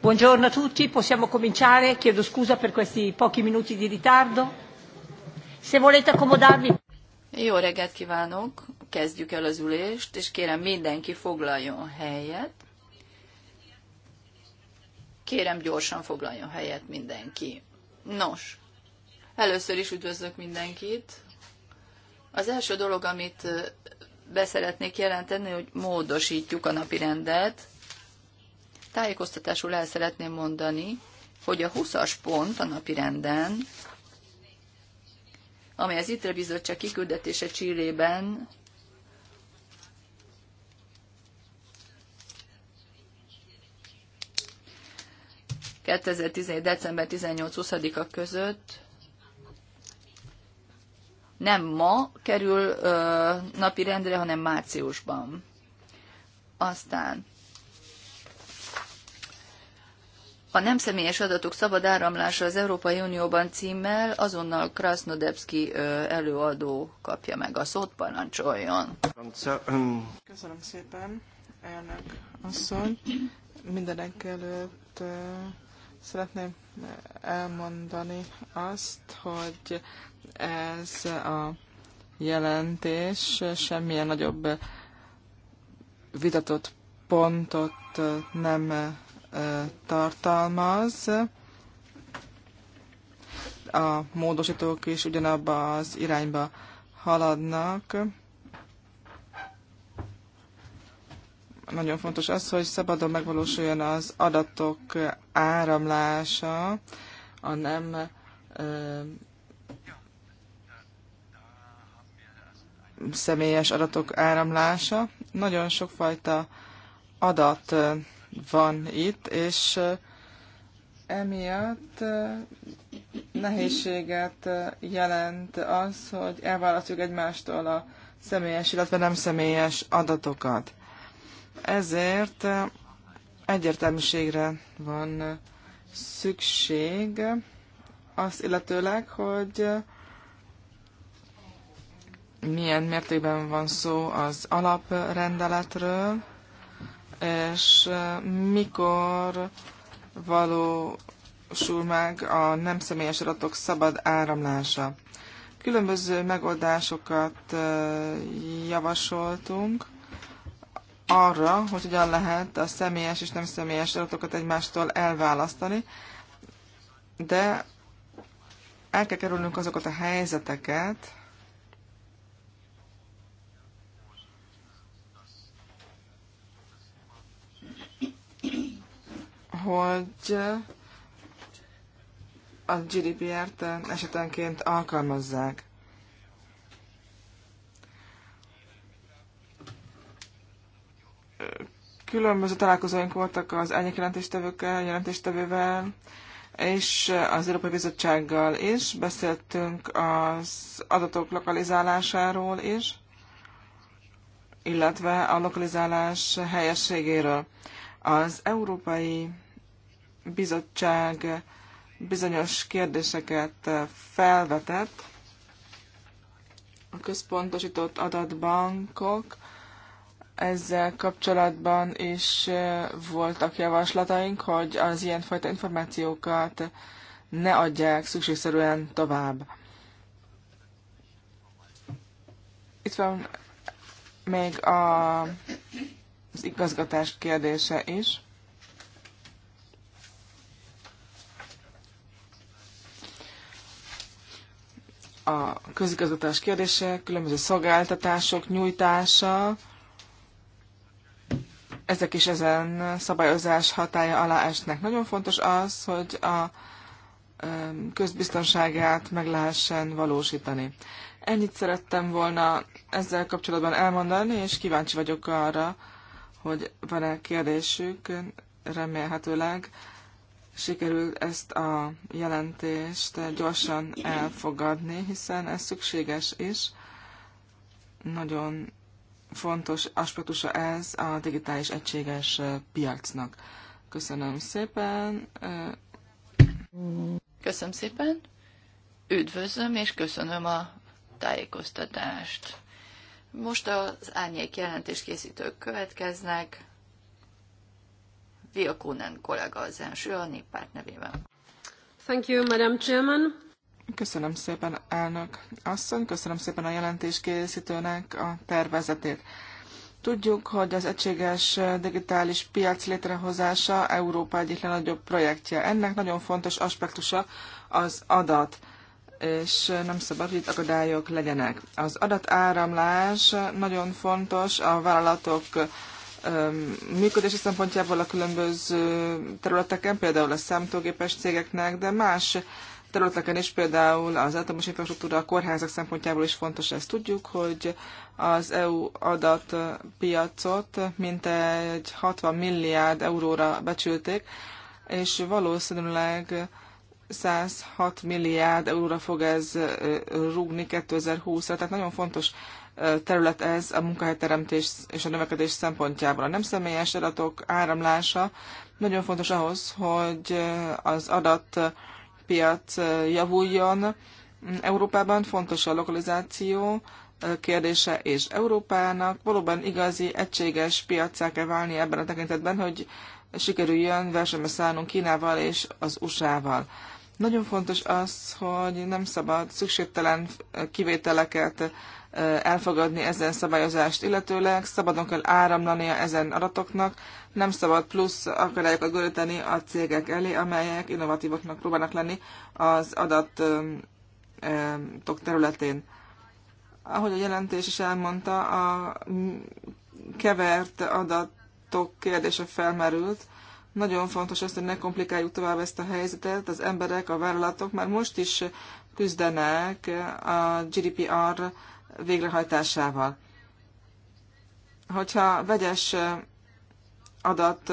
Buongiorno a tutti, possiamo cominciare? Chiedo scusa per questi pochi minuti di ritardo. Se volete accomodarvi. Jó reggelt kívánok, kezdjük el az ülést, és kérem mindenki foglaljon helyet. Kérem gyorsan foglaljon helyet mindenki. Nos, először is üdvözlök mindenkit. Az első dolog, amit beszeretnék jelenteni, hogy módosítjuk a napi rendet Tájékoztatásul el szeretném mondani, hogy a 20-as pont a napirenden, amely az ITRE bizottság kiküldetése Csillében december 18-20-a között nem ma kerül ö, napi rendre, hanem márciusban. Aztán A nem személyes adatok szabad áramlása az Európai Unióban címmel azonnal Krasnodebski előadó kapja meg a szót, parancsoljon. Köszönöm szépen, elnök asszony. Mindenek előtt szeretném elmondani azt, hogy ez a jelentés semmilyen nagyobb vitatott pontot nem tartalmaz. A módosítók is ugyanabba az irányba haladnak. Nagyon fontos az, hogy szabadon megvalósuljon az adatok áramlása, a nem személyes adatok áramlása. Nagyon sokfajta adat van itt, és emiatt nehézséget jelent az, hogy elválasztjuk egymástól a személyes, illetve nem személyes adatokat. Ezért egyértelműségre van szükség az illetőleg, hogy milyen mértékben van szó az alaprendeletről, és mikor valósul meg a nem személyes adatok szabad áramlása. Különböző megoldásokat javasoltunk arra, hogy hogyan lehet a személyes és nem személyes adatokat egymástól elválasztani, de el kell kerülnünk azokat a helyzeteket, hogy a GDPR-t esetenként alkalmazzák. Különböző találkozóink voltak az elnyek jelentéstevőkkel, jelentéstevővel, és az Európai Bizottsággal is. Beszéltünk az adatok lokalizálásáról is, illetve a lokalizálás helyességéről. Az Európai bizottság bizonyos kérdéseket felvetett. A központosított adatbankok ezzel kapcsolatban is voltak javaslataink, hogy az ilyenfajta információkat ne adják szükségszerűen tovább. Itt van még a, az igazgatás kérdése is. a közigazgatás kérdése, különböző szolgáltatások nyújtása, ezek is ezen szabályozás hatája alá esnek. Nagyon fontos az, hogy a közbiztonságát meg lehessen valósítani. Ennyit szerettem volna ezzel kapcsolatban elmondani, és kíváncsi vagyok arra, hogy van-e kérdésük, remélhetőleg sikerült ezt a jelentést gyorsan elfogadni, hiszen ez szükséges is. Nagyon fontos aspektusa ez a digitális egységes piacnak. Köszönöm szépen. Köszönöm szépen. Üdvözlöm és köszönöm a tájékoztatást. Most az árnyék jelentés készítők következnek. Vilkunen kollega az első a néppárt nevében. Thank you, Madam Chairman. Köszönöm szépen, elnök asszony, köszönöm szépen a jelentés készítőnek a tervezetét. Tudjuk, hogy az egységes digitális piac létrehozása Európa egyik legnagyobb projektje. Ennek nagyon fontos aspektusa az adat, és nem szabad, hogy akadályok legyenek. Az adatáramlás nagyon fontos a vállalatok működési szempontjából a különböző területeken, például a számítógépes cégeknek, de más területeken is, például az általános infrastruktúra, a kórházak szempontjából is fontos ezt. Tudjuk, hogy az EU adatpiacot mintegy 60 milliárd euróra becsülték, és valószínűleg 106 milliárd euróra fog ez rúgni 2020-ra, tehát nagyon fontos terület ez a munkahelyteremtés és a növekedés szempontjából. A nem személyes adatok áramlása nagyon fontos ahhoz, hogy az adatpiac javuljon. Európában fontos a lokalizáció kérdése, és Európának valóban igazi, egységes piacá kell válni ebben a tekintetben, hogy sikerüljön versenybe szállnunk Kínával és az USA-val. Nagyon fontos az, hogy nem szabad szükségtelen kivételeket elfogadni ezen szabályozást, illetőleg szabadon kell áramlania ezen adatoknak, nem szabad plusz akadályokat göríteni a cégek elé, amelyek innovatívoknak próbálnak lenni az adatok területén. Ahogy a jelentés is elmondta, a kevert adatok kérdése felmerült, nagyon fontos az, hogy ne komplikáljuk tovább ezt a helyzetet. Az emberek, a vállalatok már most is küzdenek a GDPR végrehajtásával. Hogyha vegyes adat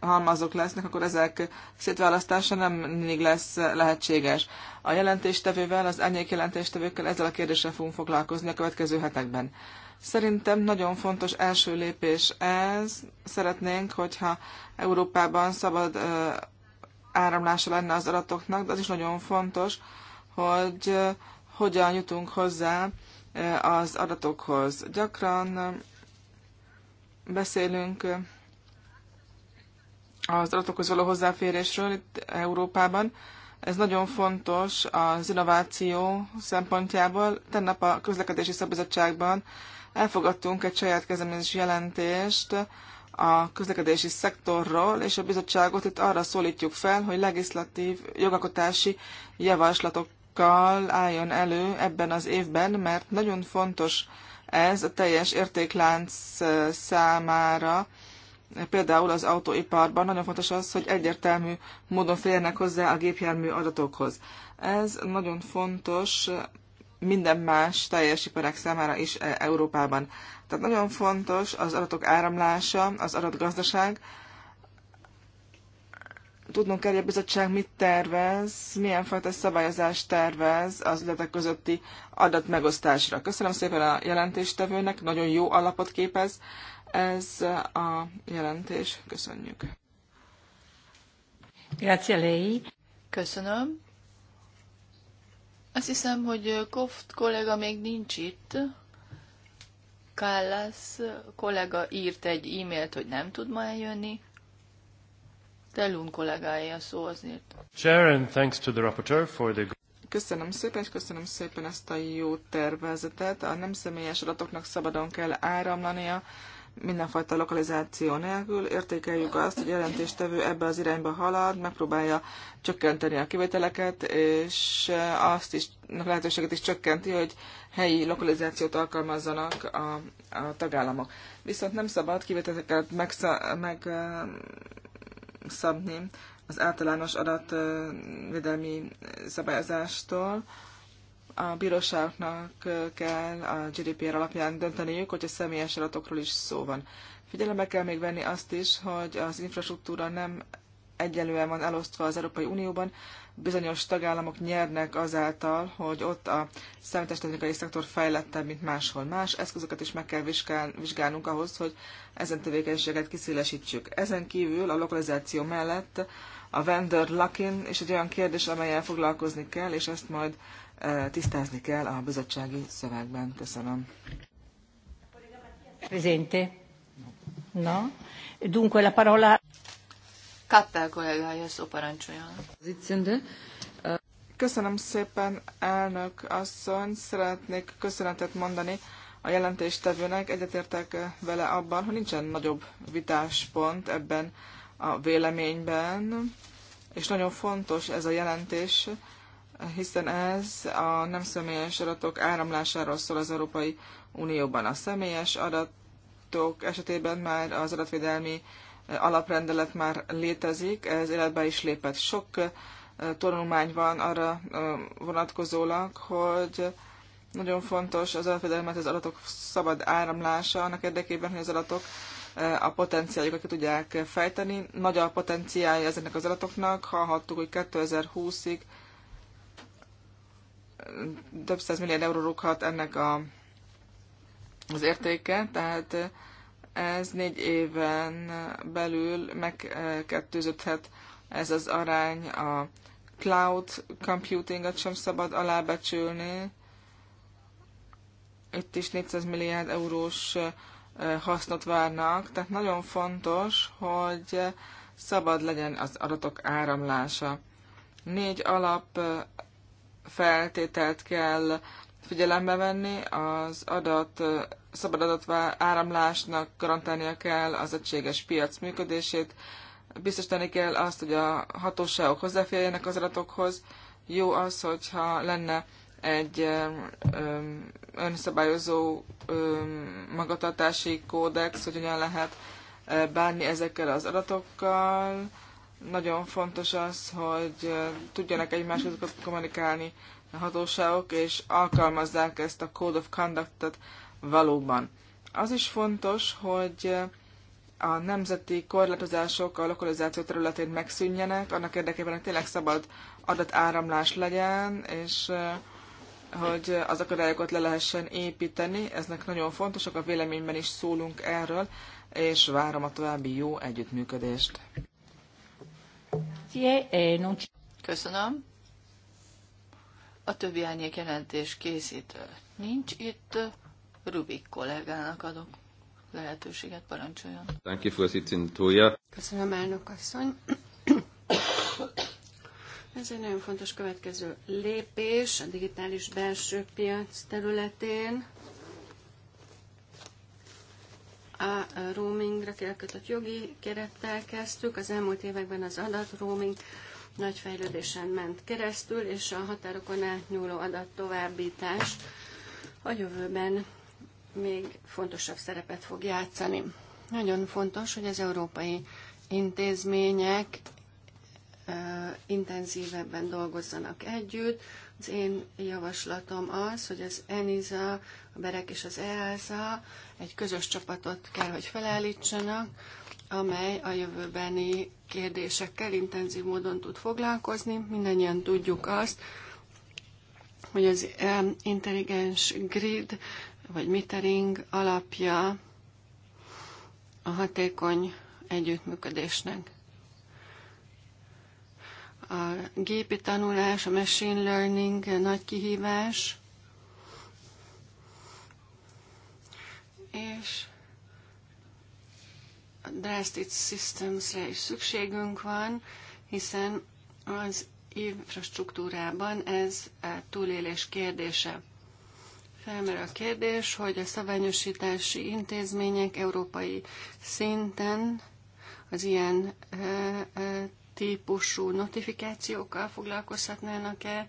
halmazok lesznek, akkor ezek szétválasztása nem mindig lesz lehetséges. A jelentéstevővel, az enyék jelentéstevőkkel ezzel a kérdéssel fogunk foglalkozni a következő hetekben. Szerintem nagyon fontos első lépés ez. Szeretnénk, hogyha Európában szabad áramlása lenne az adatoknak, de az is nagyon fontos, hogy hogyan jutunk hozzá az adatokhoz. Gyakran beszélünk az adatokhoz való hozzáférésről itt Európában. Ez nagyon fontos az innováció szempontjából. Tennap a közlekedési szabizottságban elfogadtunk egy saját kezdeményezési jelentést a közlekedési szektorról, és a bizottságot itt arra szólítjuk fel, hogy legislatív, jogalkotási javaslatok programokkal álljon elő ebben az évben, mert nagyon fontos ez a teljes értéklánc számára, például az autóiparban nagyon fontos az, hogy egyértelmű módon férjenek hozzá a gépjármű adatokhoz. Ez nagyon fontos minden más teljes iparák számára is e, Európában. Tehát nagyon fontos az adatok áramlása, az adatgazdaság, tudnunk kell, hogy a bizottság mit tervez, milyen fajta szabályozást tervez az ületek közötti adatmegosztásra. Köszönöm szépen a jelentéstevőnek, nagyon jó alapot képez ez a jelentés. Köszönjük. Grazie lei. Köszönöm. Azt hiszem, hogy Koft kollega még nincs itt. Kállász kollega írt egy e-mailt, hogy nem tud ma eljönni. Tellun kollégája szó azért. Sharon, thanks to the rapporteur for the... Köszönöm szépen, és köszönöm szépen ezt a jó tervezetet. A nem személyes adatoknak szabadon kell áramlania, mindenfajta lokalizáció nélkül. Értékeljük azt, hogy jelentéstevő ebbe az irányba halad, megpróbálja csökkenteni a kivételeket, és azt is, a lehetőséget is csökkenti, hogy helyi lokalizációt alkalmazzanak a, a tagállamok. Viszont nem szabad kivételeket meg szabni az általános adatvédelmi szabályozástól. A bíróságnak kell a GDPR alapján dönteniük, hogy a személyes adatokról is szó van. Figyelembe kell még venni azt is, hogy az infrastruktúra nem egyenlően van elosztva az Európai Unióban, bizonyos tagállamok nyernek azáltal, hogy ott a számítástechnikai szektor fejlettebb, mint máshol. Más eszközöket is meg kell vizsgálnunk ahhoz, hogy ezen tevékenységet kiszélesítsük. Ezen kívül a lokalizáció mellett a vendor lakin és egy olyan kérdés, amelyel foglalkozni kell, és ezt majd e, tisztázni kell a bizottsági szövegben. Köszönöm. Presente. No? Dunque la parola... Kappel kollégája szó Köszönöm szépen, elnök asszony. Szeretnék köszönetet mondani a jelentéstevőnek. Egyetértek vele abban, hogy nincsen nagyobb vitáspont ebben a véleményben, és nagyon fontos ez a jelentés, hiszen ez a nem személyes adatok áramlásáról szól az Európai Unióban. A személyes adatok esetében már az adatvédelmi alaprendelet már létezik, ez életbe is lépett. Sok tanulmány van arra vonatkozólag, hogy nagyon fontos az adatvédelmet, az adatok szabad áramlása annak érdekében, hogy az adatok a potenciáljukat ki tudják fejteni. Nagy a potenciálja ezeknek az adatoknak. Hallhattuk, hogy 2020-ig több száz milliárd euró rúghat ennek a, az értéke, tehát ez négy éven belül megkettőzödhet ez az arány. A cloud computingot sem szabad alábecsülni. Itt is 400 milliárd eurós hasznot várnak, tehát nagyon fontos, hogy szabad legyen az adatok áramlása. Négy alap feltételt kell figyelembe venni, az adat, szabad adatvá áramlásnak garantálnia kell az egységes piac működését, biztosítani kell azt, hogy a hatóságok hozzáférjenek az adatokhoz. Jó az, hogyha lenne egy önszabályozó magatartási kódex, hogy hogyan lehet e, bánni ezekkel az adatokkal. Nagyon fontos az, hogy e, tudjanak egymáshoz kommunikálni hatóságok, és alkalmazzák ezt a Code of Conduct-ot valóban. Az is fontos, hogy a nemzeti korlátozások a lokalizáció területén megszűnjenek, annak érdekében, hogy tényleg szabad adatáramlás legyen, és eh, hogy az akadályokat le lehessen építeni. Eznek nagyon fontosak, a véleményben is szólunk erről, és várom a további jó együttműködést. Köszönöm. A többi árnyék jelentés készítő nincs itt. Rubik kollégának adok lehetőséget, parancsoljon. Köszönöm, elnök asszony. Ez egy nagyon fontos következő lépés a digitális belső piac területén. A roamingra kötött jogi kerettel kezdtük. Az elmúlt években az adat roaming nagy fejlődésen ment keresztül, és a határokon átnyúló adat továbbítás a jövőben még fontosabb szerepet fog játszani. Nagyon fontos, hogy az európai intézmények intenzívebben dolgozzanak együtt. Az én javaslatom az, hogy az ENISA, a BEREK és az EASA egy közös csapatot kell, hogy felállítsanak, amely a jövőbeni kérdésekkel intenzív módon tud foglalkozni. Mindannyian tudjuk azt, hogy az intelligens grid vagy metering alapja a hatékony együttműködésnek. A gépi tanulás, a machine learning nagy kihívás, és drastic systems-re is szükségünk van, hiszen az infrastruktúrában ez e, túlélés kérdése. Felmerül a kérdés, hogy a szabványosítási intézmények európai szinten az ilyen e, e, típusú notifikációkkal foglalkozhatnának-e,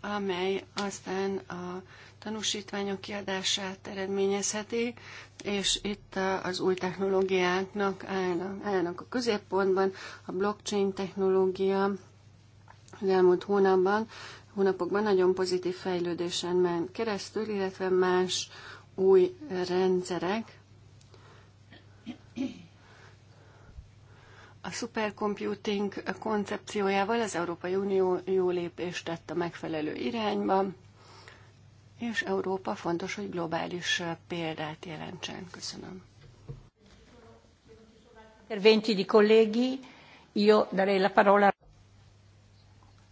amely aztán a tanúsítványok kiadását eredményezheti, és itt az új technológiáknak állnak, állnak a középpontban. A blockchain technológia az elmúlt hónapban, hónapokban nagyon pozitív fejlődésen ment keresztül, illetve más új rendszerek. A supercomputing koncepciójával az Európai Unió jó lépést tett a megfelelő irányba és Európa fontos, hogy globális példát jelentsen. Köszönöm.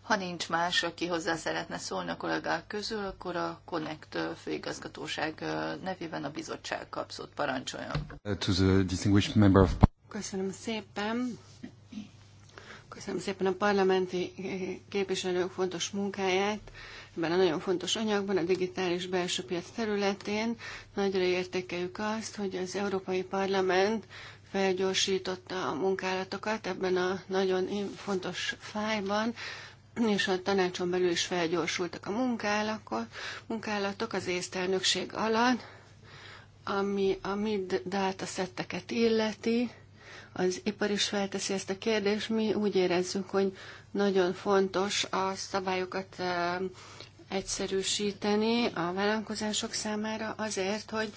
Ha nincs más, aki hozzá szeretne szólni a kollégák közül, akkor a Connect főigazgatóság nevében a bizottság kapszót parancsoljon. Köszönöm szépen. Köszönöm szépen a parlamenti képviselők fontos munkáját ebben a nagyon fontos anyagban, a digitális belső piac területén. Nagyra értékeljük azt, hogy az Európai Parlament felgyorsította a munkálatokat ebben a nagyon fontos fájban, és a tanácson belül is felgyorsultak a munkálatok az észtelnökség alatt, ami a mid data szetteket illeti az ipar is felteszi ezt a kérdést. Mi úgy érezzük, hogy nagyon fontos a szabályokat egyszerűsíteni a vállalkozások számára azért, hogy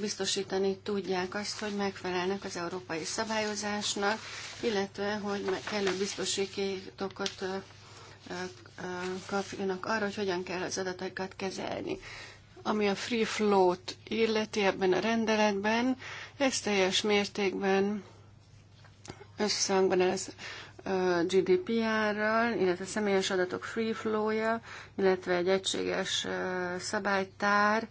biztosítani tudják azt, hogy megfelelnek az európai szabályozásnak, illetve hogy kellő biztosítékokat kapjanak arra, hogy hogyan kell az adatokat kezelni. Ami a free Float illeti ebben a rendeletben, ez teljes mértékben összhangban ez GDPR-ral, illetve személyes adatok free flow-ja, illetve egy egységes szabálytár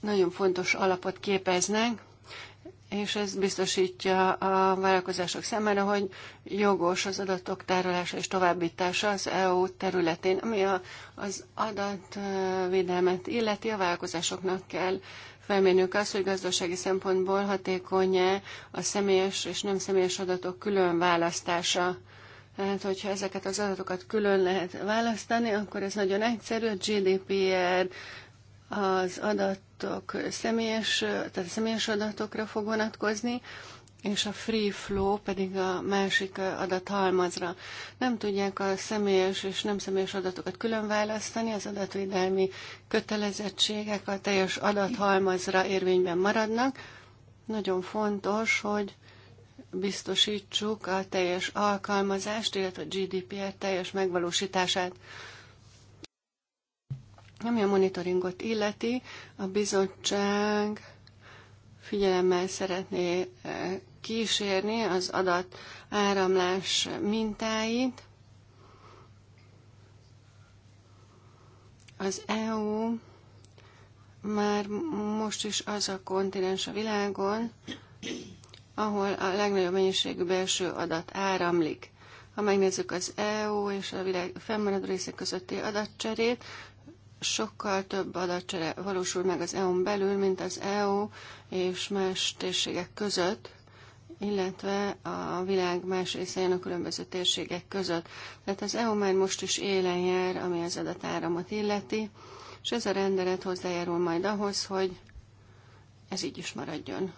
nagyon fontos alapot képeznek, és ez biztosítja a vállalkozások számára, hogy jogos az adatok tárolása és továbbítása az EU területén, ami a, az adatvédelmet illeti, a vállalkozásoknak kell uh, felmérnünk azt, hogy gazdasági szempontból hatékony -e a személyes és nem személyes adatok külön választása. Tehát, hogyha ezeket az adatokat külön lehet választani, akkor ez nagyon egyszerű. A GDPR az adatok személyes, tehát személyes adatokra fog vonatkozni, és a free flow pedig a másik adathalmazra. Nem tudják a személyes és nem személyes adatokat külön választani, az adatvédelmi kötelezettségek a teljes adathalmazra érvényben maradnak. Nagyon fontos, hogy biztosítsuk a teljes alkalmazást, illetve a GDPR teljes megvalósítását. Ami a monitoringot illeti, a bizottság figyelemmel szeretné kísérni az adat áramlás mintáit. Az EU már most is az a kontinens a világon, ahol a legnagyobb mennyiségű belső adat áramlik. Ha megnézzük az EU és a világ fennmaradó részek közötti adatcserét, sokkal több adatcsere valósul meg az EU-n belül, mint az EU és más térségek között illetve a világ más részein a különböző térségek között. Tehát az EU már most is élen jár, ami az adatáramot illeti, és ez a rendelet hozzájárul majd ahhoz, hogy ez így is maradjon.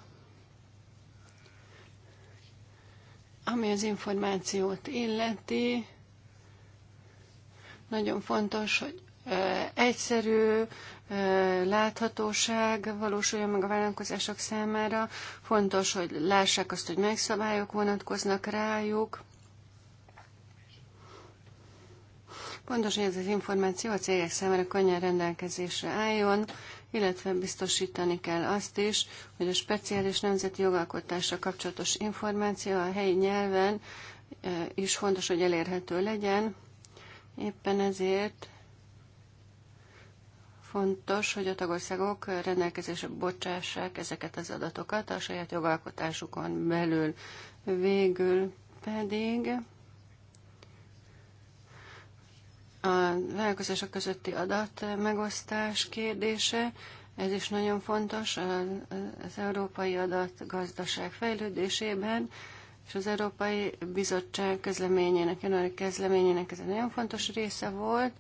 Ami az információt illeti, nagyon fontos, hogy egyszerű, láthatóság valósuljon meg a vállalkozások számára. Fontos, hogy lássák azt, hogy megszabályok vonatkoznak rájuk. Pontos, hogy ez az információ a cégek számára könnyen rendelkezésre álljon, illetve biztosítani kell azt is, hogy a speciális nemzeti jogalkotásra kapcsolatos információ a helyi nyelven is fontos, hogy elérhető legyen. Éppen ezért Fontos, hogy a tagországok rendelkezésre bocsássák ezeket az adatokat a saját jogalkotásukon belül. Végül pedig a vállalkozások közötti adat megosztás kérdése, ez is nagyon fontos az európai adatgazdaság fejlődésében, és az Európai Bizottság közleményének, januári közleményének ez egy nagyon fontos része volt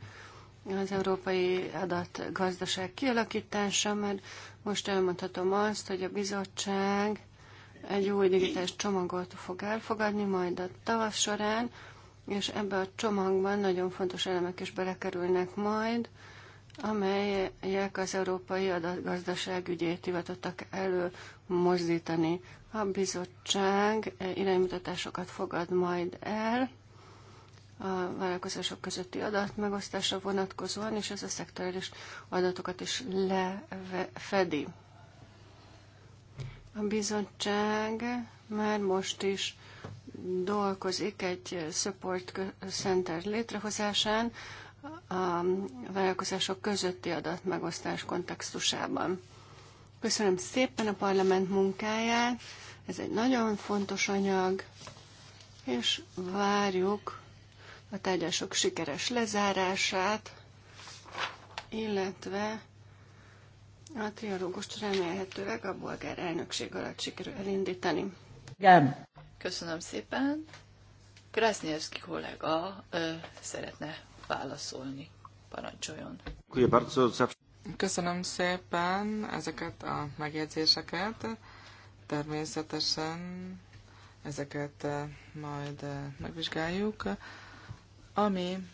az európai adatgazdaság kialakítása, mert most elmondhatom azt, hogy a bizottság egy új digitális csomagot fog elfogadni majd a tavasz során, és ebbe a csomagban nagyon fontos elemek is belekerülnek majd, amelyek az európai adatgazdaság ügyét hivatottak elő mozdítani. A bizottság iránymutatásokat fogad majd el, a vállalkozások közötti adat vonatkozóan, és ez a szektorális adatokat is lefedi. A bizottság már most is dolgozik egy support center létrehozásán a vállalkozások közötti adatmegosztás kontextusában. Köszönöm szépen a parlament munkáját, ez egy nagyon fontos anyag, és várjuk a tárgyások sikeres lezárását, illetve a trialógust remélhetőleg a bolgár elnökség alatt sikerül elindítani. Igen. Köszönöm szépen. Krasznyevski kollega ö, szeretne válaszolni. Parancsoljon. Köszönöm szépen ezeket a megjegyzéseket. Természetesen ezeket majd megvizsgáljuk. Ami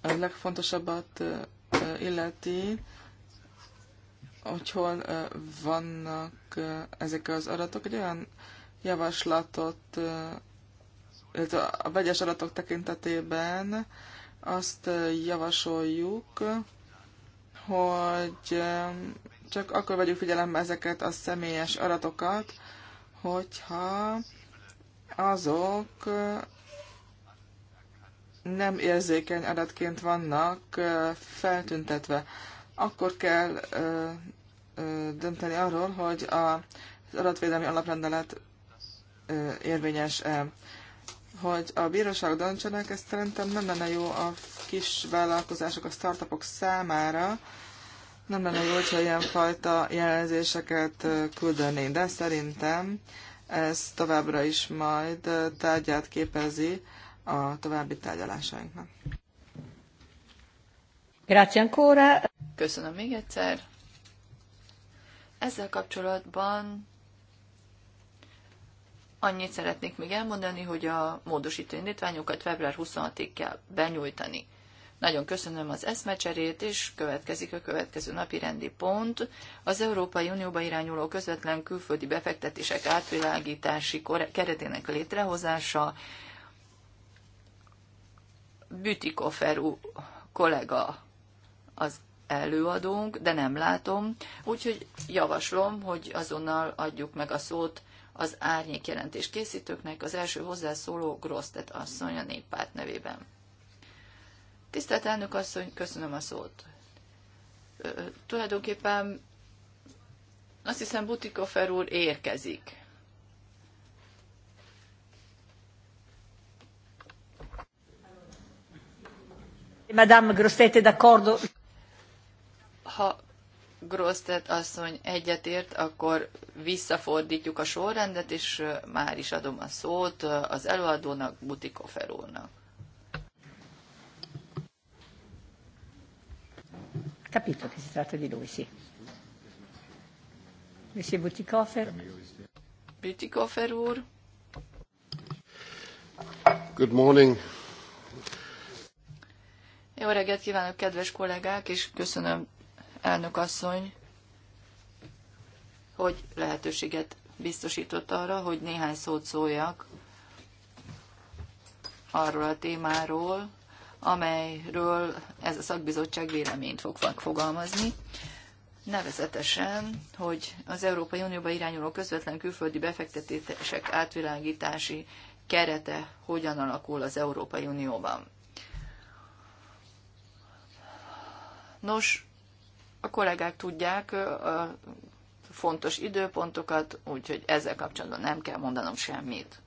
a legfontosabbat illeti, hogy hol vannak ezek az adatok, egy olyan javaslatot, illetve a vegyes adatok tekintetében azt javasoljuk, hogy csak akkor vegyük figyelembe ezeket a személyes adatokat, hogyha azok nem érzékeny adatként vannak feltüntetve. Akkor kell dönteni arról, hogy az adatvédelmi alaprendelet érvényes-e. Hogy a bíróság döntsenek, ez szerintem nem lenne jó a kis vállalkozások, a startupok számára, nem lenne jó, hogyha ilyenfajta jelzéseket küldenénk, de szerintem ez továbbra is majd tárgyát képezi a további tárgyalásainknak. Grazie ancora. Köszönöm még egyszer. Ezzel kapcsolatban annyit szeretnék még elmondani, hogy a módosító indítványokat február 26-ig kell benyújtani. Nagyon köszönöm az eszmecserét, és következik a következő napi rendi pont. Az Európai Unióba irányuló közvetlen külföldi befektetések átvilágítási keretének létrehozása, Bütikoferú kollega az előadónk, de nem látom. Úgyhogy javaslom, hogy azonnal adjuk meg a szót az árnyék jelentés készítőknek, az első hozzászóló Grosztet asszony a néppárt nevében. Tisztelt elnök asszony, köszönöm a szót. Ö, tulajdonképpen azt hiszem Butikofer úr érkezik. Madame Grosztete, d'accordo. Ha Grosztet asszony egyetért, akkor visszafordítjuk a sorrendet, és már is adom a szót az előadónak, Butikofer úrnak. Capito che si tratta di lui, sì. Monsieur Butikofer. Butikofer úr. Good morning. Jó reggelt kívánok, kedves kollégák, és köszönöm, elnök asszony, hogy lehetőséget biztosított arra, hogy néhány szót szóljak arról a témáról, amelyről ez a szakbizottság véleményt fog fogalmazni. Nevezetesen, hogy az Európai Unióba irányuló közvetlen külföldi befektetések átvilágítási kerete hogyan alakul az Európai Unióban. Nos, a kollégák tudják a fontos időpontokat, úgyhogy ezzel kapcsolatban nem kell mondanom semmit.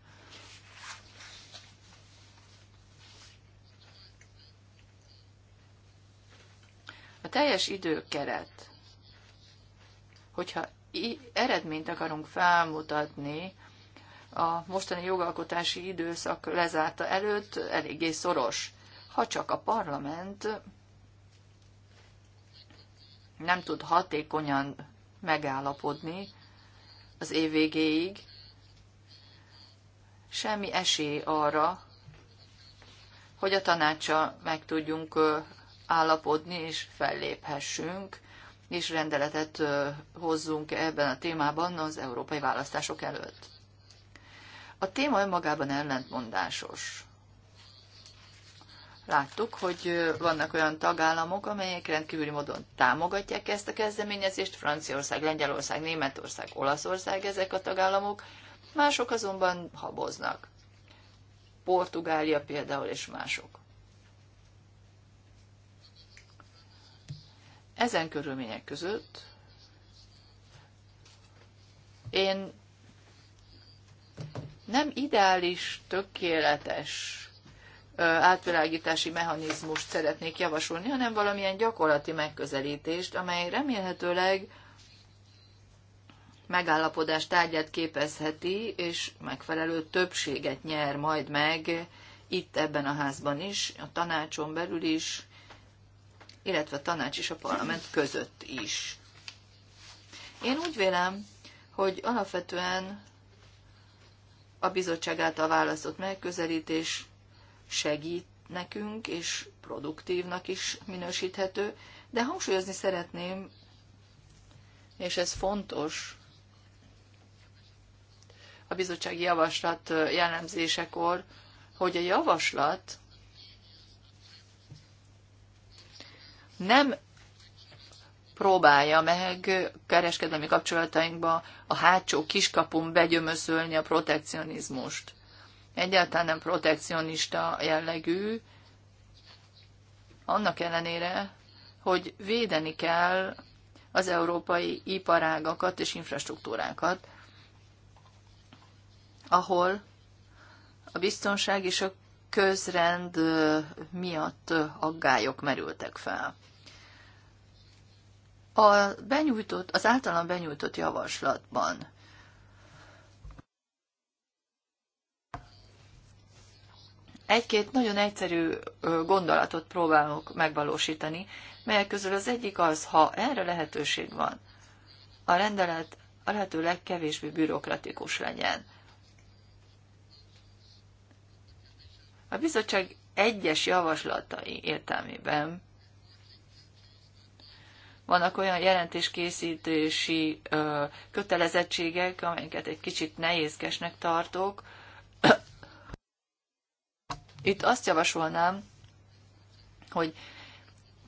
A teljes időkeret, hogyha eredményt akarunk felmutatni, a mostani jogalkotási időszak lezárta előtt eléggé szoros. Ha csak a parlament nem tud hatékonyan megállapodni az év végéig, semmi esély arra, hogy a tanácsa meg tudjunk állapodni és felléphessünk, és rendeletet hozzunk ebben a témában az európai választások előtt. A téma önmagában ellentmondásos láttuk, hogy vannak olyan tagállamok, amelyek rendkívüli módon támogatják ezt a kezdeményezést, Franciaország, Lengyelország, Németország, Olaszország ezek a tagállamok, mások azonban haboznak. Portugália például és mások. Ezen körülmények között én nem ideális, tökéletes átvilágítási mechanizmust szeretnék javasolni, hanem valamilyen gyakorlati megközelítést, amely remélhetőleg megállapodás tárgyát képezheti, és megfelelő többséget nyer majd meg itt ebben a házban is, a tanácson belül is, illetve a tanács és a parlament között is. Én úgy vélem, hogy alapvetően a bizottság által választott megközelítés segít nekünk, és produktívnak is minősíthető, de hangsúlyozni szeretném, és ez fontos, a bizottsági javaslat jellemzésekor, hogy a javaslat nem próbálja meg kereskedelmi kapcsolatainkba a hátsó kiskapun begyömöszölni a protekcionizmust egyáltalán nem protekcionista jellegű, annak ellenére, hogy védeni kell az európai iparágakat és infrastruktúrákat, ahol a biztonság és a közrend miatt aggályok merültek fel. A benyújtott, az általam benyújtott javaslatban egy-két nagyon egyszerű gondolatot próbálok megvalósítani, melyek közül az egyik az, ha erre lehetőség van, a rendelet a lehető legkevésbé bürokratikus legyen. A bizottság egyes javaslatai értelmében vannak olyan jelentéskészítési ö, kötelezettségek, amelyeket egy kicsit nehézkesnek tartok, itt azt javasolnám, hogy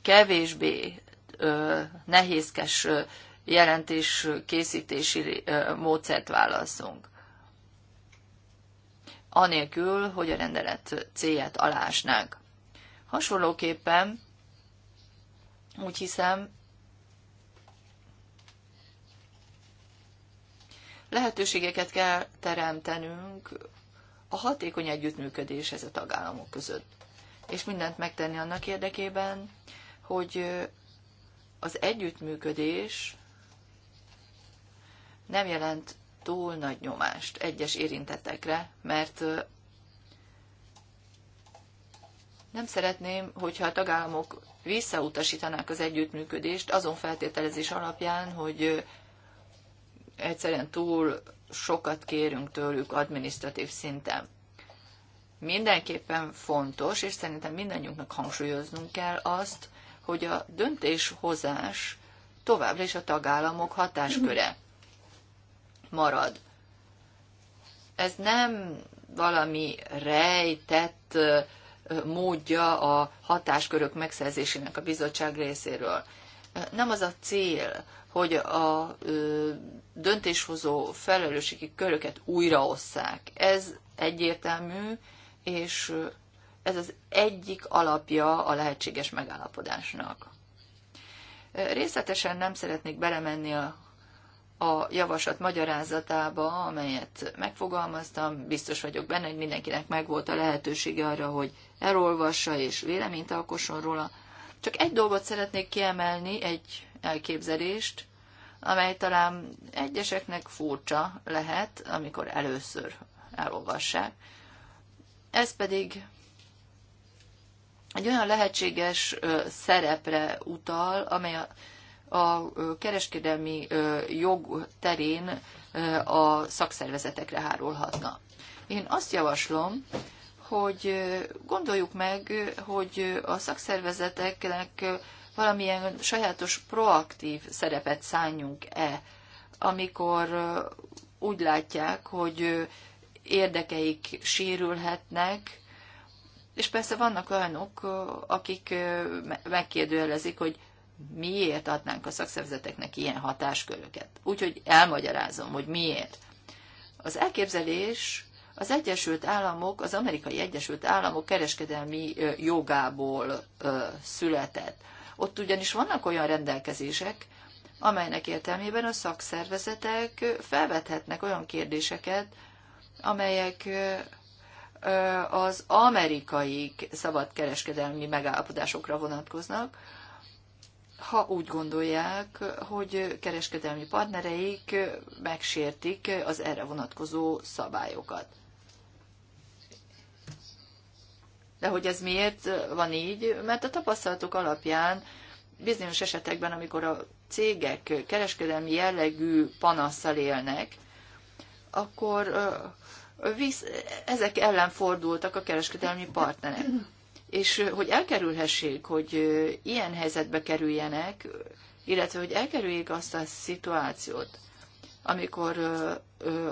kevésbé ö, nehézkes ö, jelentés készítési ö, módszert válaszunk. Anélkül, hogy a rendelet célját alásnánk. Hasonlóképpen úgy hiszem, lehetőségeket kell teremtenünk a hatékony együttműködés ez a tagállamok között. És mindent megtenni annak érdekében, hogy az együttműködés nem jelent túl nagy nyomást egyes érintettekre, mert nem szeretném, hogyha a tagállamok visszautasítanák az együttműködést azon feltételezés alapján, hogy egyszerűen túl sokat kérünk tőlük adminisztratív szinten. Mindenképpen fontos, és szerintem mindannyiunknak hangsúlyoznunk kell azt, hogy a döntéshozás továbbra is a tagállamok hatásköre marad. Ez nem valami rejtett módja a hatáskörök megszerzésének a bizottság részéről nem az a cél, hogy a döntéshozó felelősségi köröket újraosszák. Ez egyértelmű, és ez az egyik alapja a lehetséges megállapodásnak. Részletesen nem szeretnék belemenni a, a javaslat magyarázatába, amelyet megfogalmaztam. Biztos vagyok benne, hogy mindenkinek megvolt a lehetősége arra, hogy elolvassa és véleményt alkosson róla csak egy dolgot szeretnék kiemelni, egy elképzelést, amely talán egyeseknek furcsa lehet, amikor először elolvassák. Ez pedig egy olyan lehetséges szerepre utal, amely a, a kereskedelmi jog terén a szakszervezetekre hárulhatna. Én azt javaslom, hogy gondoljuk meg, hogy a szakszervezeteknek valamilyen sajátos proaktív szerepet szálljunk-e, amikor úgy látják, hogy érdekeik sérülhetnek, és persze vannak olyanok, akik megkérdőjelezik, hogy miért adnánk a szakszervezeteknek ilyen hatásköröket. Úgyhogy elmagyarázom, hogy miért. Az elképzelés az Egyesült Államok, az amerikai Egyesült Államok kereskedelmi jogából született. Ott ugyanis vannak olyan rendelkezések, amelynek értelmében a szakszervezetek felvethetnek olyan kérdéseket, amelyek az amerikai szabadkereskedelmi megállapodásokra vonatkoznak, ha úgy gondolják, hogy kereskedelmi partnereik megsértik az erre vonatkozó szabályokat. De hogy ez miért van így? Mert a tapasztalatok alapján bizonyos esetekben, amikor a cégek kereskedelmi jellegű panasszal élnek, akkor visz, ezek ellen fordultak a kereskedelmi partnerek. És hogy elkerülhessék, hogy ilyen helyzetbe kerüljenek, illetve hogy elkerüljék azt a szituációt, amikor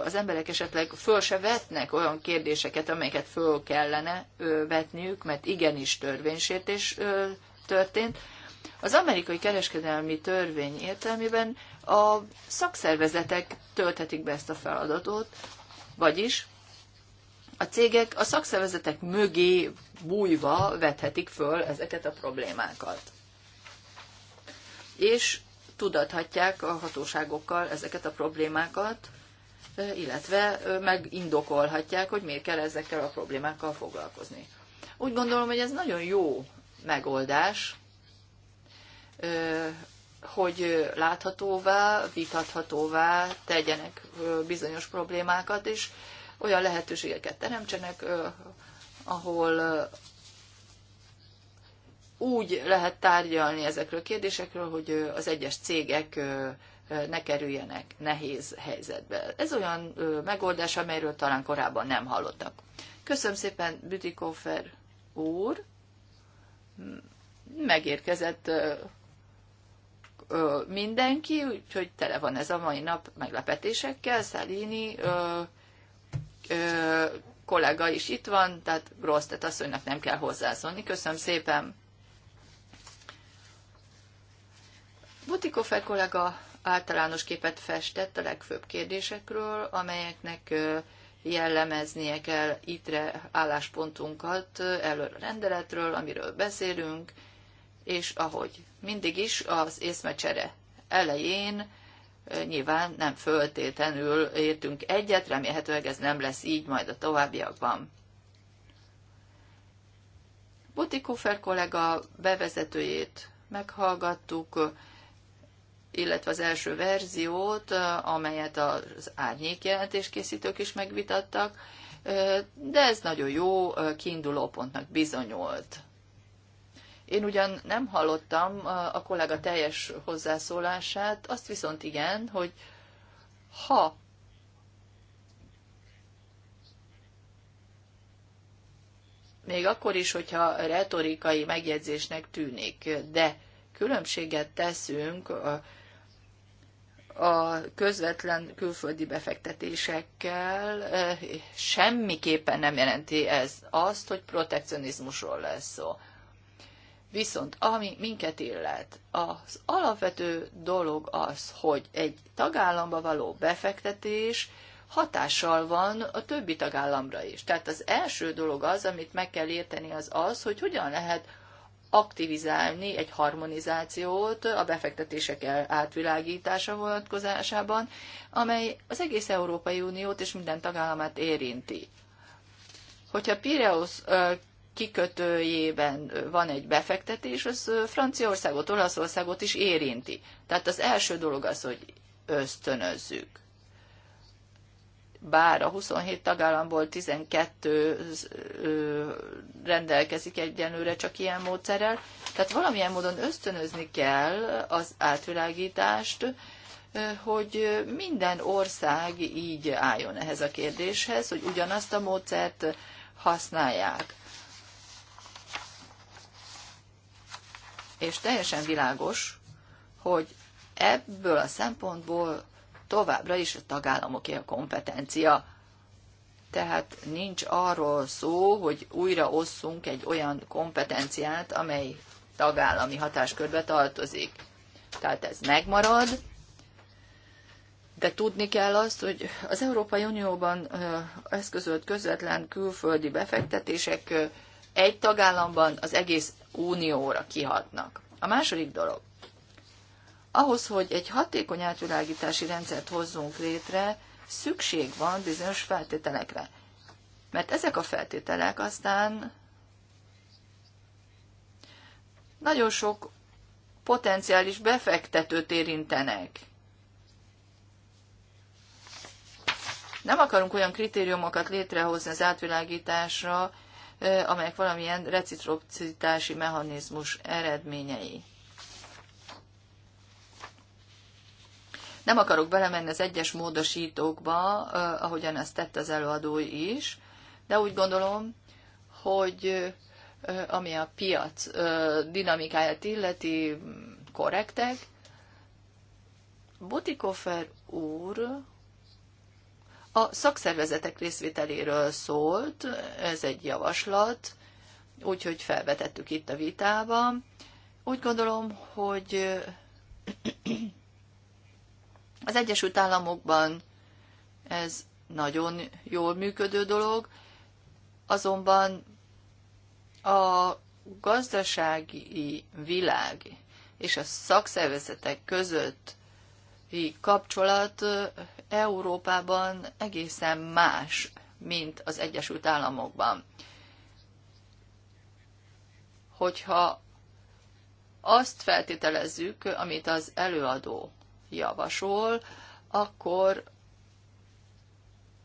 az emberek esetleg föl se vetnek olyan kérdéseket, amelyeket föl kellene vetniük, mert igenis törvénysértés történt. Az amerikai kereskedelmi törvény értelmében a szakszervezetek tölthetik be ezt a feladatot, vagyis a cégek a szakszervezetek mögé bújva vethetik föl ezeket a problémákat. És tudathatják a hatóságokkal ezeket a problémákat, illetve megindokolhatják, hogy miért kell ezekkel a problémákkal foglalkozni. Úgy gondolom, hogy ez nagyon jó megoldás, hogy láthatóvá, vitathatóvá tegyenek bizonyos problémákat, és olyan lehetőségeket teremtsenek, ahol úgy lehet tárgyalni ezekről a kérdésekről, hogy az egyes cégek ne kerüljenek nehéz helyzetbe. Ez olyan megoldás, amelyről talán korábban nem hallottak. Köszönöm szépen, Bütikofer úr. Megérkezett mindenki, úgyhogy tele van ez a mai nap meglepetésekkel. Szalini kollega is itt van, tehát Rosztet asszonynak nem kell hozzászólni. Köszönöm szépen! Butikofe kollega általános képet festett a legfőbb kérdésekről, amelyeknek jellemeznie kell ittre álláspontunkat előre rendeletről, amiről beszélünk, és ahogy mindig is az észmecsere elején nyilván nem föltétlenül értünk egyet, remélhetőleg ez nem lesz így majd a továbbiakban. Butikofer kollega bevezetőjét meghallgattuk, illetve az első verziót, amelyet az árnyék jelentéskészítők is megvitattak, de ez nagyon jó kiindulópontnak bizonyult. Én ugyan nem hallottam a kollega teljes hozzászólását, azt viszont igen, hogy ha még akkor is, hogyha retorikai megjegyzésnek tűnik, de különbséget teszünk a közvetlen külföldi befektetésekkel semmiképpen nem jelenti ez azt, hogy protekcionizmusról lesz szó. Viszont ami minket illet, az alapvető dolog az, hogy egy tagállamba való befektetés hatással van a többi tagállamra is. Tehát az első dolog az, amit meg kell érteni, az az, hogy hogyan lehet aktivizálni egy harmonizációt a befektetések átvilágítása vonatkozásában, amely az egész Európai Uniót és minden tagállamát érinti. Hogyha Pireus kikötőjében van egy befektetés, az Franciaországot, Olaszországot is érinti. Tehát az első dolog az, hogy ösztönözzük bár a 27 tagállamból 12 rendelkezik egyenlőre csak ilyen módszerrel, tehát valamilyen módon ösztönözni kell az átvilágítást, hogy minden ország így álljon ehhez a kérdéshez, hogy ugyanazt a módszert használják. És teljesen világos, hogy ebből a szempontból továbbra is a tagállamoké a kompetencia. Tehát nincs arról szó, hogy újra osszunk egy olyan kompetenciát, amely tagállami hatáskörbe tartozik. Tehát ez megmarad, de tudni kell azt, hogy az Európai Unióban eszközölt közvetlen külföldi befektetések egy tagállamban az egész unióra kihatnak. A második dolog ahhoz, hogy egy hatékony átvilágítási rendszert hozzunk létre, szükség van bizonyos feltételekre. Mert ezek a feltételek aztán nagyon sok potenciális befektetőt érintenek. Nem akarunk olyan kritériumokat létrehozni az átvilágításra, eh, amelyek valamilyen reciprocitási mechanizmus eredményei. Nem akarok belemenni az egyes módosítókba, ahogyan ezt tett az előadó is, de úgy gondolom, hogy ami a piac dinamikáját illeti, korrektek. Butikofer úr a szakszervezetek részvételéről szólt, ez egy javaslat, úgyhogy felvetettük itt a vitába. Úgy gondolom, hogy az Egyesült Államokban ez nagyon jól működő dolog, azonban a gazdasági világ és a szakszervezetek között kapcsolat Európában egészen más, mint az Egyesült Államokban. Hogyha azt feltételezzük, amit az előadó javasol, akkor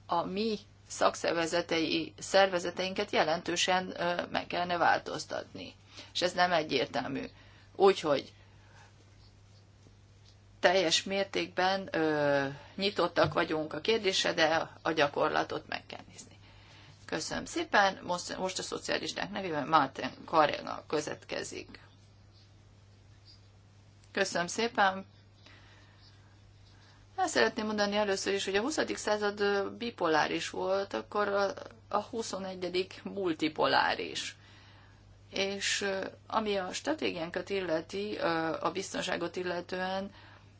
a mi szakszervezetei szervezeteinket jelentősen meg kellene változtatni. És ez nem egyértelmű. Úgyhogy teljes mértékben ö, nyitottak vagyunk a kérdésre, de a gyakorlatot meg kell nézni. Köszönöm szépen. Most, most a szocialisták nevében Márten Karjana közetkezik. Köszönöm szépen. Azt szeretném mondani először is, hogy a 20. század bipoláris volt, akkor a, a 21. multipoláris. És ami a stratégiánkat illeti, a biztonságot illetően,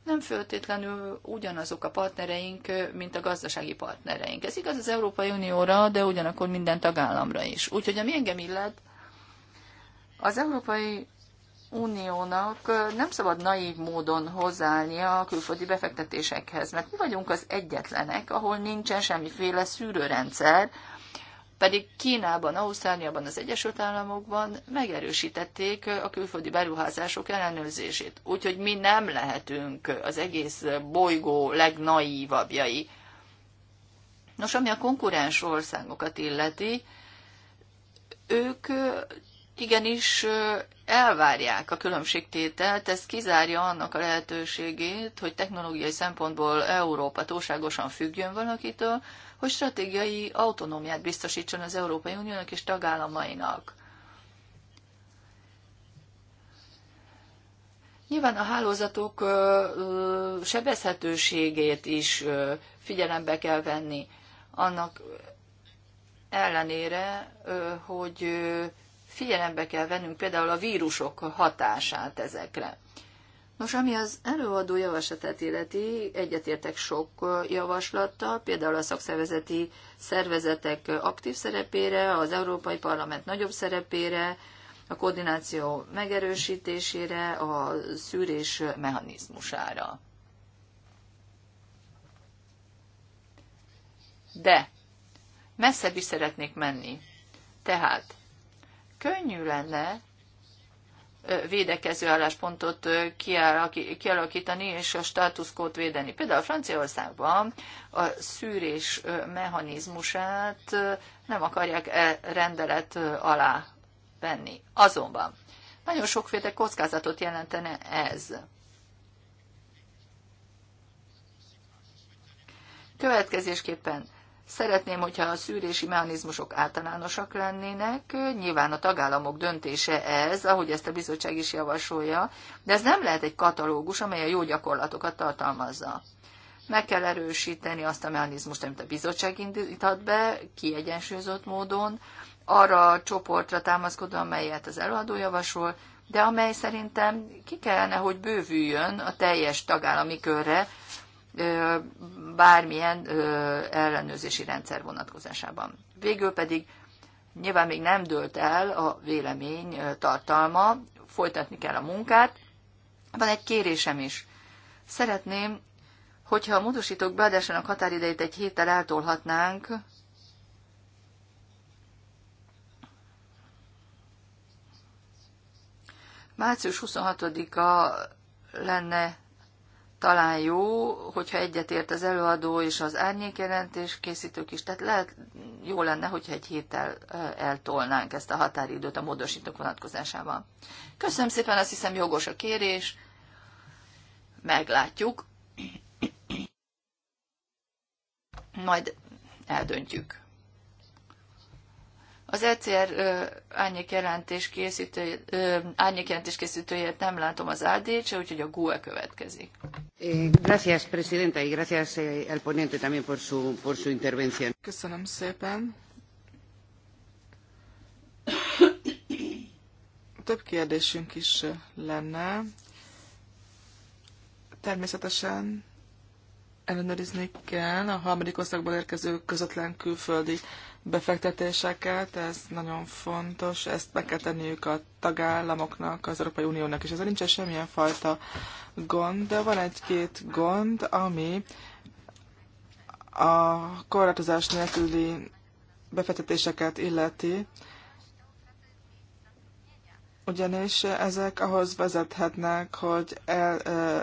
nem föltétlenül ugyanazok a partnereink, mint a gazdasági partnereink. Ez igaz az Európai Unióra, de ugyanakkor minden tagállamra is. Úgyhogy ami engem illet, az Európai Uniónak nem szabad naív módon hozzáállnia a külföldi befektetésekhez, mert mi vagyunk az egyetlenek, ahol nincsen semmiféle szűrőrendszer, pedig Kínában, Ausztráliában, az Egyesült Államokban megerősítették a külföldi beruházások ellenőrzését. Úgyhogy mi nem lehetünk az egész bolygó legnaívabbjai. Nos, ami a konkurens országokat illeti, ők igenis elvárják a különbségtételt, ez kizárja annak a lehetőségét, hogy technológiai szempontból Európa túlságosan függjön valakitől, hogy stratégiai autonómiát biztosítson az Európai Uniónak és tagállamainak. Nyilván a hálózatok sebezhetőségét is figyelembe kell venni, annak ellenére, hogy figyelembe kell vennünk például a vírusok hatását ezekre. Nos, ami az előadó javaslatát illeti, egyetértek sok javaslattal, például a szakszervezeti szervezetek aktív szerepére, az Európai Parlament nagyobb szerepére, a koordináció megerősítésére, a szűrés mechanizmusára. De messzebb is szeretnék menni. Tehát könnyű lenne védekező álláspontot kialakítani és a státuszkót védeni. Például Franciaországban a szűrés mechanizmusát nem akarják e rendelet alá venni. Azonban nagyon sokféle kockázatot jelentene ez. Következésképpen Szeretném, hogyha a szűrési mechanizmusok általánosak lennének. Nyilván a tagállamok döntése ez, ahogy ezt a bizottság is javasolja, de ez nem lehet egy katalógus, amely a jó gyakorlatokat tartalmazza. Meg kell erősíteni azt a mechanizmust, amit a bizottság indított be, kiegyensúlyozott módon, arra a csoportra támaszkodva, amelyet az előadó javasol, de amely szerintem ki kellene, hogy bővüljön a teljes tagállami körre, bármilyen ellenőrzési rendszer vonatkozásában. Végül pedig nyilván még nem dőlt el a vélemény tartalma, folytatni kell a munkát. Van egy kérésem is. Szeretném, hogyha a módosítók beadásának határidejét egy héttel eltolhatnánk, március 26-a lenne talán jó, hogyha egyetért az előadó és az árnyékjelentés készítők is, tehát lehet, jó lenne, hogyha egy héttel eltolnánk ezt a határidőt a módosítók vonatkozásában. Köszönöm szépen, azt hiszem jogos a kérés, meglátjuk, majd eldöntjük. Az ECR árnyékjelentés készítő, készítőjét nem látom az ADC, úgyhogy a GUE következik. Eh, gracias, presidenta, y gracias eh, al ponente también por su, por su intervención. Köszönöm szépen. Több kérdésünk is lenne. Természetesen ellenőrizni kell a harmadik országból érkező közvetlen külföldi befektetéseket, ez nagyon fontos, ezt meg kell tenniük a tagállamoknak, az Európai Uniónak, és Ez nincs semmilyen fajta gond, de van egy-két gond, ami a korlátozás nélküli befektetéseket illeti, ugyanis ezek ahhoz vezethetnek, hogy el, ö,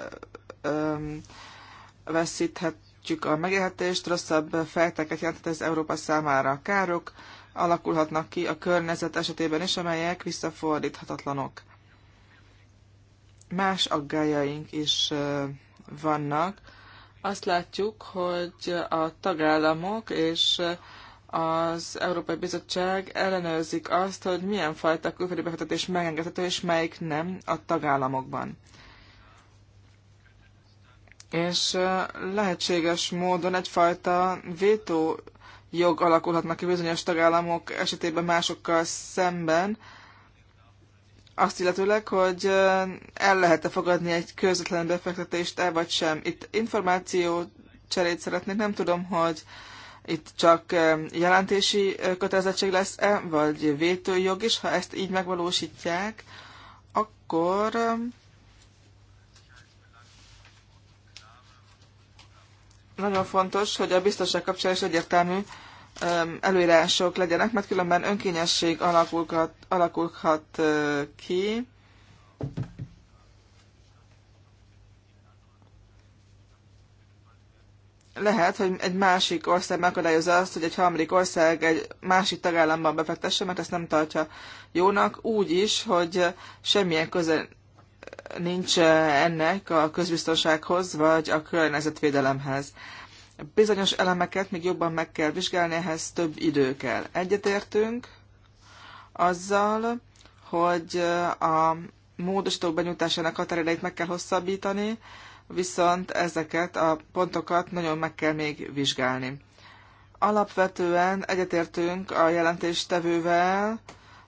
ö, elveszíthetjük a megélhetést, rosszabb fejteket jelenthet ez Európa számára. Károk alakulhatnak ki a környezet esetében is, amelyek visszafordíthatatlanok. Más aggájaink is vannak. Azt látjuk, hogy a tagállamok és az Európai Bizottság ellenőrzik azt, hogy milyen fajta külföldi befektetés megengedhető, és melyik nem a tagállamokban és lehetséges módon egyfajta vétó jog alakulhatnak ki bizonyos tagállamok esetében másokkal szemben, azt illetőleg, hogy el lehet-e fogadni egy közvetlen befektetést, el vagy sem. Itt információ cserét szeretnék, nem tudom, hogy itt csak jelentési kötelezettség lesz-e, vagy vétőjog is, ha ezt így megvalósítják, akkor nagyon fontos, hogy a biztonság kapcsán is egyértelmű előírások legyenek, mert különben önkényesség alakulhat, alakulhat ki. Lehet, hogy egy másik ország megakadályozza azt, hogy egy harmadik ország egy másik tagállamban befektesse, mert ezt nem tartja jónak, úgy is, hogy semmilyen köze nincs eh, ennek a közbiztonsághoz vagy a környezetvédelemhez. Bizonyos elemeket még jobban meg kell vizsgálni, ehhez több idő kell. Egyetértünk azzal, hogy eh, a módosítók benyújtásának határidejét meg kell hosszabbítani, viszont ezeket a pontokat nagyon meg kell még vizsgálni. Alapvetően egyetértünk a jelentéstevővel,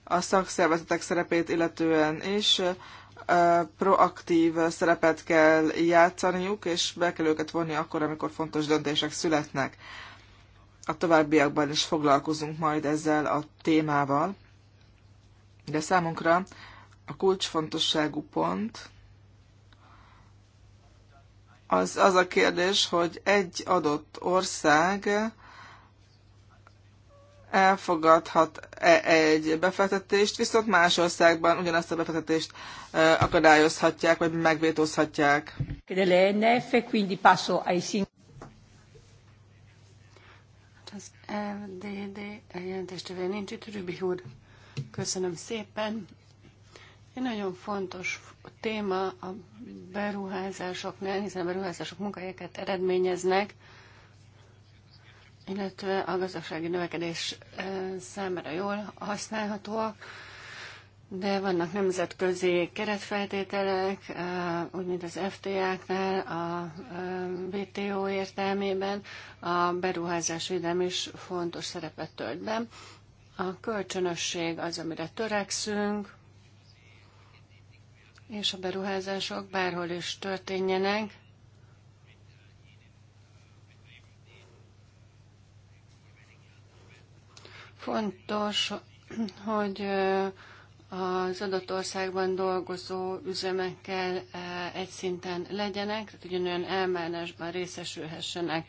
a szakszervezetek szerepét illetően is, proaktív szerepet kell játszaniuk, és be kell őket vonni akkor, amikor fontos döntések születnek. A továbbiakban is foglalkozunk majd ezzel a témával, de számunkra a kulcsfontosságú pont az az a kérdés, hogy egy adott ország elfogadhat -e egy befektetést, viszont más országban ugyanazt a befektetést akadályozhatják, vagy megvétózhatják. Az FDD jelentéstevő nincs itt, Rübi úr. Köszönöm szépen. Egy nagyon fontos téma a beruházásoknál, hiszen a beruházások munkahelyeket eredményeznek, illetve a gazdasági növekedés számára jól használhatóak, de vannak nemzetközi keretfeltételek, úgy mint az FTA-knál, a WTO értelmében a beruházás védelm is fontos szerepet tölt be. A kölcsönösség az, amire törekszünk, és a beruházások bárhol is történjenek, Fontos, hogy az adott országban dolgozó üzemekkel egy szinten legyenek, tehát ugyanolyan elmánásban részesülhessenek.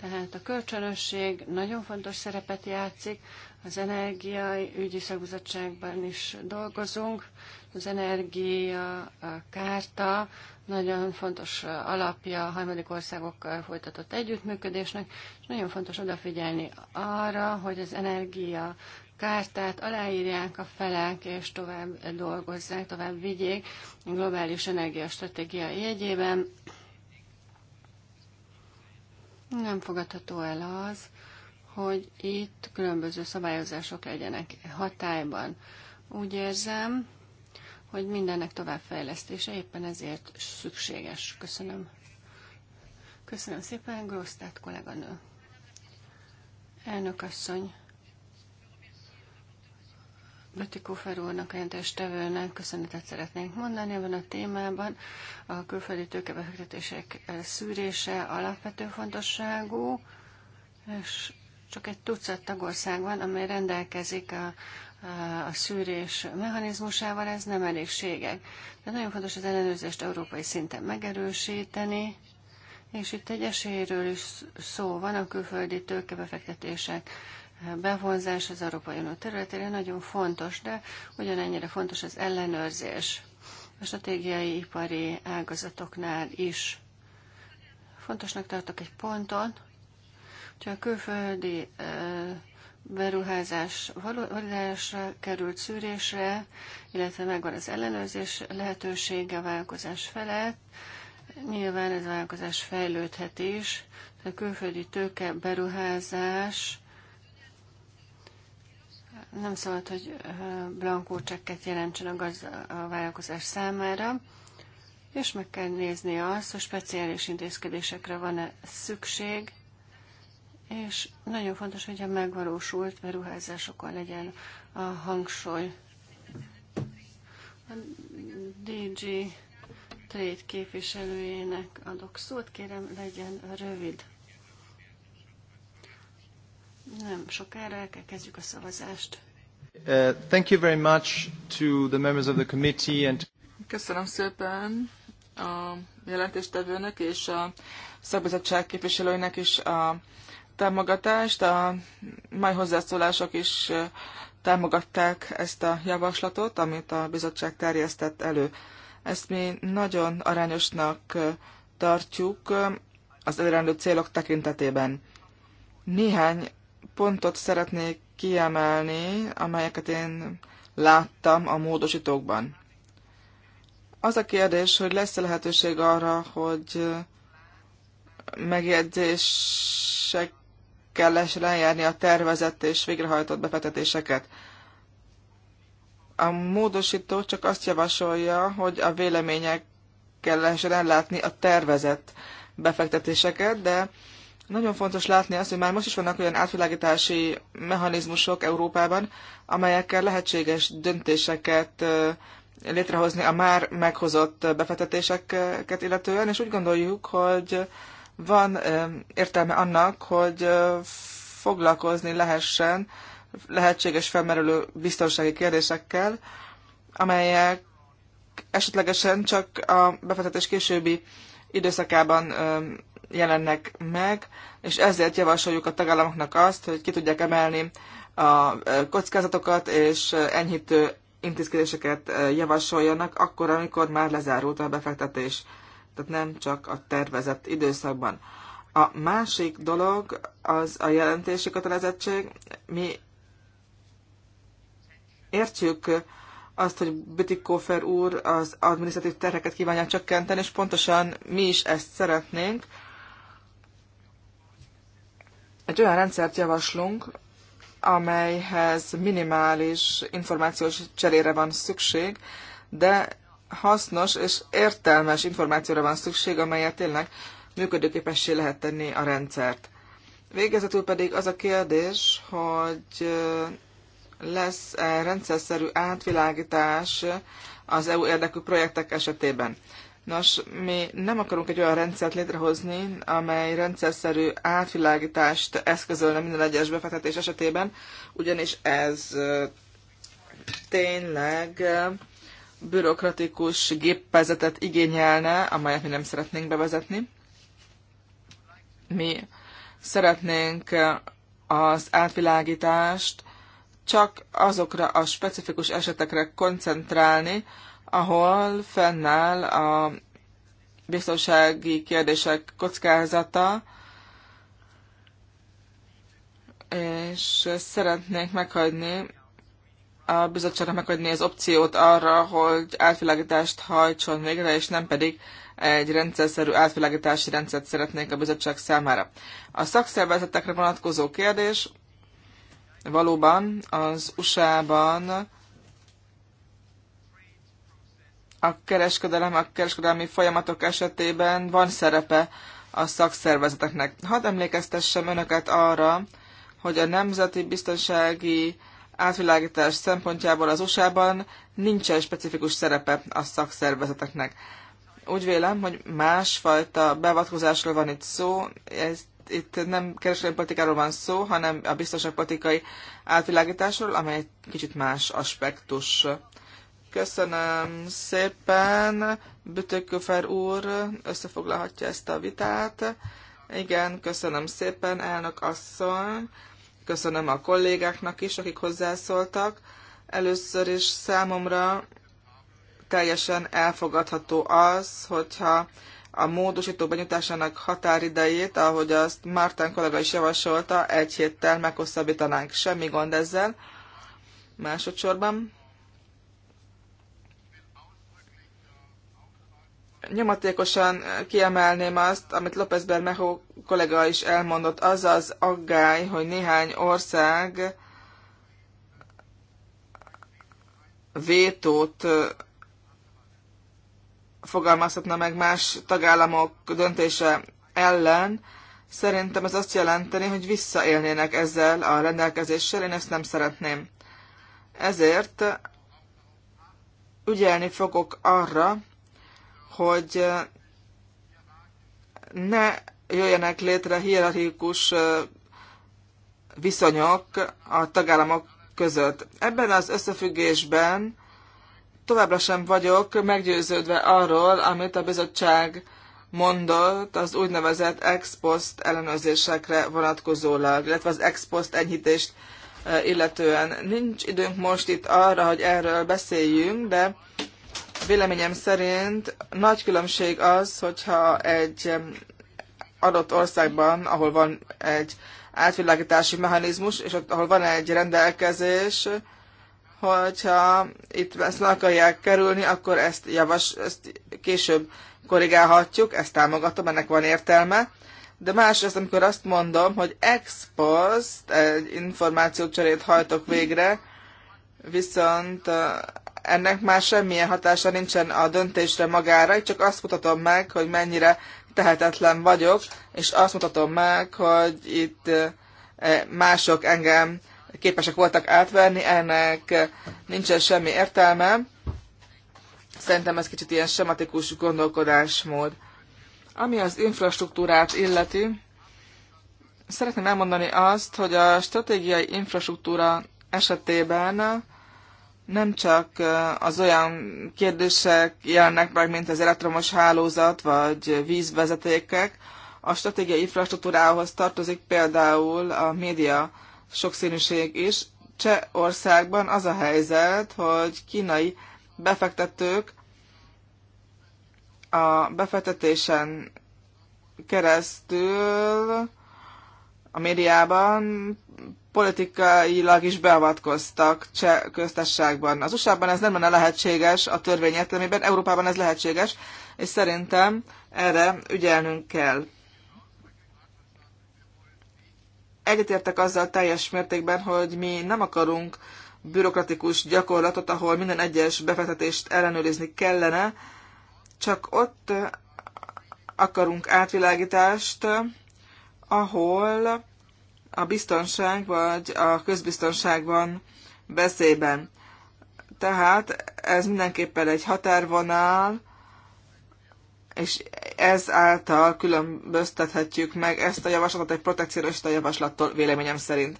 Tehát a kölcsönösség nagyon fontos szerepet játszik, az energiai ügyi szakbizottságban is dolgozunk, az energia a kárta nagyon fontos alapja a harmadik országokkal folytatott együttműködésnek, és nagyon fontos odafigyelni arra, hogy az energia kártát aláírják a felek, és tovább dolgozzák, tovább vigyék a globális energiastratégia jegyében. Nem fogadható el az, hogy itt különböző szabályozások legyenek hatályban. Úgy érzem, hogy mindennek továbbfejlesztése éppen ezért szükséges. Köszönöm. Köszönöm szépen, Grosztát kolléganő. Elnök asszony. Bütikofer úrnak, a jelentéstevőnek köszönetet szeretnénk mondani ebben a témában. A külföldi tőkebefektetések szűrése alapvető fontosságú, és csak egy tucat tagország van, amely rendelkezik a a szűrés mechanizmusával, ez nem elégségek. De nagyon fontos az ellenőrzést európai szinten megerősíteni, és itt egy esélyről is szó van, a külföldi tőkebefektetések bevonzás az Európai Unió területére nagyon fontos, de ugyanennyire fontos az ellenőrzés a stratégiai ipari ágazatoknál is. Fontosnak tartok egy ponton, hogy a külföldi beruházás validálásra került szűrésre, illetve megvan az ellenőrzés lehetősége a vállalkozás felett. Nyilván ez a vállalkozás fejlődhet is, a külföldi tőke beruházás nem szabad, hogy blankó csekket jelentsen a, a vállalkozás számára, és meg kell nézni azt, hogy speciális intézkedésekre van-e szükség, és nagyon fontos, hogy a megvalósult beruházásokon legyen a hangsúly. A DG Trade képviselőjének adok szót, kérem legyen rövid. Nem sokára kezdjük a szavazást. Uh, thank you very much to the members of the committee and Köszönöm szépen a jelentéstevőnek és a szabadság képviselőinek is a támogatást, a mai hozzászólások is támogatták ezt a javaslatot, amit a bizottság terjesztett elő. Ezt mi nagyon arányosnak tartjuk az elérendő célok tekintetében. Néhány pontot szeretnék kiemelni, amelyeket én láttam a módosítókban. Az a kérdés, hogy lesz-e lehetőség arra, hogy megjegyzések kell lehessen a tervezett és végrehajtott befektetéseket. A módosító csak azt javasolja, hogy a vélemények lehessen ellátni a tervezett befektetéseket, de nagyon fontos látni azt, hogy már most is vannak olyan átvilágítási mechanizmusok Európában, amelyekkel lehetséges döntéseket létrehozni a már meghozott befektetéseket illetően, és úgy gondoljuk, hogy van értelme annak, hogy foglalkozni lehessen lehetséges felmerülő biztonsági kérdésekkel, amelyek esetlegesen csak a befektetés későbbi időszakában jelennek meg, és ezért javasoljuk a tagállamoknak azt, hogy ki tudják emelni a kockázatokat és enyhítő intézkedéseket javasoljanak akkor, amikor már lezárult a befektetés tehát nem csak a tervezett időszakban. A másik dolog az a jelentési kötelezettség. Mi értjük azt, hogy Bütikofer úr az adminisztratív terheket kívánja csökkenteni, és pontosan mi is ezt szeretnénk. Egy olyan rendszert javaslunk, amelyhez minimális információs cserére van szükség, de hasznos és értelmes információra van szükség, amelyet tényleg működőképessé lehet tenni a rendszert. Végezetül pedig az a kérdés, hogy lesz -e rendszerszerű átvilágítás az EU érdekű projektek esetében. Nos, mi nem akarunk egy olyan rendszert létrehozni, amely rendszerszerű átvilágítást eszközölne minden egyes befektetés esetében, ugyanis ez tényleg bürokratikus géppezetet igényelne, amelyet mi nem szeretnénk bevezetni. Mi szeretnénk az átvilágítást csak azokra a specifikus esetekre koncentrálni, ahol fennáll a biztonsági kérdések kockázata, és szeretnénk meghagyni a bizottságnak megadni az opciót arra, hogy átvilágítást hajtson végre, és nem pedig egy rendszerszerű átvilágítási rendszert szeretnék a bizottság számára. A szakszervezetekre vonatkozó kérdés valóban az USA-ban a kereskedelem, a kereskedelmi folyamatok esetében van szerepe a szakszervezeteknek. Hadd emlékeztessem önöket arra, hogy a Nemzeti Biztonsági átvilágítás szempontjából az USA-ban nincsen specifikus szerepe a szakszervezeteknek. Úgy vélem, hogy másfajta beavatkozásról van itt szó, ez itt nem kereskedelmi politikáról van szó, hanem a biztonságpolitikai átvilágításról, amely egy kicsit más aspektus. Köszönöm szépen, Bütököfer úr összefoglalhatja ezt a vitát. Igen, köszönöm szépen, elnök asszony. Köszönöm a kollégáknak is, akik hozzászóltak. Először is számomra teljesen elfogadható az, hogyha a módosító benyújtásának határidejét, ahogy azt Márten kollega is javasolta, egy héttel meghosszabbítanánk. Semmi gond ezzel. Másodszorban nyomatékosan kiemelném azt, amit López Bermejo kollega is elmondott, az az aggály, hogy néhány ország vétót fogalmazhatna meg más tagállamok döntése ellen, szerintem ez azt jelenteni, hogy visszaélnének ezzel a rendelkezéssel, én ezt nem szeretném. Ezért ügyelni fogok arra, hogy ne jöjjenek létre hierarchikus viszonyok a tagállamok között. Ebben az összefüggésben továbbra sem vagyok meggyőződve arról, amit a bizottság mondott az úgynevezett ex post ellenőrzésekre vonatkozólag, illetve az ex post enyhítést illetően. Nincs időnk most itt arra, hogy erről beszéljünk, de Véleményem szerint nagy különbség az, hogyha egy adott országban, ahol van egy átvilágítási mechanizmus, és ott, ahol van egy rendelkezés, hogyha itt ezt meg akarják kerülni, akkor ezt, javas, ezt később korrigálhatjuk, ezt támogatom, ennek van értelme. De más az, amikor azt mondom, hogy ex post egy információcserét hajtok végre, viszont ennek már semmilyen hatása nincsen a döntésre magára, csak azt mutatom meg, hogy mennyire tehetetlen vagyok, és azt mutatom meg, hogy itt eh, mások engem képesek voltak átverni, ennek eh, nincsen semmi értelme. Szerintem ez kicsit ilyen sematikus gondolkodásmód. Ami az infrastruktúrát illeti, szeretném elmondani azt, hogy a stratégiai infrastruktúra esetében nem csak az olyan kérdések jelennek meg, mint az elektromos hálózat vagy vízvezetékek, a stratégiai infrastruktúrához tartozik például a média sokszínűség is. Csehországban az a helyzet, hogy kínai befektetők a befektetésen keresztül a médiában politikailag is beavatkoztak cseh köztességben. Az USA-ban ez nem lenne lehetséges a törvény értelmében, Európában ez lehetséges, és szerintem erre ügyelnünk kell. Egyetértek azzal teljes mértékben, hogy mi nem akarunk bürokratikus gyakorlatot, ahol minden egyes befektetést ellenőrizni kellene, csak ott akarunk átvilágítást, ahol a biztonság vagy a közbiztonság van veszélyben. Tehát ez mindenképpen egy határvonal, és ez által különböztethetjük meg ezt a javaslatot egy protekcionista javaslattól véleményem szerint.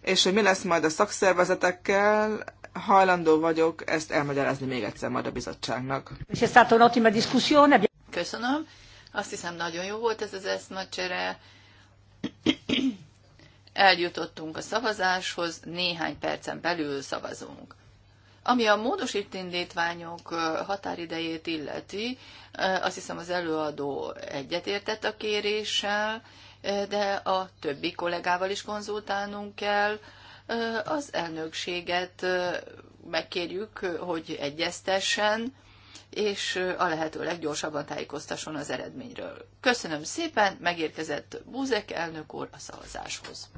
És hogy mi lesz majd a szakszervezetekkel, hajlandó vagyok ezt elmagyarázni még egyszer majd a bizottságnak. Köszönöm. Azt hiszem, nagyon jó volt ez az eszmacsere eljutottunk a szavazáshoz, néhány percen belül szavazunk. Ami a módosít indítványok határidejét illeti, azt hiszem az előadó egyetértett a kéréssel, de a többi kollégával is konzultálnunk kell. Az elnökséget megkérjük, hogy egyeztessen, és a lehető leggyorsabban tájékoztasson az eredményről. Köszönöm szépen, megérkezett Búzek elnök úr a szavazáshoz.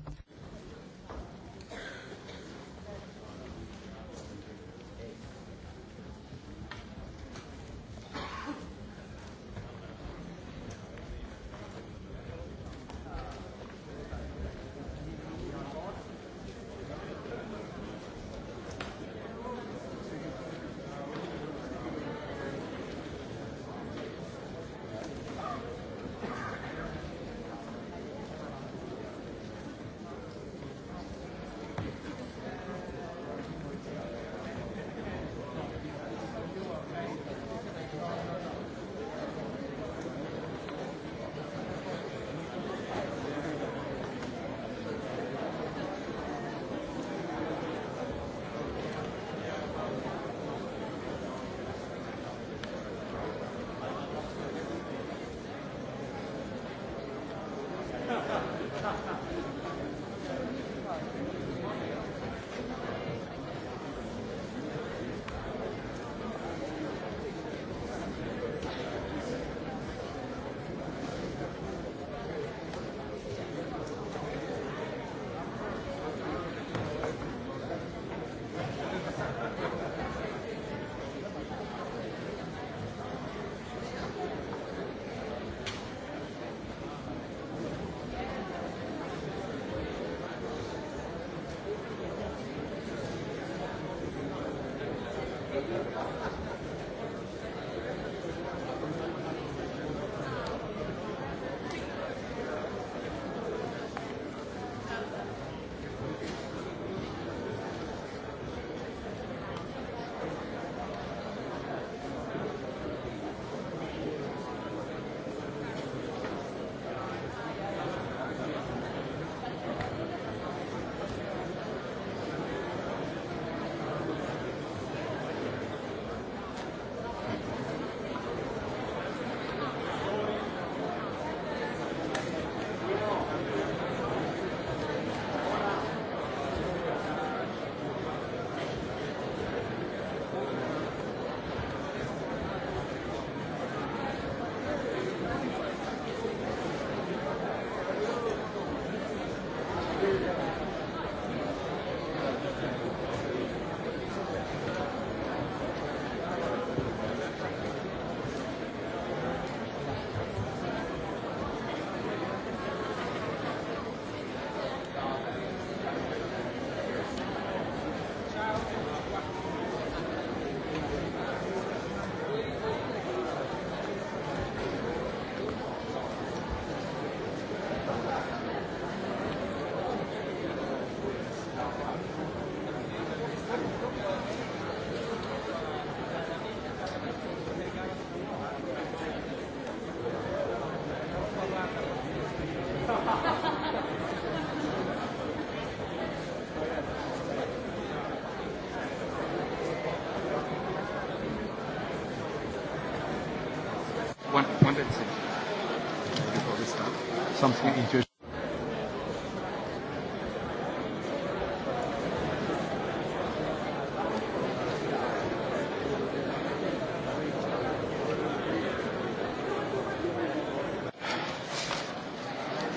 something intuition.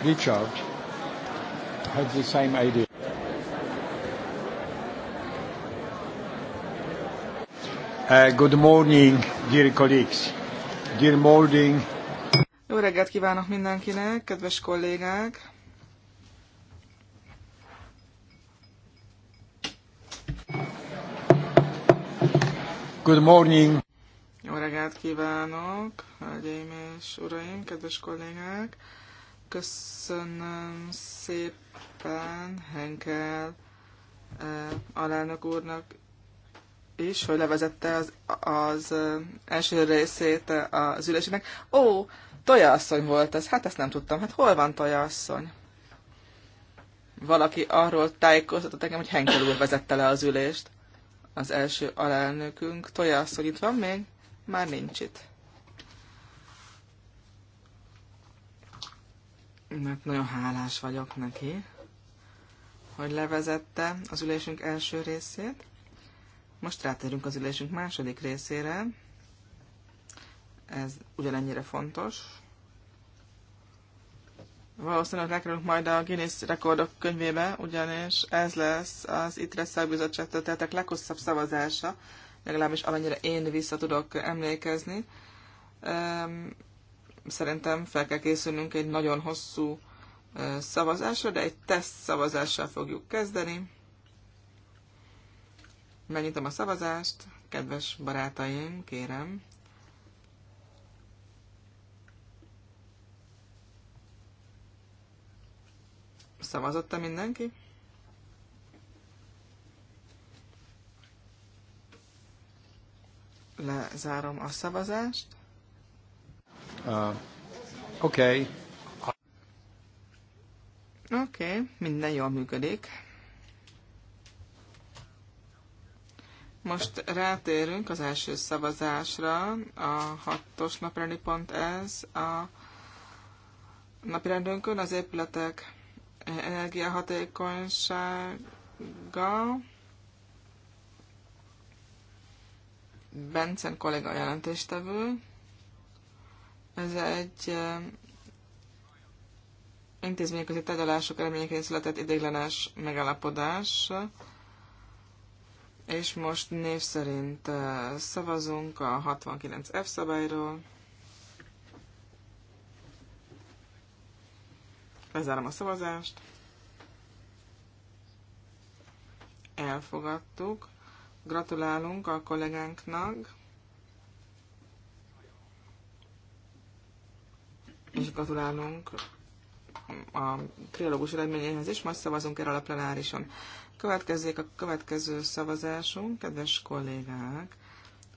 Richard had the same idea. Uh, good morning, dear colleagues. Dear morning, reggelt kívánok mindenkinek, kedves kollégák! Good morning! Jó reggelt kívánok, hölgyeim és uraim, kedves kollégák! Köszönöm szépen Henkel eh, alelnök úrnak is, hogy levezette az, az eh, első részét eh, az ülésének. Ó, Tojasszony volt ez, hát ezt nem tudtam. Hát hol van Tojasszony? Valaki arról tájékoztatott nekem, hogy Henkel úr vezette le az ülést. Az első alelnökünk. Tojasszony itt van még? Már nincs itt. Mert nagyon hálás vagyok neki, hogy levezette az ülésünk első részét. Most rátérünk az ülésünk második részére ez ugyanennyire fontos. Valószínűleg lekerülünk majd a Guinness rekordok könyvébe, ugyanis ez lesz az ITRE szakbizottságtól tehetek leghosszabb szavazása, legalábbis amennyire én vissza tudok emlékezni. Szerintem fel kell készülnünk egy nagyon hosszú szavazásra, de egy teszt szavazással fogjuk kezdeni. Megnyitom a szavazást, kedves barátaim, kérem, -e mindenki? Lezárom a szavazást. Uh, Oké. Okay. Oké, okay, minden jól működik. Most rátérünk az első szavazásra. A hatos napirendi pont ez a napirendünkön az épületek energiahatékonysága. Bencen kolléga jelentéstevő. Ez egy közé tárgyalások eredményeként született idéglenes megállapodás, és most név szerint szavazunk a 69F szabályról. Lezárom a szavazást. Elfogadtuk. Gratulálunk a kollégánknak. És gratulálunk a trilógus eredményéhez is, majd szavazunk erről a plenárison. Következzék a következő szavazásunk, kedves kollégák.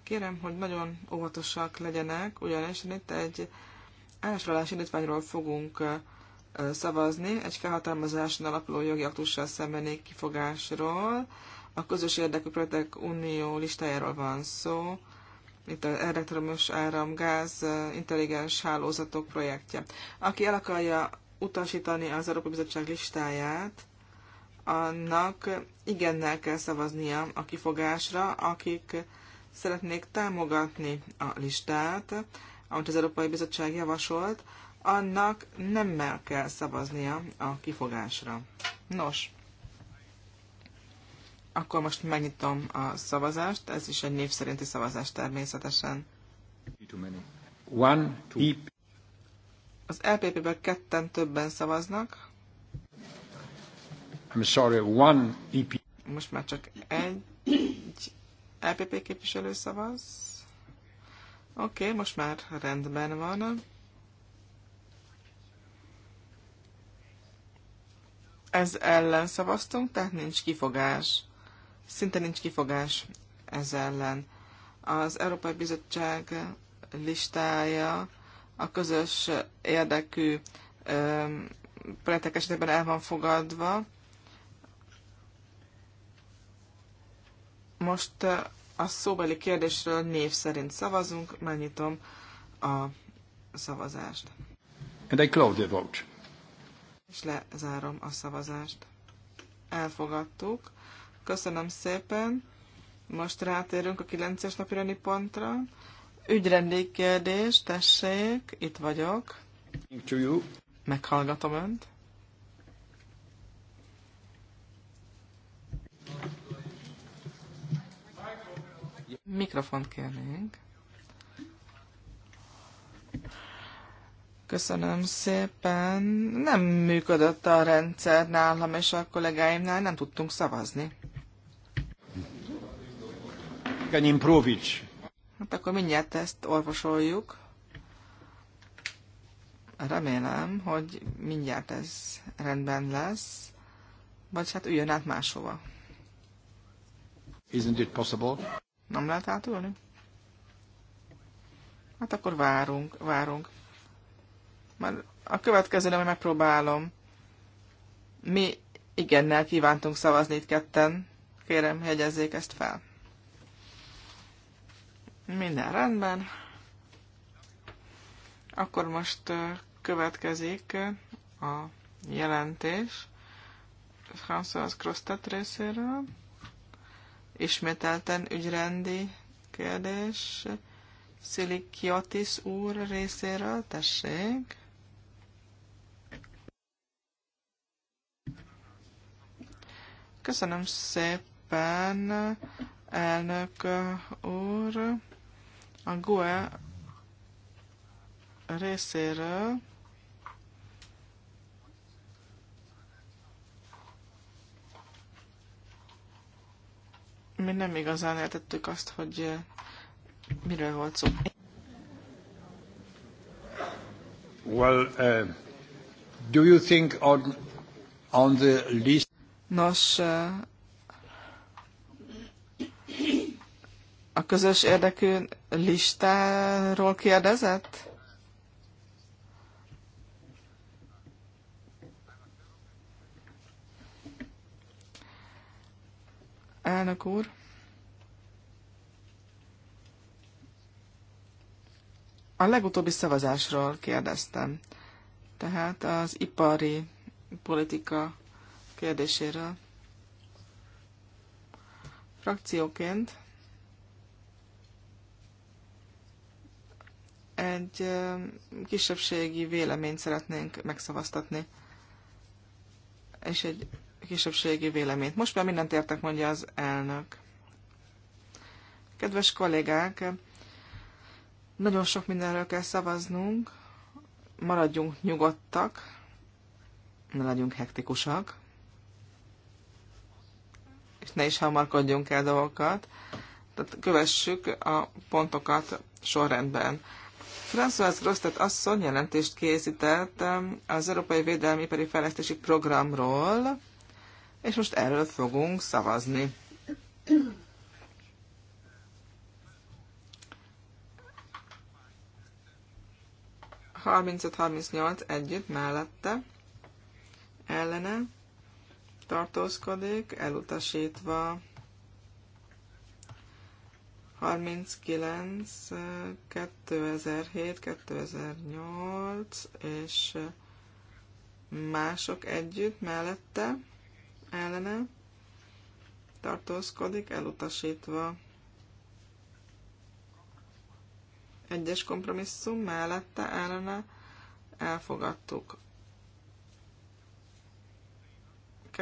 Kérem, hogy nagyon óvatosak legyenek, ugyanis itt egy állásolási indítványról fogunk szavazni egy felhatalmazáson alapuló jogi aktussal szembeni kifogásról. A közös érdekű projektek unió listájáról van szó. Itt az elektromos áram, gáz, intelligens hálózatok projektje. Aki el akarja utasítani az Európai Bizottság listáját, annak igennel kell szavaznia a kifogásra, akik szeretnék támogatni a listát, amit az Európai Bizottság javasolt, annak nemmel kell szavaznia a kifogásra. Nos, akkor most megnyitom a szavazást, ez is egy név szerinti szavazás természetesen. One, Az LPP-ből ketten többen szavaznak. I'm sorry, one EP. Most már csak egy LPP képviselő szavaz. Oké, okay, most már rendben van. Ez ellen szavaztunk, tehát nincs kifogás. Szinte nincs kifogás ez ellen. Az Európai Bizottság listája a közös érdekű projektek esetében el van fogadva. Most a szóbeli kérdésről név szerint szavazunk, megnyitom a szavazást. And I close the vote. És lezárom a szavazást. Elfogadtuk. Köszönöm szépen. Most rátérünk a 9-es napirani pontra. Ügyrendi kérdés, tessék, itt vagyok. Meghallgatom Önt. Mikrofont kérnénk. Köszönöm szépen. Nem működött a rendszer nálam és a kollégáimnál, nem tudtunk szavazni. Kenyim Provics. Hát akkor mindjárt ezt orvosoljuk. Remélem, hogy mindjárt ez rendben lesz, vagy hát üljön át máshova. Isn't it possible? Nem lehet átülni? Hát akkor várunk, várunk. Már a következőre majd megpróbálom. Mi igennel kívántunk szavazni itt ketten. Kérem, jegyezzék ezt fel. Minden rendben. Akkor most következik a jelentés François Crostet részéről. Ismételten ügyrendi kérdés Szilikiotis úr részéről. Tessék! Köszönöm szépen, elnök úr. A GUE részéről mi nem igazán értettük azt, hogy miről volt szó. Well, uh, do you think on, on the list Nos, a közös érdekű listáról kérdezett? Elnök úr. A legutóbbi szavazásról kérdeztem. Tehát az ipari politika kérdéséről. Frakcióként egy kisebbségi véleményt szeretnénk megszavaztatni. És egy kisebbségi véleményt. Most már mindent értek, mondja az elnök. Kedves kollégák, nagyon sok mindenről kell szavaznunk, maradjunk nyugodtak, ne legyünk hektikusak és ne is hamarkodjunk el dolgokat. Tehát kövessük a pontokat sorrendben. François Rostet asszony jelentést készített um, az Európai Védelmi Ipari Fejlesztési Programról, és most erről fogunk szavazni. Harmincöt, harmincnyolc együtt mellette, ellene, tartózkodik, elutasítva 39, 2007, 2008 és mások együtt mellette ellene tartózkodik, elutasítva egyes kompromisszum mellette ellene elfogadtuk.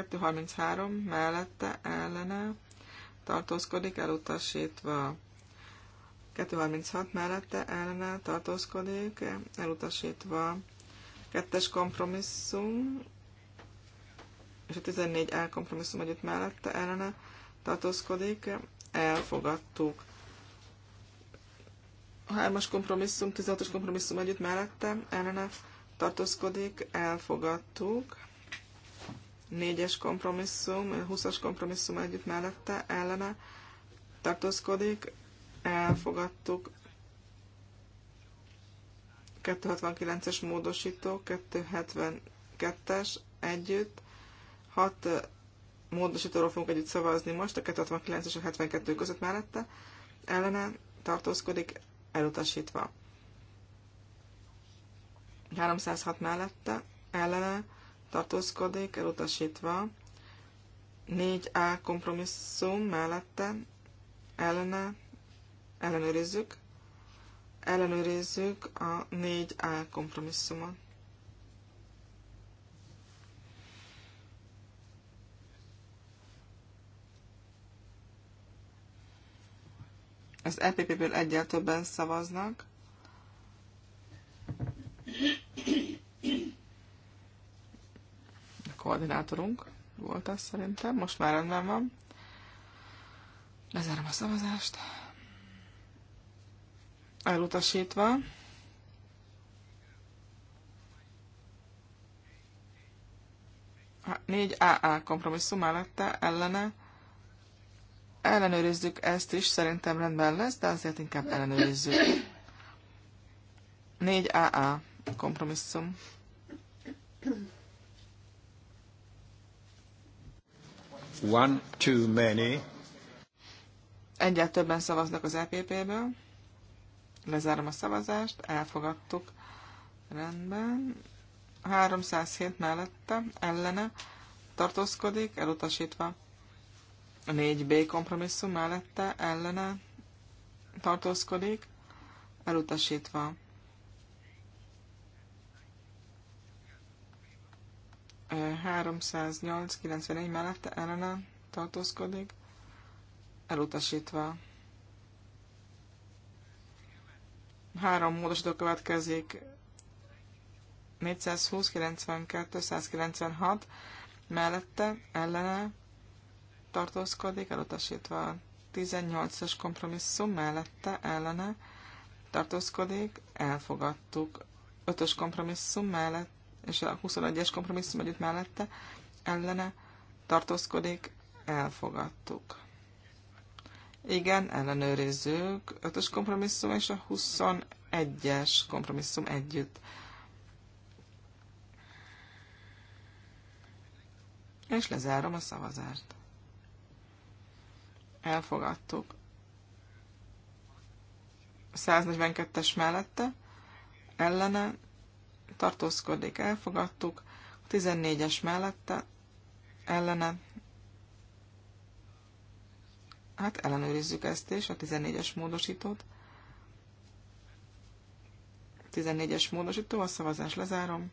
233 mellette ellene tartózkodik, elutasítva. 236 mellette ellene tartózkodik, elutasítva. Kettes kompromisszum, és a 14 elkompromisszum együtt mellette ellene tartózkodik, elfogadtuk. A hármas kompromisszum, 16-os kompromisszum együtt mellette ellene tartózkodik, elfogadtuk négyes kompromisszum, 20-as kompromisszum együtt mellette ellene tartózkodik. Elfogadtuk 269-es módosító, 272-es együtt. 6 módosítóról fogunk együtt szavazni most, a 269 és a 72 között mellette. Ellene tartózkodik elutasítva. 306 mellette ellene tartózkodik, elutasítva. 4A kompromisszum mellette ellene ellenőrizzük. Ellenőrizzük a 4A kompromisszumot. Az EPP-ből egyel többen szavaznak koordinátorunk volt az szerintem. Most már rendben van. Lezárom a szavazást. Elutasítva. Ha 4AA kompromisszum mellette ellene. Ellenőrizzük ezt is, szerintem rendben lesz, de azért inkább ellenőrizzük. 4AA kompromisszum. One too many. Egyet többen szavaznak az EPP-ből. Lezárom a szavazást, elfogadtuk. Rendben. 307 mellette, ellene tartózkodik, elutasítva. 4B kompromisszum mellette, ellene tartózkodik, elutasítva. 308-91 mellette ellene tartózkodik, elutasítva. Három módosító következik, 420-92-196 mellette ellene tartózkodik, elutasítva. 18-as kompromisszum mellette ellene tartózkodik, elfogadtuk. 5-ös kompromisszum mellett és a 21-es kompromisszum együtt mellette ellene tartózkodik, elfogadtuk. Igen, ellenőrizzük. 5-ös kompromisszum és a 21-es kompromisszum együtt. És lezárom a szavazást. Elfogadtuk. 142-es mellette ellene tartózkodik, elfogadtuk. 14-es mellette ellene. Hát ellenőrizzük ezt is, a 14-es módosítót. 14-es módosító, a szavazás lezárom.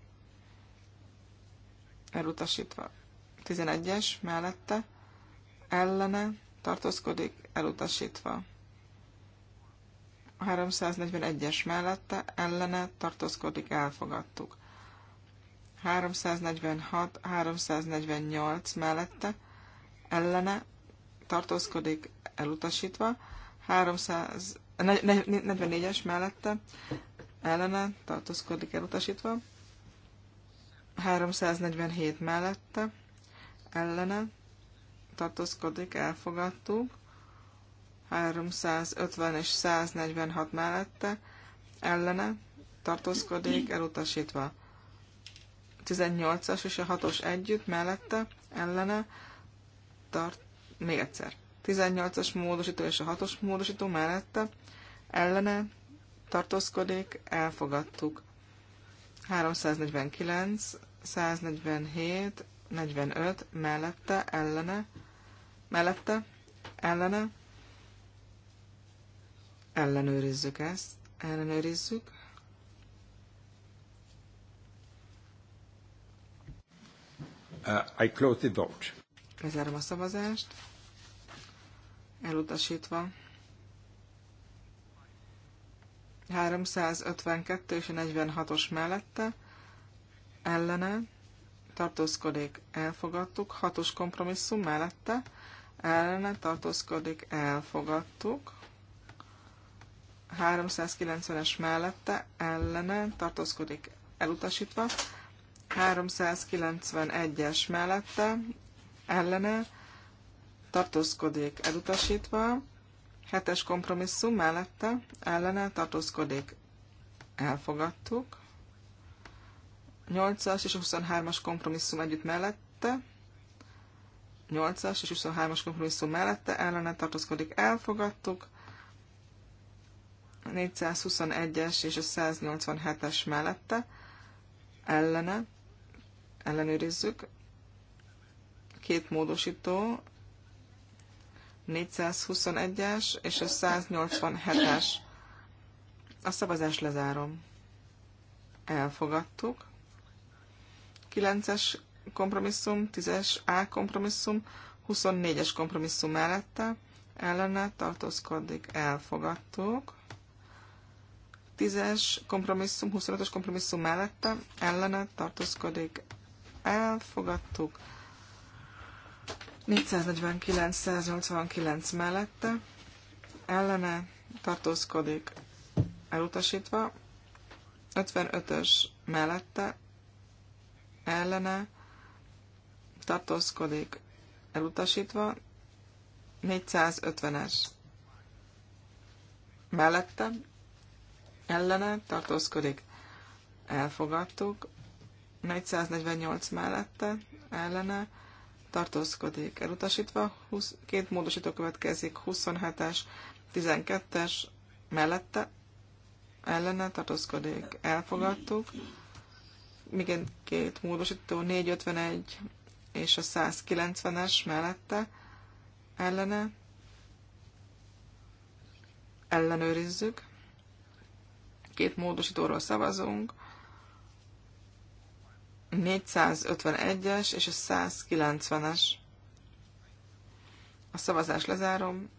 Elutasítva. 11-es mellette ellene tartózkodik, elutasítva. A 341-es mellette ellene tartózkodik, elfogadtuk. 346, 348 mellette ellene tartózkodik, elutasítva. 344-es mellette ellene tartózkodik, elutasítva. 347 mellette ellene tartózkodik, elfogadtuk. 350 és 146 mellette, ellene, tartózkodik, elutasítva. 18-as és a 6-os együtt, mellette, ellene, tart, még egyszer. 18-as módosító és a 6-os módosító mellette, ellene, tartózkodik, elfogadtuk. 349, 147, 45 mellette, ellene, mellette, ellene, Ellenőrizzük ezt. Ellenőrizzük. Uh, I close the vote. Lezárom a szavazást. Elutasítva. 352 és 46-os mellette ellene tartózkodik, elfogadtuk, 6-os kompromisszum mellette ellene tartózkodik, elfogadtuk. 390-es mellette ellene tartózkodik elutasítva, 391-es mellette ellene tartózkodik elutasítva, 7-es kompromisszum mellette ellene tartózkodik elfogadtuk, 8-as és 23-as kompromisszum együtt mellette, 8-as és 23-as kompromisszum mellette ellene tartózkodik elfogadtuk, 421-es és a 187-es mellette ellene ellenőrizzük. Két módosító, 421-es és a 187-es. A szavazást lezárom. Elfogadtuk. 9-es kompromisszum, 10-es A kompromisszum, 24-es kompromisszum mellette ellene tartózkodik. Elfogadtuk. 10-es kompromisszum, 25-ös kompromisszum mellette ellene tartózkodik. Elfogadtuk. 449-189 mellette ellene tartózkodik elutasítva, 55-ös mellette ellene tartózkodik elutasítva, 450-es mellette ellene tartózkodik. Elfogadtuk. 448 mellette ellene tartózkodik. Elutasítva 20, két módosító következik, 27-es, 12-es mellette ellene tartózkodik. Elfogadtuk. Még két módosító, 451 és a 190-es mellette ellene ellenőrizzük két módosítóról szavazunk. 451-es és a 190-es. A szavazás lezárom.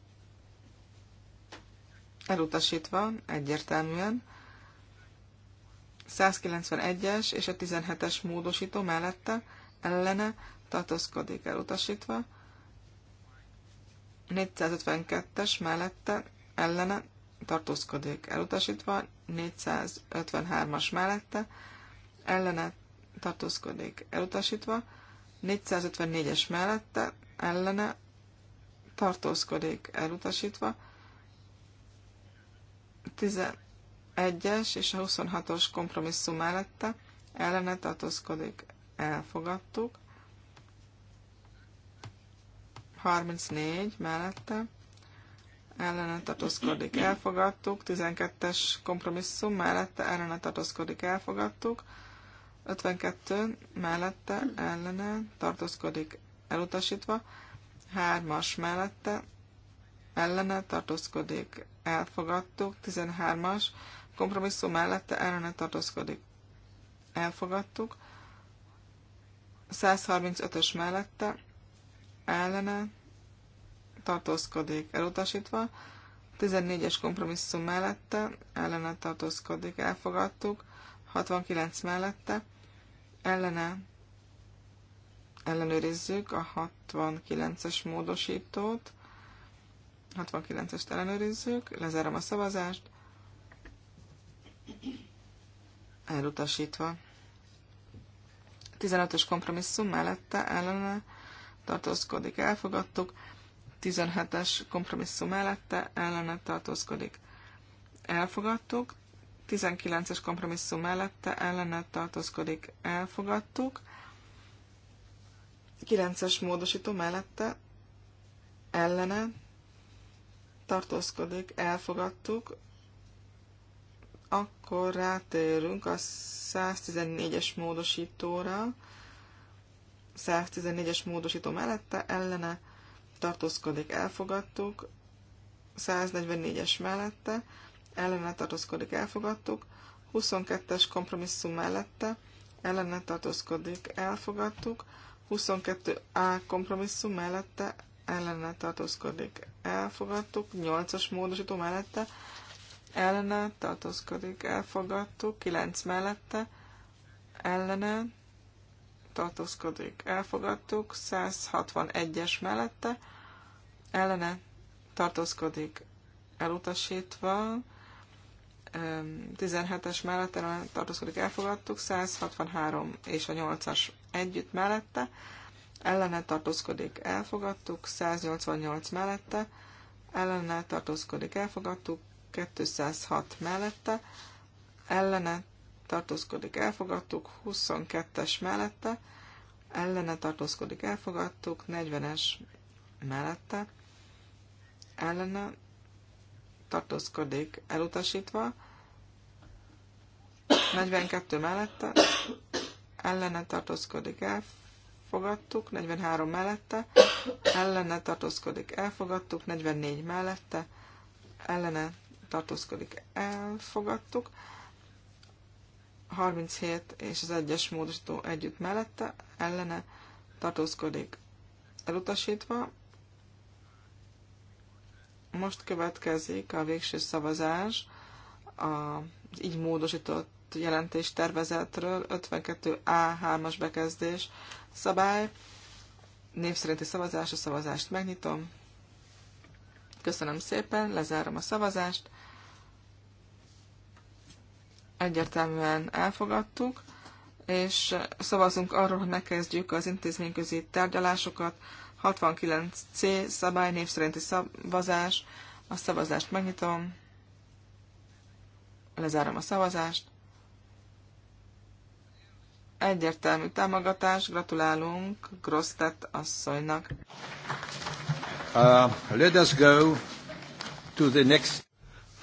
Elutasítva, egyértelműen. 191-es és a 17-es módosító mellette ellene tartozkodik elutasítva. 452-es mellette ellene tartózkodik elutasítva, 453-as mellette, ellene tartózkodik elutasítva, 454-es mellette, ellene tartózkodik elutasítva, 11-es és a 26-os kompromisszum mellette, ellene tartózkodik elfogadtuk, 34 mellette, ellene tartózkodik, elfogadtuk. 12-es kompromisszum mellette ellene tartózkodik, elfogadtuk. 52 mellette ellene tartózkodik, elutasítva. 3-as mellette ellene tartózkodik, elfogadtuk. 13-as kompromisszum mellette ellene tartózkodik, elfogadtuk. 135-ös mellette ellene tartózkodik elutasítva, 14-es kompromisszum mellette, ellene tartózkodik elfogadtuk, 69 mellette, ellene ellenőrizzük a 69-es módosítót, 69-est ellenőrizzük, lezárom a szavazást, elutasítva. 15-ös kompromisszum mellette ellene tartózkodik, elfogadtuk. 17-es kompromisszum mellette ellene tartózkodik. Elfogadtuk. 19-es kompromisszum mellette ellene tartózkodik. Elfogadtuk. 9-es módosító mellette ellene tartózkodik. Elfogadtuk. Akkor rátérünk a 114-es módosítóra. 114-es módosító mellette ellene tartózkodik, elfogadtuk. 144-es mellette, ellene tartózkodik, elfogadtuk. 22-es kompromisszum mellette, ellene tartózkodik, elfogadtuk. 22A kompromisszum mellette, ellene tartózkodik, elfogadtuk. 8-as módosító mellette, ellene tartózkodik, elfogadtuk. 9 mellette, ellene tartózkodik. Elfogadtuk 161-es mellette, ellene tartózkodik elutasítva, 17-es mellett ellene tartózkodik elfogadtuk, 163 és a 8-as együtt mellette, ellene tartózkodik elfogadtuk, 188 mellette, ellene tartózkodik elfogadtuk, 206 mellette, ellene tartózkodik elfogadtuk, 22-es mellette, ellene tartózkodik elfogadtuk, 40-es mellette, ellene tartózkodik elutasítva, 42 mellette ellene tartózkodik elfogadtuk, 43 mellette ellene tartózkodik elfogadtuk, 44 mellette ellene tartózkodik elfogadtuk, 37 és az egyes módosító együtt mellette ellene tartózkodik elutasítva, most következik a végső szavazás az így módosított jelentés tervezetről 52A3-as bekezdés szabály. Név szerinti szavazás, a szavazást megnyitom. Köszönöm szépen, lezárom a szavazást. Egyértelműen elfogadtuk, és szavazunk arról, hogy megkezdjük az intézményközi tárgyalásokat 69C szabály, név szerinti szavazás. A szavazást megnyitom. Lezárom a szavazást. Egyértelmű támogatás. Gratulálunk Grosztet asszonynak. Uh, let us go to the next.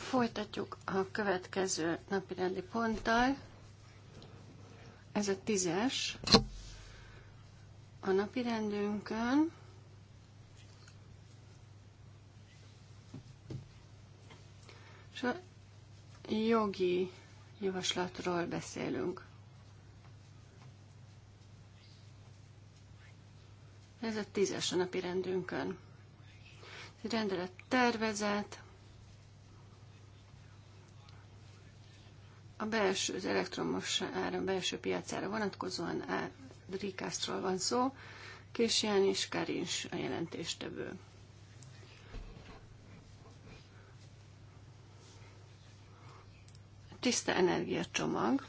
Folytatjuk a következő napirendi ponttal. Ez a tízes a napirendünkön. És a jogi javaslatról beszélünk. Ez a tízes a napi rendünkön. Egy rendelet tervezet, a belső, az elektromos áram belső piacára vonatkozóan Rikásztról van szó, Késján és Karins a jelentéstevő. tiszta energiacsomag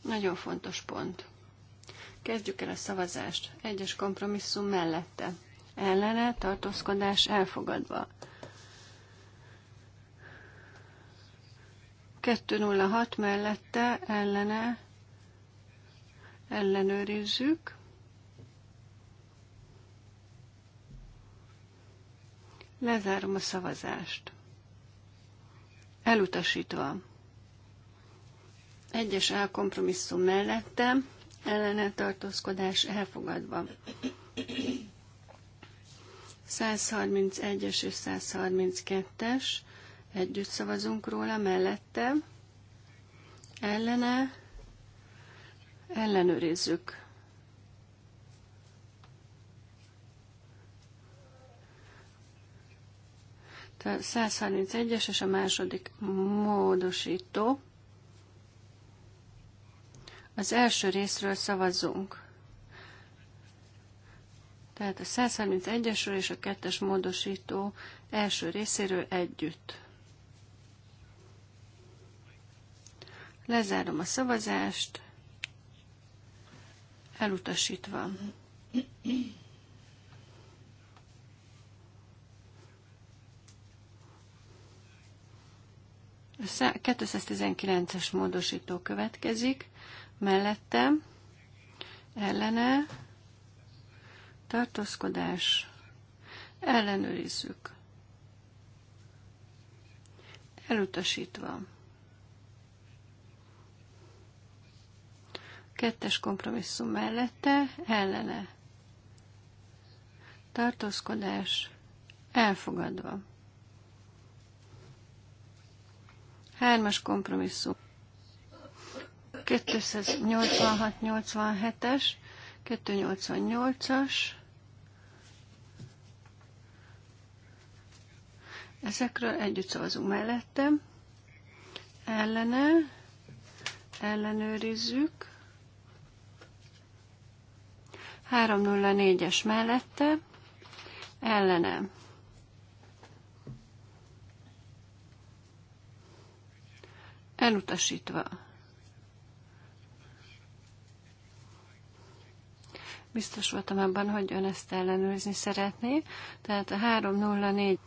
nagyon fontos pont. Kezdjük el a szavazást. Egyes kompromisszum mellette. Ellene tartózkodás elfogadva. 206 mellette ellene ellenőrizzük. Lezárom a szavazást elutasítva. Egyes elkompromisszum mellette, ellene tartózkodás elfogadva. 131-es és 132-es, együtt szavazunk róla, mellette, ellene, ellenőrizzük. 131-es és a második módosító. Az első részről szavazzunk. Tehát a 131-esről és a 2-es módosító első részéről együtt. Lezárom a szavazást, elutasítva. 219-es módosító következik, mellette ellene tartózkodás ellenőrizzük. Elutasítva. Kettes kompromisszum mellette ellene tartózkodás elfogadva. Hármas kompromisszum. 286-87-es, 288-as. Ezekről együtt szavazunk mellettem. Ellene, ellenőrizzük. 304-es mellette, Ellenem. elutasítva. Biztos voltam abban, hogy ön ezt ellenőrizni szeretné. Tehát a 304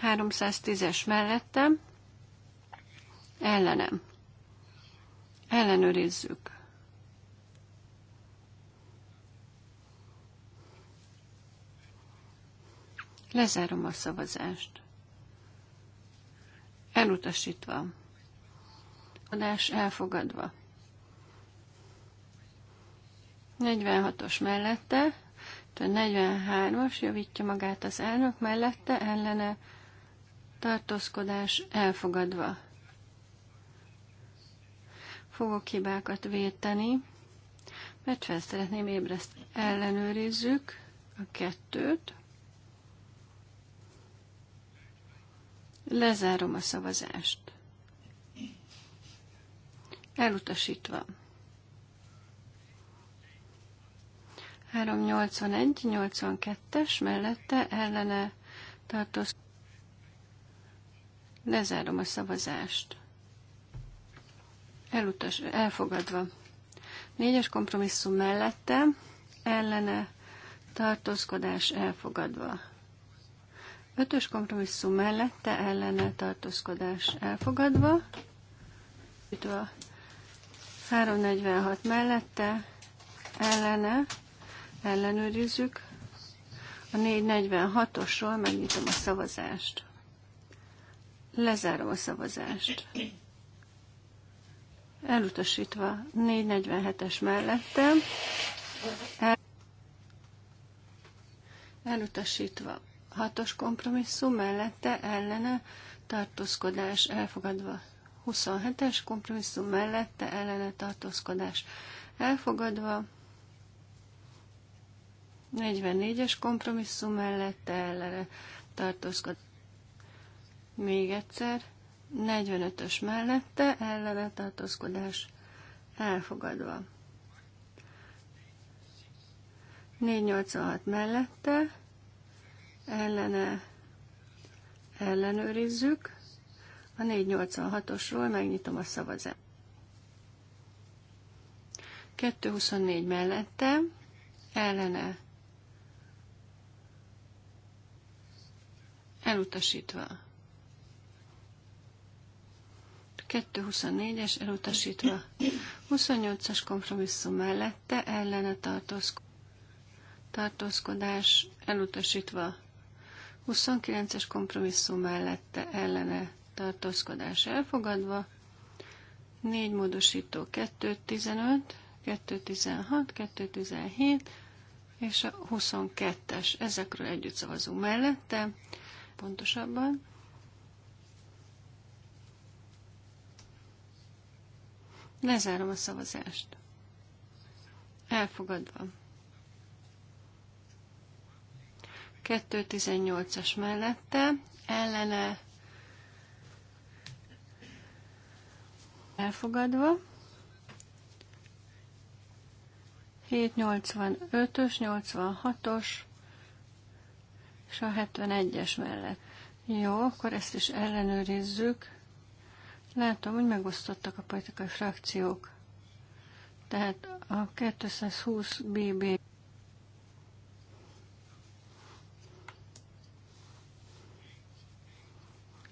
310-es mellettem ellenem. Ellenőrizzük. Lezárom a szavazást. Elutasítva gondolkodás elfogadva. 46-os mellette, tehát 43-as, javítja magát az elnök mellette, ellene tartózkodás elfogadva. Fogok hibákat véteni, mert fel szeretném ébreszteni. Ellenőrizzük a kettőt. Lezárom a szavazást. Elutasítva. 381-82-es mellette ellene tartoz. Lezárom a szavazást. Elutas, elfogadva. Négyes kompromisszum mellette ellene tartózkodás elfogadva. Ötös kompromisszum mellette ellene tartózkodás elfogadva. Ütve 346 mellette, ellene, ellenőrizzük. A 446-osról megnyitom a szavazást. Lezárom a szavazást. Elutasítva 447-es mellette. El, elutasítva 6-os kompromisszum mellette, ellene, tartózkodás elfogadva 27-es kompromisszum mellette ellene tartózkodás elfogadva, 44-es kompromisszum mellette ellene tartózkodás. Még egyszer, 45-ös mellette ellene tartózkodás elfogadva. 486 mellette ellene ellenőrizzük. A 486-osról megnyitom a szavazást. 224 mellette, ellene elutasítva. 224-es elutasítva. 28-as kompromisszum mellette ellene tartózko tartózkodás elutasítva. 29-es kompromisszum mellette ellene tartózkodás elfogadva, 4 módosító 215, 216, 217 és a 22-es. Ezekről együtt szavazunk mellette, pontosabban. Lezárom a szavazást. Elfogadva. 218-as mellette, ellene Elfogadva. 785-ös, 86-os és a 71-es mellett. Jó, akkor ezt is ellenőrizzük. Látom, hogy megosztottak a politikai frakciók. Tehát a 220 BB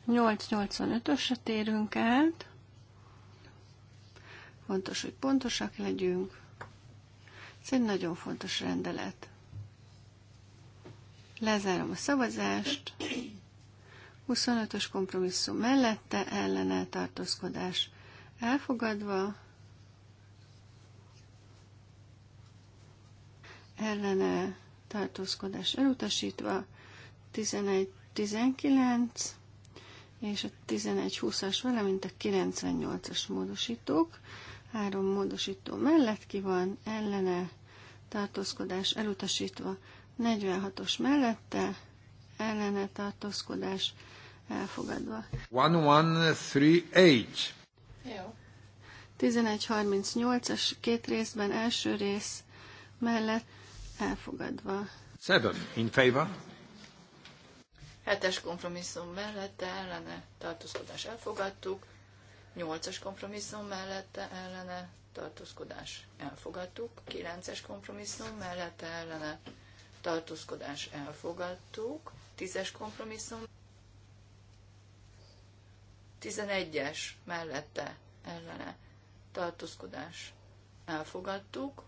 885 885-ösre térünk át. Fontos, hogy pontosak legyünk. Ez egy nagyon fontos rendelet. Lezárom a szavazást. 25-ös kompromisszum mellette ellene tartózkodás elfogadva. Ellene tartózkodás elutasítva. 11-19 és a 11-20-as, valamint a 98-as módosítók Három módosító mellett ki van, ellene tartózkodás elutasítva. 46-os mellette, ellene tartózkodás elfogadva. 1138. Jó. 1138-as két részben első rész mellett elfogadva. Seven in favor. Hetes kompromisszum mellette ellene tartózkodás elfogadtuk. 8-as kompromisszum mellette ellene tartózkodás elfogadtuk, 9-es kompromisszum mellette ellene tartózkodás elfogadtuk, 10-es kompromisszum, 11-es mellette ellene tartózkodás elfogadtuk,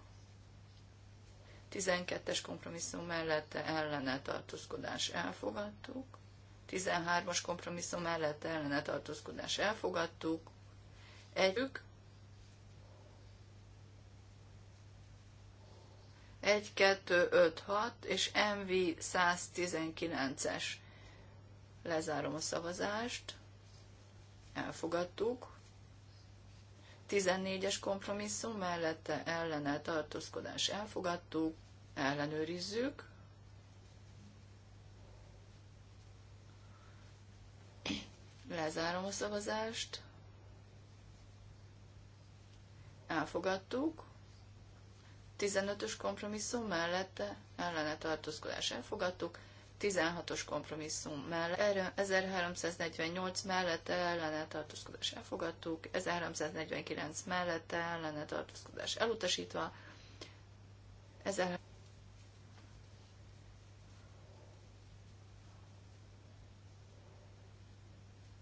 12-es kompromisszum mellette ellene tartózkodás elfogadtuk, 13-as kompromisszum mellette ellene tartózkodás elfogadtuk, együk, egy, kettő, öt, hat, és MV 119-es. Lezárom a szavazást. Elfogadtuk. 14-es kompromisszum mellette ellene tartózkodás elfogadtuk, ellenőrizzük. Lezárom a szavazást. elfogadtuk, 15-ös kompromisszum mellette ellene tartózkodás elfogadtuk, 16-os kompromisszum mellett, 1348 mellette ellene tartózkodás elfogadtuk, 1349 mellette ellene tartózkodás elutasítva, 1349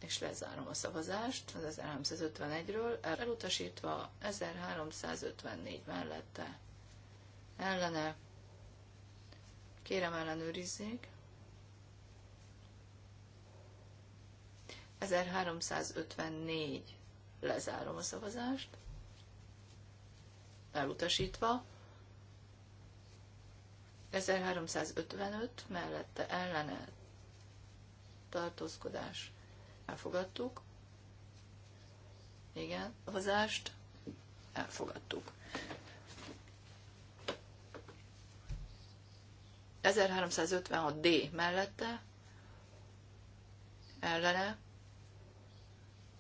és lezárom a szavazást az 1351-ről, elutasítva 1354 mellette ellene. Kérem ellenőrizzék. 1354 lezárom a szavazást, elutasítva. 1355 mellette ellene tartózkodás Elfogadtuk. Igen, hozást. Elfogadtuk. 1356D mellette ellene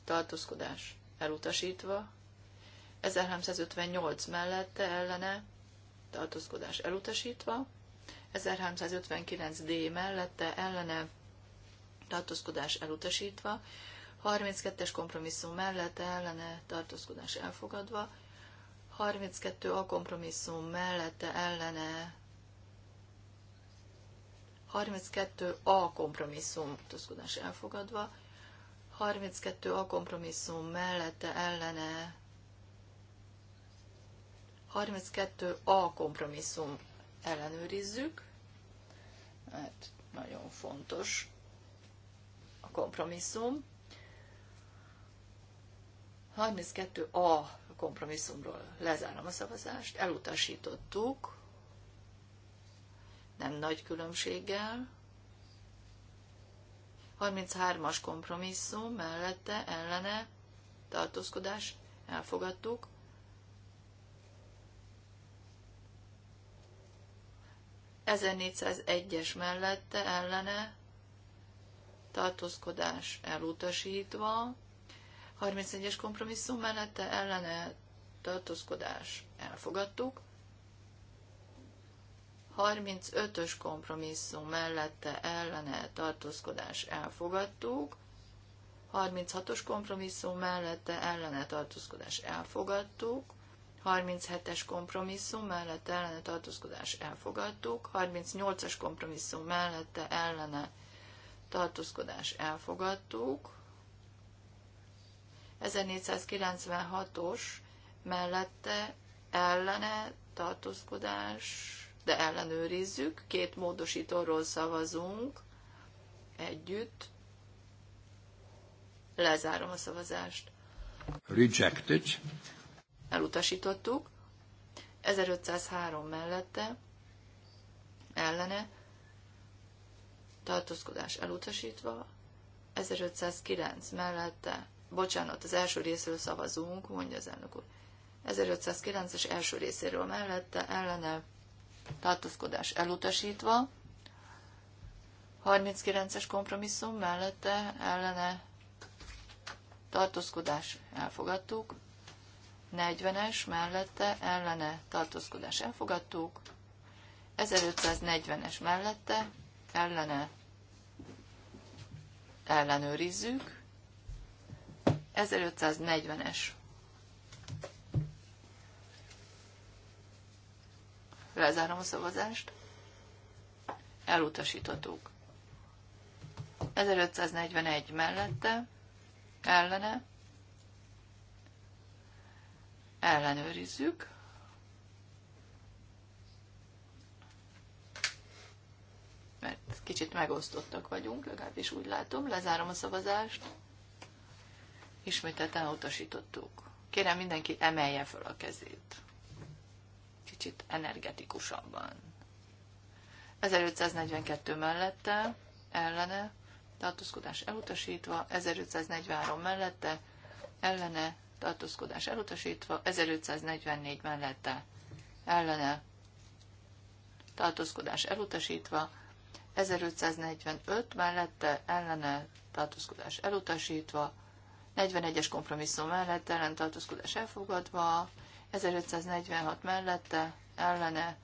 tartózkodás elutasítva, 1358 mellette ellene tartózkodás elutasítva, 1359D mellette ellene tartózkodás elutasítva, 32-es kompromisszum mellett ellene tartózkodás elfogadva, 32 a kompromisszum mellette ellene 32 a kompromisszum tartózkodás elfogadva, 32 a kompromisszum mellette ellene 32 a kompromisszum ellenőrizzük, mert nagyon fontos kompromisszum. 32A kompromisszumról lezárom a szavazást, elutasítottuk, nem nagy különbséggel. 33-as kompromisszum mellette, ellene, tartózkodás, elfogadtuk. Ezen 401-es mellette, ellene, tartózkodás elutasítva, 31-es kompromisszum mellette ellene tartózkodás elfogadtuk, 35-ös kompromisszum mellette ellene tartózkodás elfogadtuk, 36-os kompromisszum mellette ellene tartózkodás elfogadtuk, 37-es kompromisszum mellette ellene tartózkodás elfogadtuk, 38-as kompromisszum mellette ellene tartózkodás elfogadtuk. 1496-os mellette ellene tartózkodás, de ellenőrizzük. Két módosítóról szavazunk együtt. Lezárom a szavazást. Rejected. Elutasítottuk. 1503 mellette ellene tartózkodás elutasítva, 1509 mellette, bocsánat, az első részről szavazunk, mondja az elnök úr, 1509-es első részéről mellette, ellene, tartózkodás elutasítva, 39-es kompromisszum mellette, ellene, tartózkodás elfogadtuk, 40-es mellette, ellene, tartózkodás elfogadtuk, 1540-es mellette, ellene ellenőrizzük. 1540-es. Lezárom a szavazást. Elutasítottuk. 1541 mellette, ellene, ellenőrizzük. kicsit megosztottak vagyunk, legalábbis úgy látom. Lezárom a szavazást. Ismételten utasítottuk. Kérem mindenki emelje fel a kezét. Kicsit energetikusabban. 1542 mellette, ellene, tartózkodás elutasítva, 1543 mellette, ellene, tartózkodás elutasítva, 1544 mellette, ellene, tartózkodás elutasítva, 1545 mellette ellene tartózkodás elutasítva, 41-es kompromisszum mellett ellen tartózkodás elfogadva, 1546 mellette ellene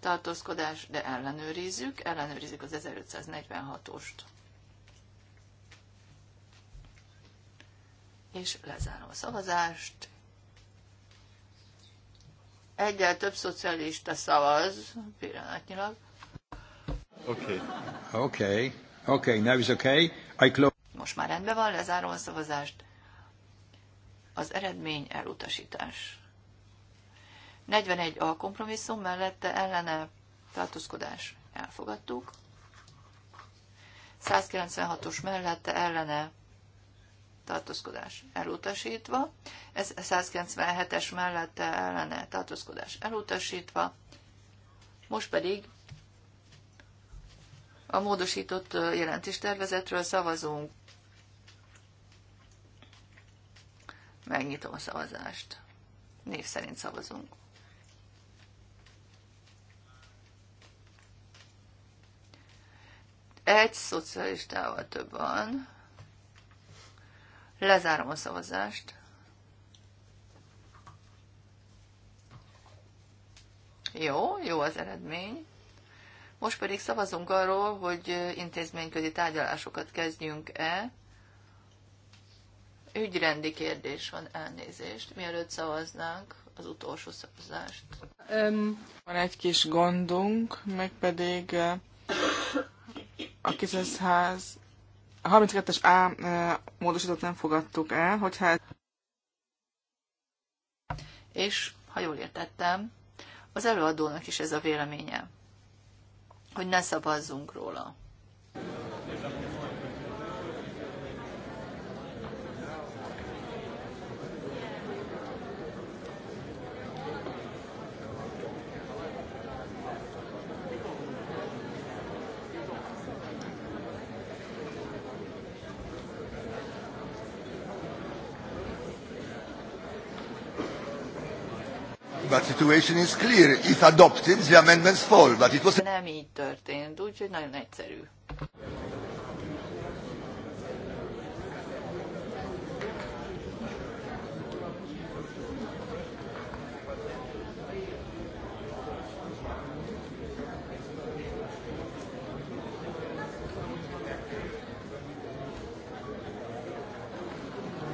tartózkodás, de ellenőrizzük, ellenőrizzük az 1546-ost. És lezárom a szavazást. Egyel több szocialista szavaz, pillanatnyilag. Okay. Okay. Okay, now okay. I close. Most már rendben van, lezárom a szavazást. Az eredmény elutasítás. 41 a kompromisszum mellette ellene tartózkodás elfogadtuk. 196-os mellette ellene tartózkodás elutasítva, ez 197-es mellette ellene tartózkodás elutasítva, most pedig a módosított jelentéstervezetről szavazunk. Megnyitom a szavazást. Név szerint szavazunk. Egy szocialistával több van. Lezárom a szavazást. Jó, jó az eredmény. Most pedig szavazunk arról, hogy intézményközi tárgyalásokat kezdjünk-e. Ügyrendi kérdés van, elnézést. Mielőtt szavaznánk az utolsó szavazást. Um, van egy kis gondunk, meg pedig a kizeszház a 32-es A módosítót nem fogadtuk el, hogy hát... És, ha jól értettem, az előadónak is ez a véleménye hogy ne szavazzunk róla. situation is clear. If adopted, the amendments fall, but it was... Nem így történt, úgyhogy nagyon egyszerű.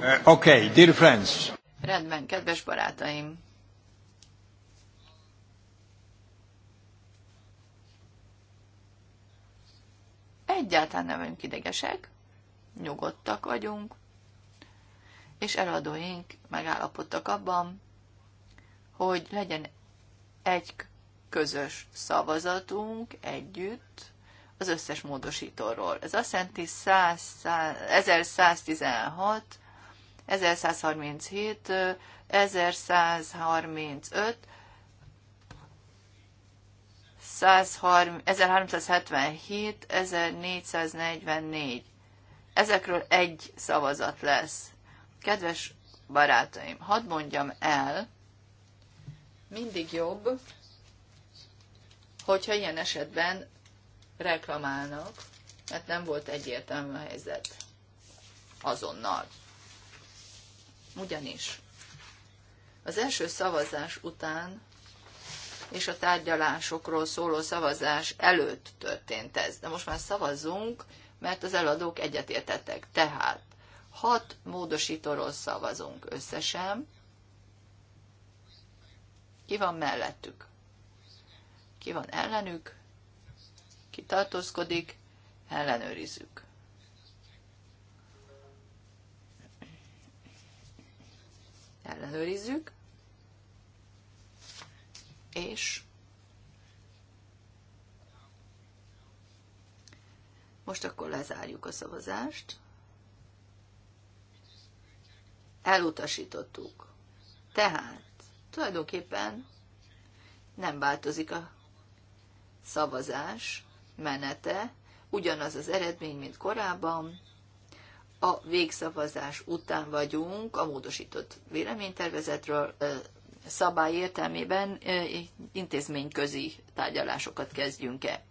Eh, okay, dear friends. Rendben, kedves barátaim. Egyáltalán nem vagyunk idegesek, nyugodtak vagyunk, és eladóink megállapodtak abban, hogy legyen egy közös szavazatunk együtt az összes módosítóról. Ez azt jelenti 100, 100, 1116, 1137, 1135, 1377, 1444. Ezekről egy szavazat lesz. Kedves barátaim, hadd mondjam el, mindig jobb, hogyha ilyen esetben reklamálnak, mert nem volt egyértelmű a helyzet azonnal. Ugyanis az első szavazás után és a tárgyalásokról szóló szavazás előtt történt ez. De most már szavazunk, mert az eladók egyetértettek. Tehát hat módosítóról szavazunk összesen. Ki van mellettük? Ki van ellenük? Ki tartózkodik? Ellenőrizzük. Ellenőrizzük és most akkor lezárjuk a szavazást. Elutasítottuk. Tehát tulajdonképpen nem változik a szavazás menete, ugyanaz az eredmény, mint korábban. A végszavazás után vagyunk a módosított véleménytervezetről, szabály értelmében intézményközi tárgyalásokat kezdjünk el.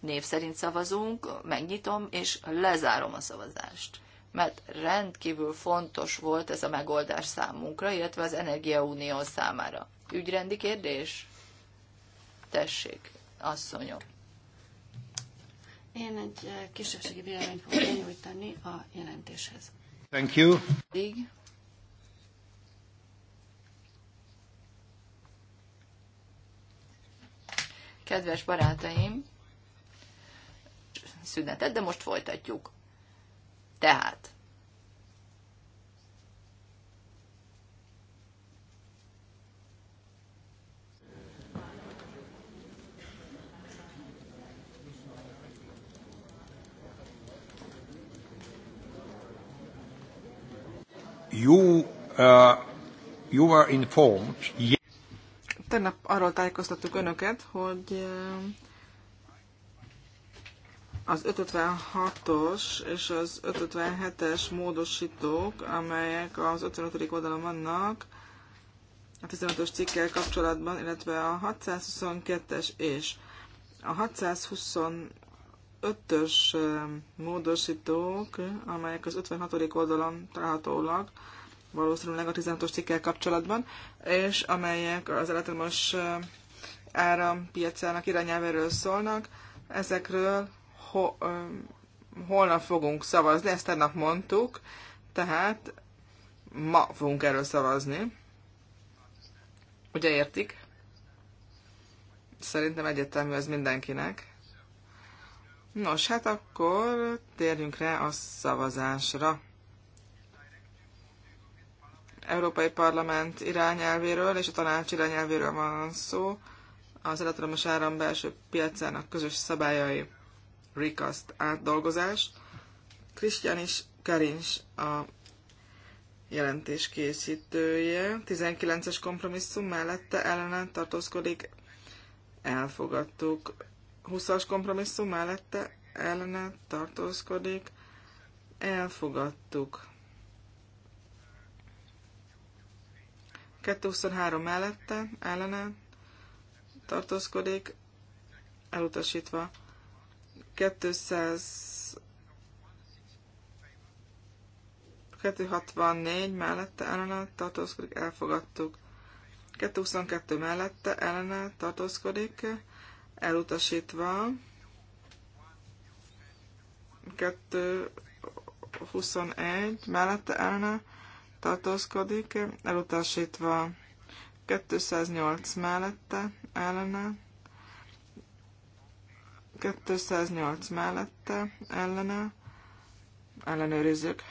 Név szerint szavazunk, megnyitom és lezárom a szavazást. Mert rendkívül fontos volt ez a megoldás számunkra, illetve az Energiaunió számára. Ügyrendi kérdés? Tessék, asszonyom. Én egy kisebbségi véleményt fogok nyújtani a jelentéshez. Thank you. Kedves barátaim, szünetet, de most folytatjuk. Tehát. You, uh, you were informed. Tegnap arról tájékoztattuk önöket, hogy eh, az 556-os és az 557-es módosítók, amelyek az 55. oldalon vannak, a 15-ös cikkel kapcsolatban, illetve a 622-es és a 625-ös eh, módosítók, amelyek az 56. oldalon találhatólag, valószínűleg a 16-os cikkel kapcsolatban, és amelyek az elektromos árampiacának irányelveről szólnak. Ezekről ho, holnap fogunk szavazni, ezt tegnap mondtuk, tehát ma fogunk erről szavazni. Ugye értik? Szerintem egyértelmű ez mindenkinek. Nos, hát akkor térjünk rá a szavazásra. Európai Parlament irányelvéről és a tanács irányelvéről van szó, az elektromos áram belső piacának közös szabályai recast átdolgozás. Krisztián is Kerincs a jelentés készítője. 19-es kompromisszum mellette ellene tartózkodik. Elfogadtuk. 20-as kompromisszum mellette ellene tartózkodik. Elfogadtuk. 223 mellette, ellene tartózkodik, elutasítva. 264 mellette ellene tartózkodik, elfogadtuk. 222 mellette ellene tartózkodik, elutasítva. 221 mellette ellene tartózkodik, elutasítva 208 mellette, ellene, 208 mellette, ellene, ellenőrizzük.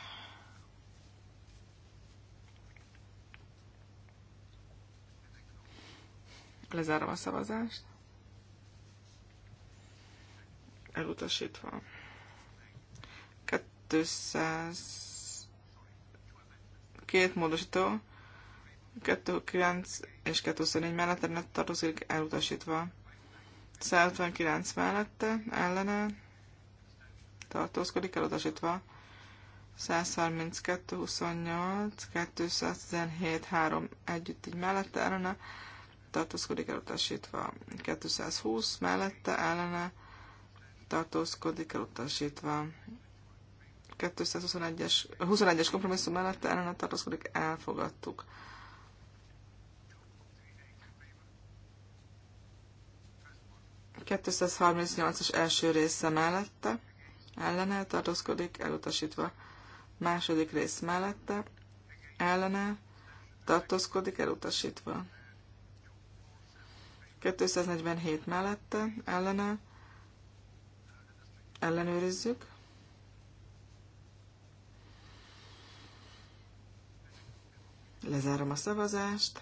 Lezárom a szavazást. Elutasítva. 200 két módosító, 2.9 és 2.4 mellett ennek tartozik elutasítva. 159 mellette, ellene tartózkodik elutasítva. 132, 28, 217, 3 együtt így mellette, ellene tartózkodik elutasítva. 220 mellette, ellene tartózkodik elutasítva. 221-es, 21-es kompromisszum mellett ellen tartózkodik, elfogadtuk. A 238-as első része mellette ellen tartózkodik, elutasítva. Második rész mellette ellen tartózkodik, elutasítva. 247 mellette ellene ellenőrizzük. Lezárom a szavazást.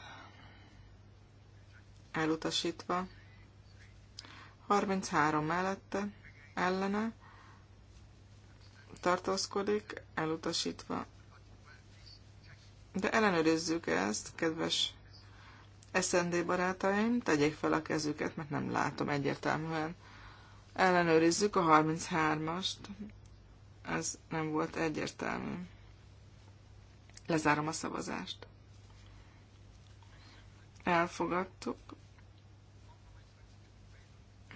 Elutasítva. 33 mellette, ellene. Tartózkodik, elutasítva. De ellenőrizzük ezt, kedves SND barátaim, tegyék fel a kezüket, mert nem látom egyértelműen. Ellenőrizzük a 33-ast. Ez nem volt egyértelmű. Lezárom a szavazást elfogadtuk.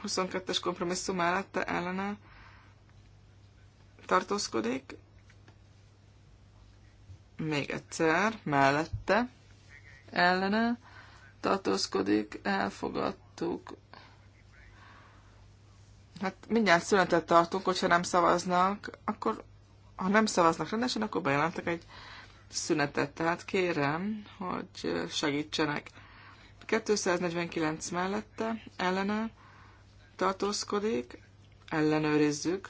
22-es kompromisszum mellette ellene tartózkodik. Még egyszer, mellette ellene tartózkodik, elfogadtuk. Hát mindjárt szünetet tartunk, hogyha nem szavaznak, akkor ha nem szavaznak rendesen, akkor bejelentek egy szünetet. Tehát kérem, hogy segítsenek. 249 mellette ellene tartózkodik, ellenőrizzük.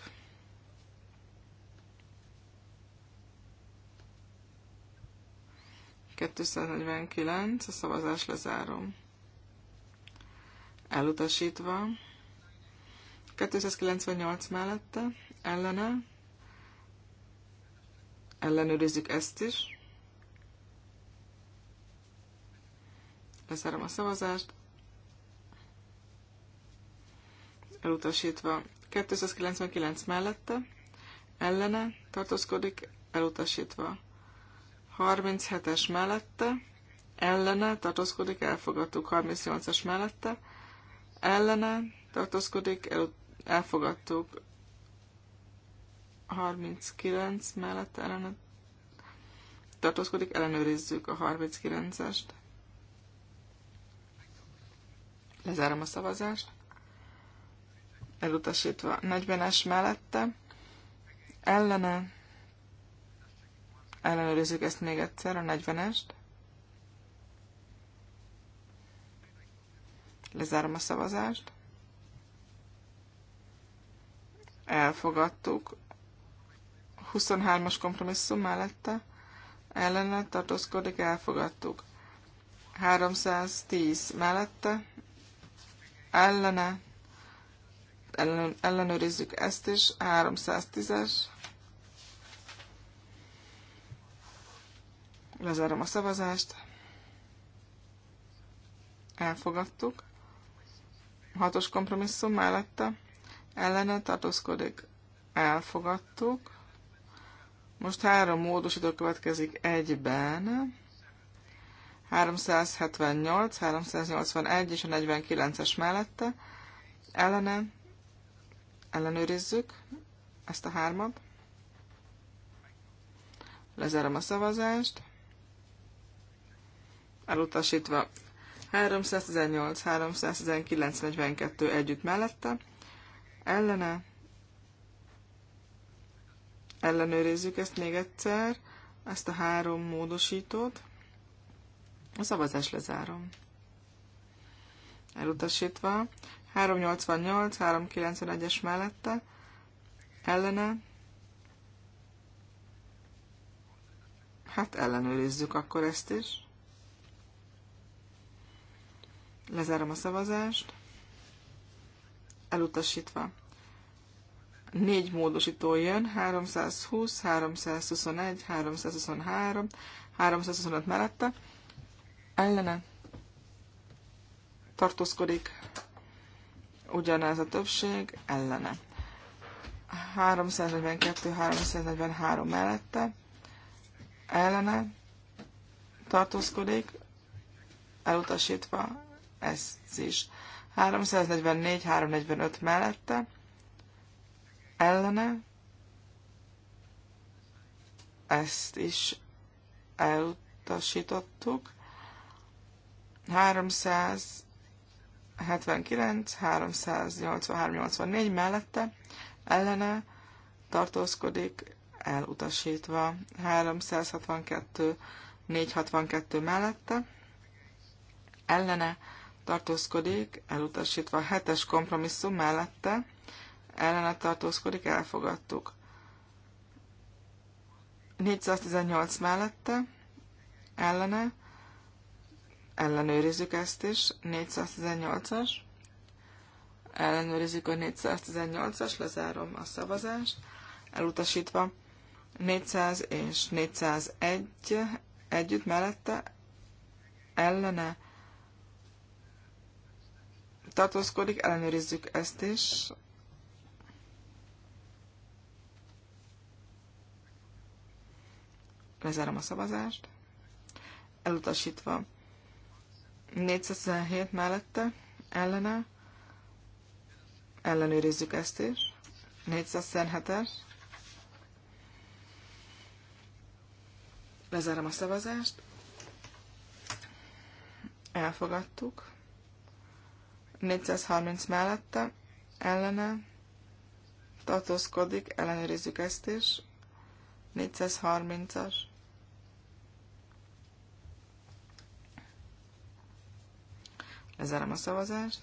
kettőszáznegyvenkilenc, a szavazás lezárom. Elutasítva. 298 mellette, ellene. Ellenőrizzük ezt is. Lezárom a szavazást. Elutasítva. 299 mellette. Ellene tartózkodik. Elutasítva. 37-es mellette. Ellene tartózkodik. Elfogadtuk. 38-as mellette. Ellene tartózkodik. El, elfogadtuk. 39 mellett ellene tartózkodik, ellenőrizzük a 39-est. Lezárom a szavazást. Elutasítva 40-es mellette. Ellene. Ellenőrizzük ezt még egyszer, a 40-est. Lezárom a szavazást. Elfogadtuk. 23-as kompromisszum mellette. Ellene tartózkodik, elfogadtuk. 310 mellette ellene, ellen, ellenőrizzük ezt is, 310-es. Lezárom a szavazást. Elfogadtuk. Hatos kompromisszum mellette. Ellene tartózkodik. Elfogadtuk. Most három módosító következik egyben. 378, 381 és a 49-es mellette. Ellene ellenőrizzük ezt a hármat. Lezárom a szavazást. Elutasítva 318, 319, 42 együtt mellette. Ellene ellenőrizzük ezt még egyszer, ezt a három módosítót. A szavazás lezárom. Elutasítva. 388, 391-es mellette. Ellene. Hát ellenőrizzük akkor ezt is. Lezárom a szavazást. Elutasítva. Négy módosító jön, 320, 321, 323, 325 mellette, ellene tartózkodik ugyanez a többség ellene. 342-343 mellette ellene tartózkodik, elutasítva ezt is. 344-345 mellette ellene ezt is elutasítottuk. 379, 383, 84 mellette ellene tartózkodik, elutasítva. 362, 462 mellette ellene tartózkodik, elutasítva. 7-es kompromisszum mellette ellene tartózkodik, elfogadtuk. 418 mellette ellene ellenőrizzük ezt is, 418-as, ellenőrizzük a 418-as, lezárom a szavazást, elutasítva 400 és 401 együtt mellette ellene tartózkodik, ellenőrizzük ezt is. Lezárom a szavazást. Elutasítva 417 mellette, ellene, ellenőrizzük ezt is. 417-es. Lezárom a szavazást. Elfogadtuk. 430 mellette, ellene, tartózkodik, ellenőrizzük ezt is. 430-as. Lezárom a szavazást.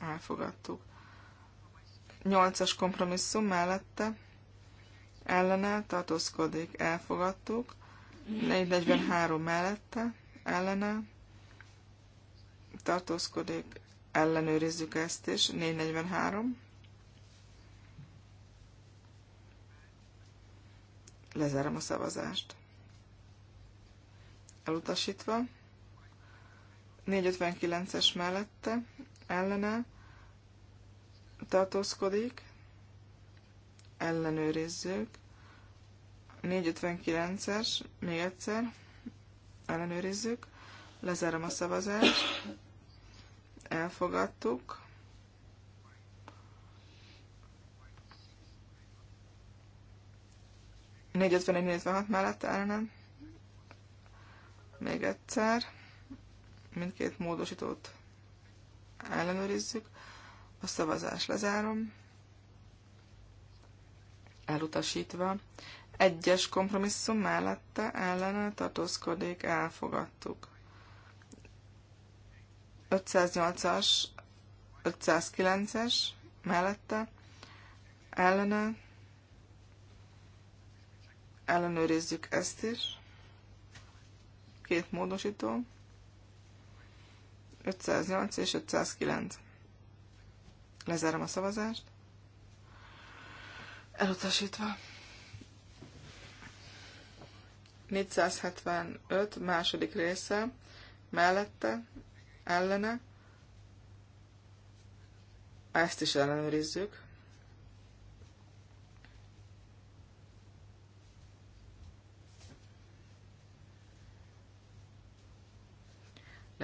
Elfogadtuk. 8-as kompromisszum mellette ellene tartózkodik. Elfogadtuk. 443 mellette ellene tartózkodik. Ellenőrizzük ezt is. 443. Lezárom a szavazást. Elutasítva. 459-es mellette ellene tartózkodik, ellenőrizzük. 459-es, még egyszer, ellenőrizzük. Lezárom a szavazást. Elfogadtuk. Négy mellett ellenem. Még egyszer mindkét módosítót ellenőrizzük. A szavazás lezárom. Elutasítva. Egyes kompromisszum mellette ellene tartózkodik, elfogadtuk. 508-as, 509-es mellette ellene ellenőrizzük ezt is. Két módosítom. 508 és 509. Lezárom a szavazást. Elutasítva. 475 második része mellette, ellene. Ezt is ellenőrizzük.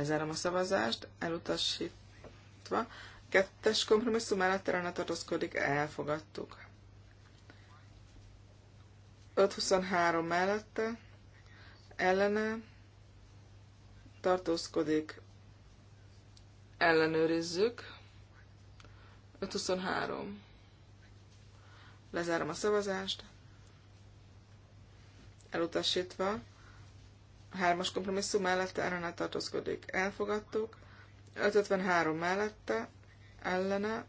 Lezárom a szavazást, elutasítva. Kettes kompromisszum mellett ellene tartózkodik, elfogadtuk. 523 mellette ellene tartózkodik, ellenőrizzük. 523. Lezárom a szavazást. Elutasítva. Hármas kompromisszum mellette ellene tartózkodik. Elfogadtuk. 553 mellette ellene.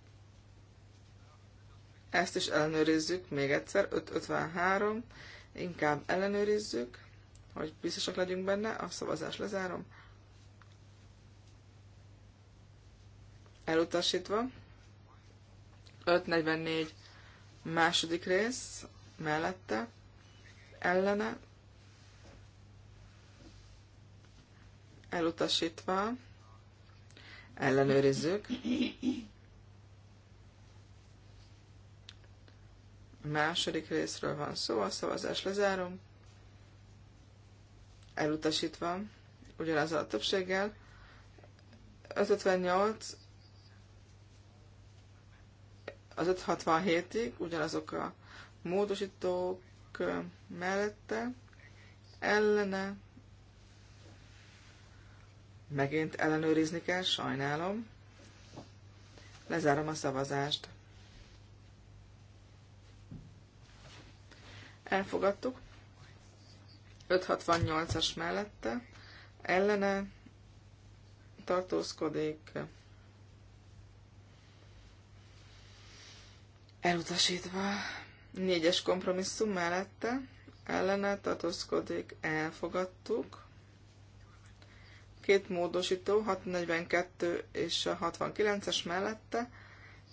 Ezt is ellenőrizzük még egyszer. 553. Inkább ellenőrizzük, hogy biztosak legyünk benne. A szavazás lezárom. Elutasítva. 544 második rész mellette ellene elutasítva, ellenőrizzük. A második részről van szó, a szavazás lezárom, elutasítva, ugyanaz a többséggel. 558 az 567-ig ugyanazok a módosítók mellette ellene Megint ellenőrizni kell, sajnálom. Lezárom a szavazást. Elfogadtuk. 568-as mellette. Ellene tartózkodik. Elutasítva. Négyes kompromisszum mellette. Ellene tartózkodik. Elfogadtuk. Két módosító, 642 és a 69-es mellette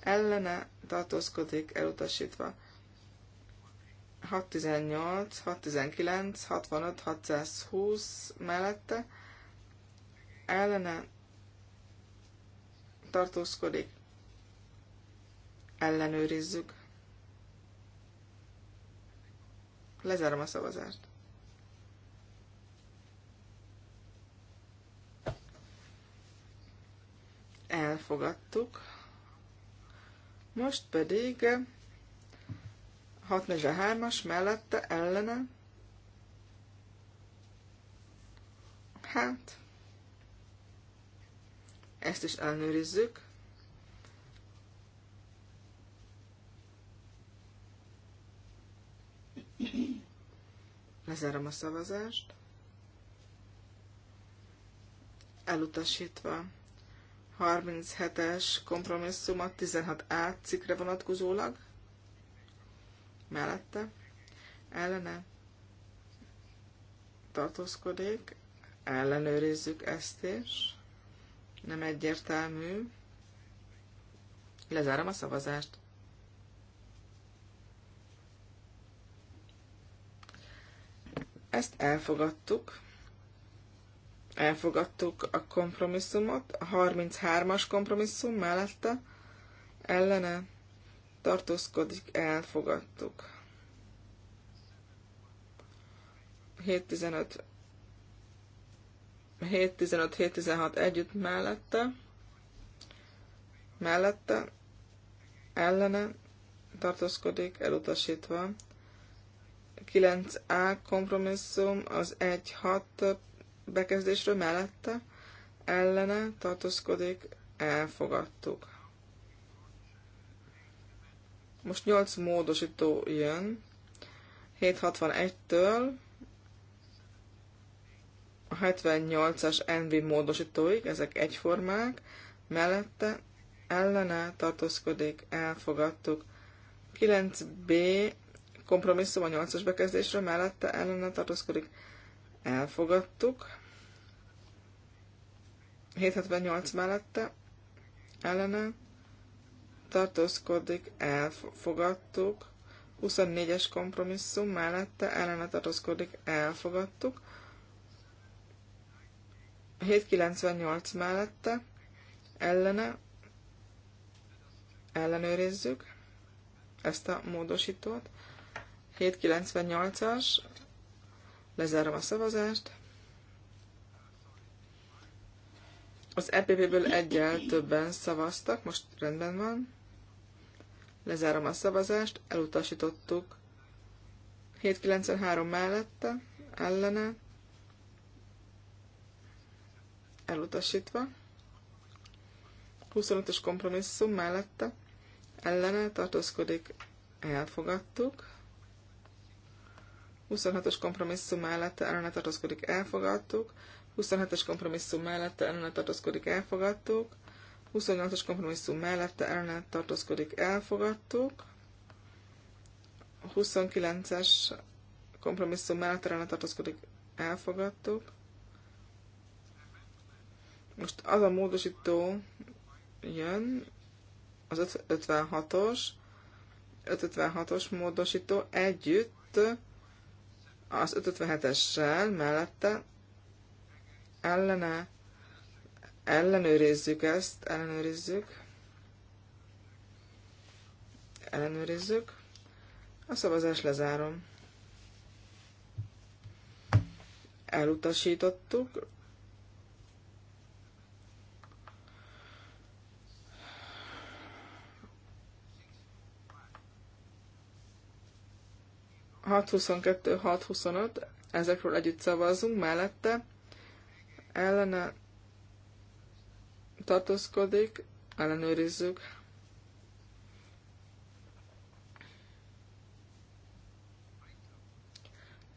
ellene tartózkodik elutasítva. 618, 619, 65, 620 mellette ellene tartózkodik. Ellenőrizzük. Lezárom a szavazást. elfogadtuk. Most pedig 6 3 as mellette ellene. Hát, ezt is ellenőrizzük. Lezárom a szavazást. Elutasítva. 37-es kompromisszum a 16A cikkre vonatkozólag. Mellette ellene tartózkodik, ellenőrizzük ezt is. Nem egyértelmű. Lezárom a szavazást. Ezt elfogadtuk elfogadtuk a kompromisszumot, a 33-as kompromisszum mellette ellene tartózkodik, elfogadtuk. 715 7-15-7-16 együtt mellette, mellette, ellene tartózkodik, elutasítva. 9A kompromisszum az 1-6 bekezdésről mellette ellene tartózkodik, elfogadtuk. Most 8 módosító jön, 761-től a 78-as NV módosítóig, ezek egyformák, mellette ellene tartózkodik, elfogadtuk. 9B kompromisszum a 8-as bekezdésről, mellette ellene tartózkodik, elfogadtuk. 778 mellette ellene tartózkodik, elfogadtuk. 24-es kompromisszum mellette ellene tartózkodik, elfogadtuk. 798 mellette ellene ellenőrizzük ezt a módosítót. 798-as, Lezárom a szavazást. Az EPP-ből egyel többen szavaztak, most rendben van. Lezárom a szavazást, elutasítottuk. 793 mellette, ellene, elutasítva. 25-ös kompromisszum mellette, ellene tartózkodik, elfogadtuk. 26-os kompromisszum mellette ellene tartózkodik, elfogadtuk. 27-es kompromisszum mellette ellene tartózkodik, elfogadtuk. 28 os kompromisszum mellette ellene tartózkodik, elfogadtuk. 29-es kompromisszum mellett ellene tartózkodik, elfogadtuk. Most az a módosító jön, az 56-os, 556-os módosító együtt az 557-essel mellette ellene ellenőrizzük ezt, ellenőrizzük, ellenőrizzük, a szavazást lezárom. Elutasítottuk, 622, 625, ezekről együtt szavazzunk, mellette ellene tartózkodik, ellenőrizzük.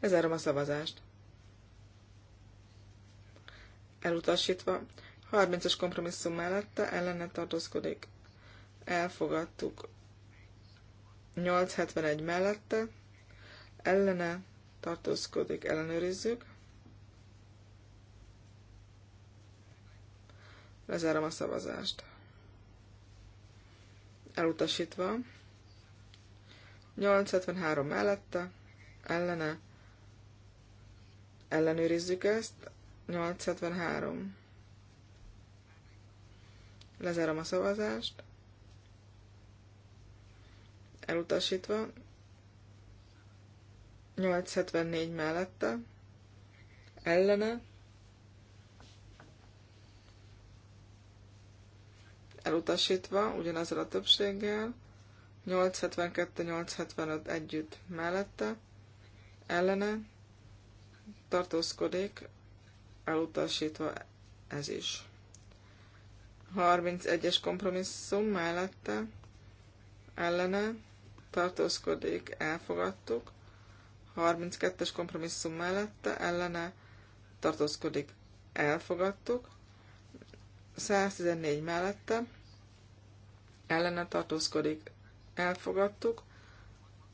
Lezárom a szavazást. Elutasítva, 30-as kompromisszum mellette ellene tartózkodik. Elfogadtuk. 871 mellette ellene tartózkodik, ellenőrizzük. Lezárom a szavazást. Elutasítva. 873 mellette, ellene, ellenőrizzük ezt, 873. Lezárom a szavazást. Elutasítva, 874 mellette, ellene, elutasítva, ugyanazzal a többséggel, 872-875 együtt mellette, ellene, tartózkodik, elutasítva ez is. 31-es kompromisszum mellette, ellene, tartózkodik, elfogadtuk, 32-es kompromisszum mellette ellene tartózkodik. Elfogadtuk. 114 mellette ellene tartózkodik. Elfogadtuk.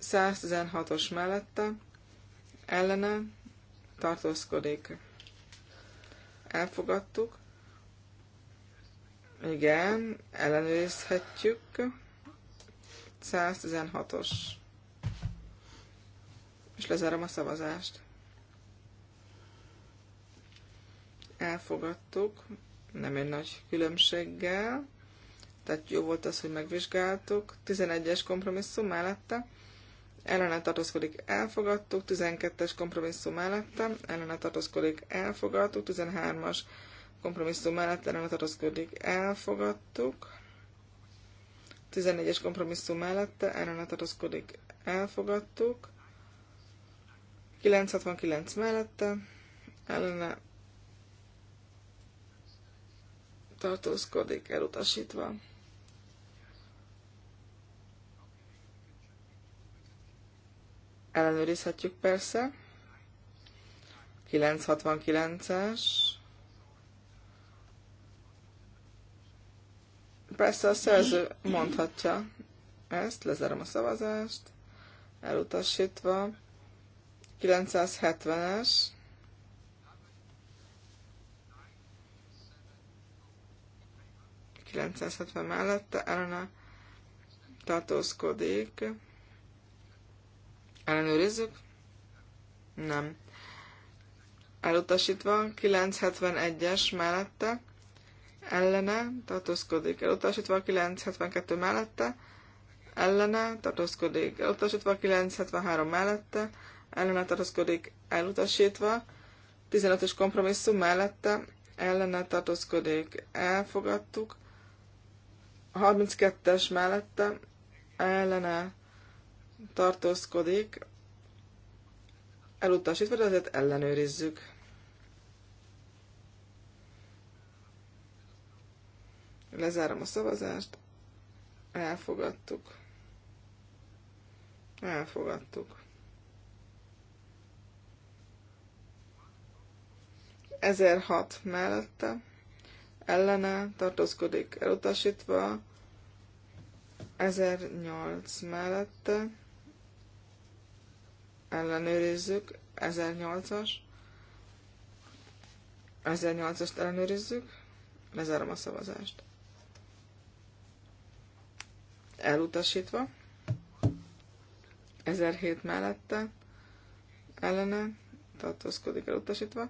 116-os mellette ellene tartózkodik. Elfogadtuk. Igen, ellenőrizhetjük. 116-os és lezárom a szavazást. Elfogadtuk, nem egy nagy különbséggel, tehát jó volt az, hogy megvizsgáltuk. 11-es kompromisszum mellette, ellene tartozkodik, elfogadtuk, 12-es kompromisszum mellette, ellene tartozkodik, elfogadtuk, 13-as kompromisszum mellett ellene tartozkodik, elfogadtuk, 14-es kompromisszum mellette ellene tartozkodik, elfogadtuk, 969 mellette ellene tartózkodik elutasítva. Ellenőrizhetjük persze. 969-es. Persze a szerző mondhatja ezt, lezárom a szavazást, elutasítva. 970-es, mellette ellene tartózkodik. Ellenőrizzük? Nem. Elutasítva 971-es mellette ellene tartózkodik. Elutasítva 972 mellette ellene tartózkodik. Elutasítva 973 mellette ellene tartózkodik elutasítva, 15-ös kompromisszum mellette ellene tartózkodik elfogadtuk, 32-es mellette ellene tartózkodik elutasítva, de azért ellenőrizzük. Lezárom a szavazást. Elfogadtuk. Elfogadtuk. 1006 mellette ellene tartózkodik elutasítva, 1008 mellette ellenőrizzük, 1008-as, 1008-ast ellenőrizzük, lezárom a szavazást. Elutasítva, 1007 mellette ellene tartózkodik elutasítva,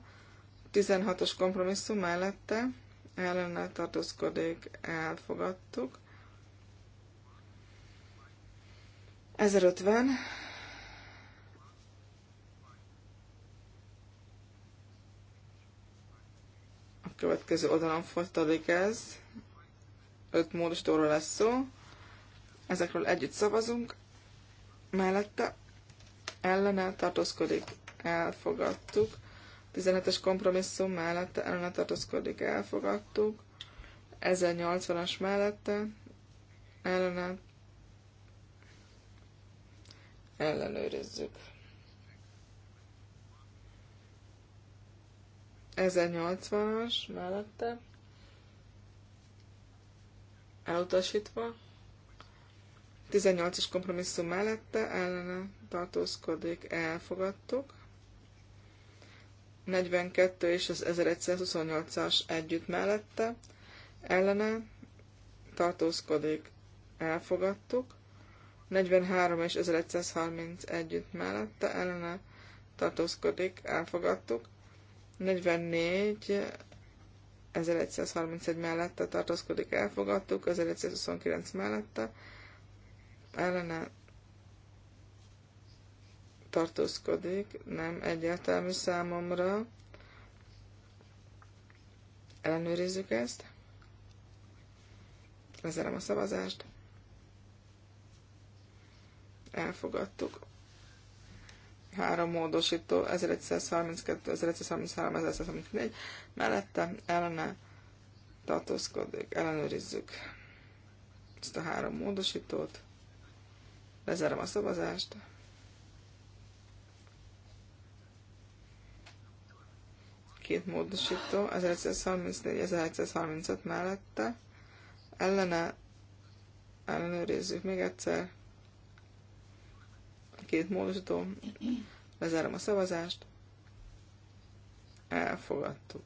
16-os kompromisszum mellette ellenállt tartózkodék elfogadtuk. 1050 a következő oldalon folytatódik ez. 5 módosítóról lesz szó. Ezekről együtt szavazunk. Mellette ellenállt tartózkodék elfogadtuk. 17-es kompromisszum mellette ellene tartózkodik, elfogadtuk. 1080-as mellette ellene ellenőrizzük. 1080-as mellette elutasítva. 18-as kompromisszum mellette ellene tartózkodik, elfogadtuk. 42 és az 1128-as együtt mellette, ellene tartózkodik, elfogadtuk. 43 és 1130 együtt mellette, ellene tartózkodik, elfogadtuk. 44 1131 mellette tartózkodik, elfogadtuk, 1129 mellette ellene tartózkodik, nem egyértelmű számomra. Ellenőrizzük ezt. Lezerem a szavazást. Elfogadtuk. Három módosító, 1132, 1133, 1134, mellette ellene tartózkodik. Ellenőrizzük ezt a három módosítót. Lezárom a szavazást. két módosító, 1134 1135 mellette. Ellene ellenőrizzük még egyszer. Két módosító. Lezárom a szavazást. Elfogadtuk.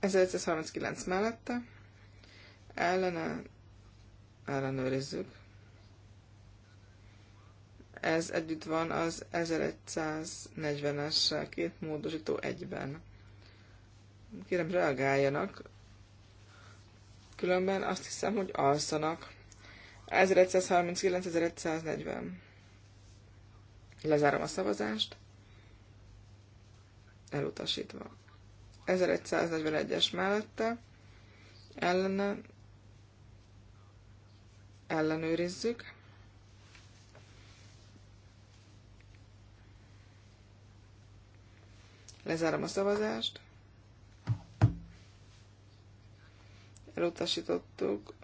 1139 mellette. Ellene ellenőrizzük ez együtt van az 1140 es két módosító egyben. Kérem, reagáljanak, különben azt hiszem, hogy alszanak. 1139-1140. Lezárom a szavazást. Elutasítva. 1141-es mellette. Ellene ellenőrizzük. Lezárom a szavazást. Elutasítottuk.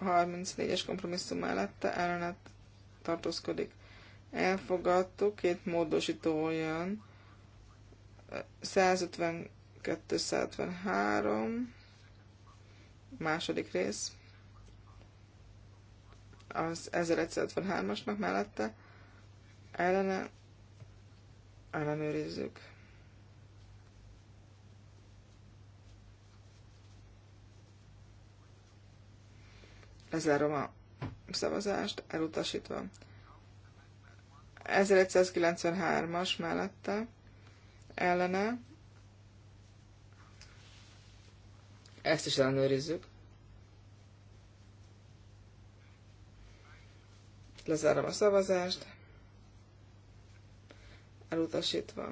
34-es kompromisszum mellette ellenet tartózkodik. Elfogadtuk, két módosító olyan. 152-153, második rész, az 1153-asnak mellette ellene ellenőrizzük. Lezárom a szavazást, elutasítva. 1193-as mellette, ellene. Ezt is ellenőrizzük. Lezárom a szavazást. Elutasítva.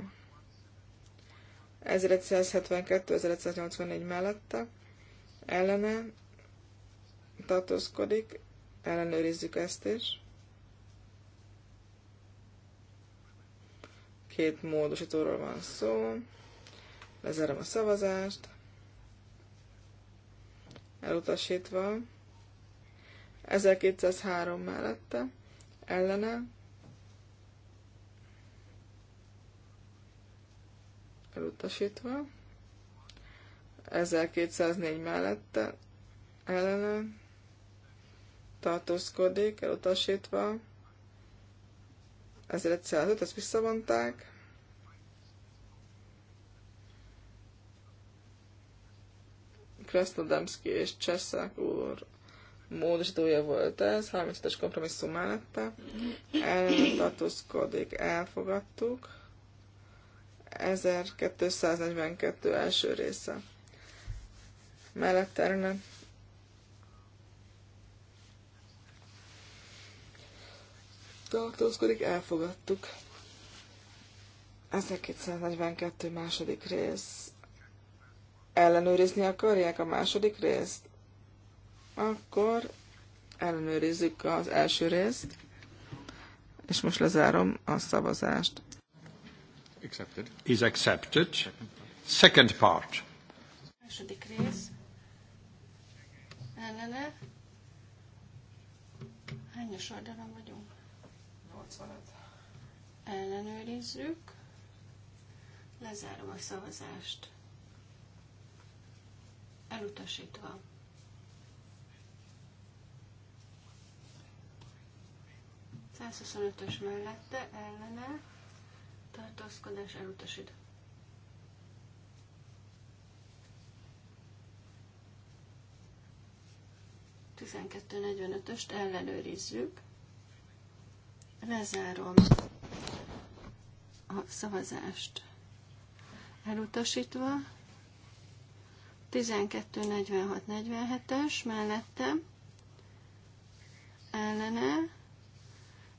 1172-1184 mellette, ellene tartózkodik, ellenőrizzük ezt is. Két módosítóról van szó. Lezárom a szavazást. Elutasítva. 1203 mellette. Ellene. Elutasítva. 1204 mellette. Ellene tartózkodik, elutasítva. 1105, ezt visszavonták. Krasnodemski és Cseszák úr módosítója volt ez, 35-es kompromisszum mellette. Ellen elfogadtuk. 1242 első része. Mellette ellen tartózkodik, elfogadtuk. 1242 második rész. Ellenőrizni akarják a második részt? Akkor ellenőrizzük az első részt, és most lezárom a szavazást. Accepted. Is accepted. Second part. Második rész. Ellene. Hányos oldalon vagyunk? 85. Ellenőrizzük. Lezárom a szavazást. Elutasítva. ös mellette ellene tartózkodás elutasítva. öst ellenőrizzük. Lezárom a szavazást. Elutasítva. 12.46.47-es mellette ellene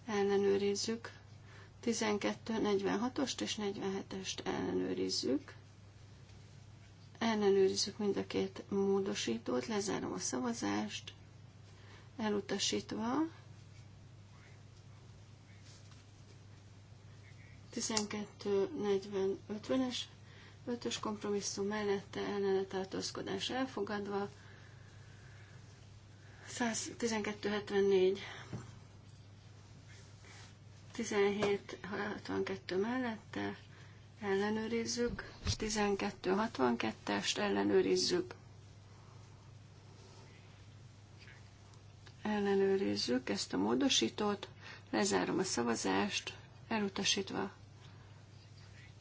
ellenőrizzük. 12.46-ost és 47-est ellenőrizzük. Ellenőrizzük mind a két módosítót, lezárom a szavazást, elutasítva 12, 40, 50-es, 5-ös kompromisszum mellette ellene tartózkodás elfogadva, 1274 1762 mellette ellenőrizzük, 1262-est ellenőrizzük. Ellenőrizzük ezt a módosítót, lezárom a szavazást, elutasítva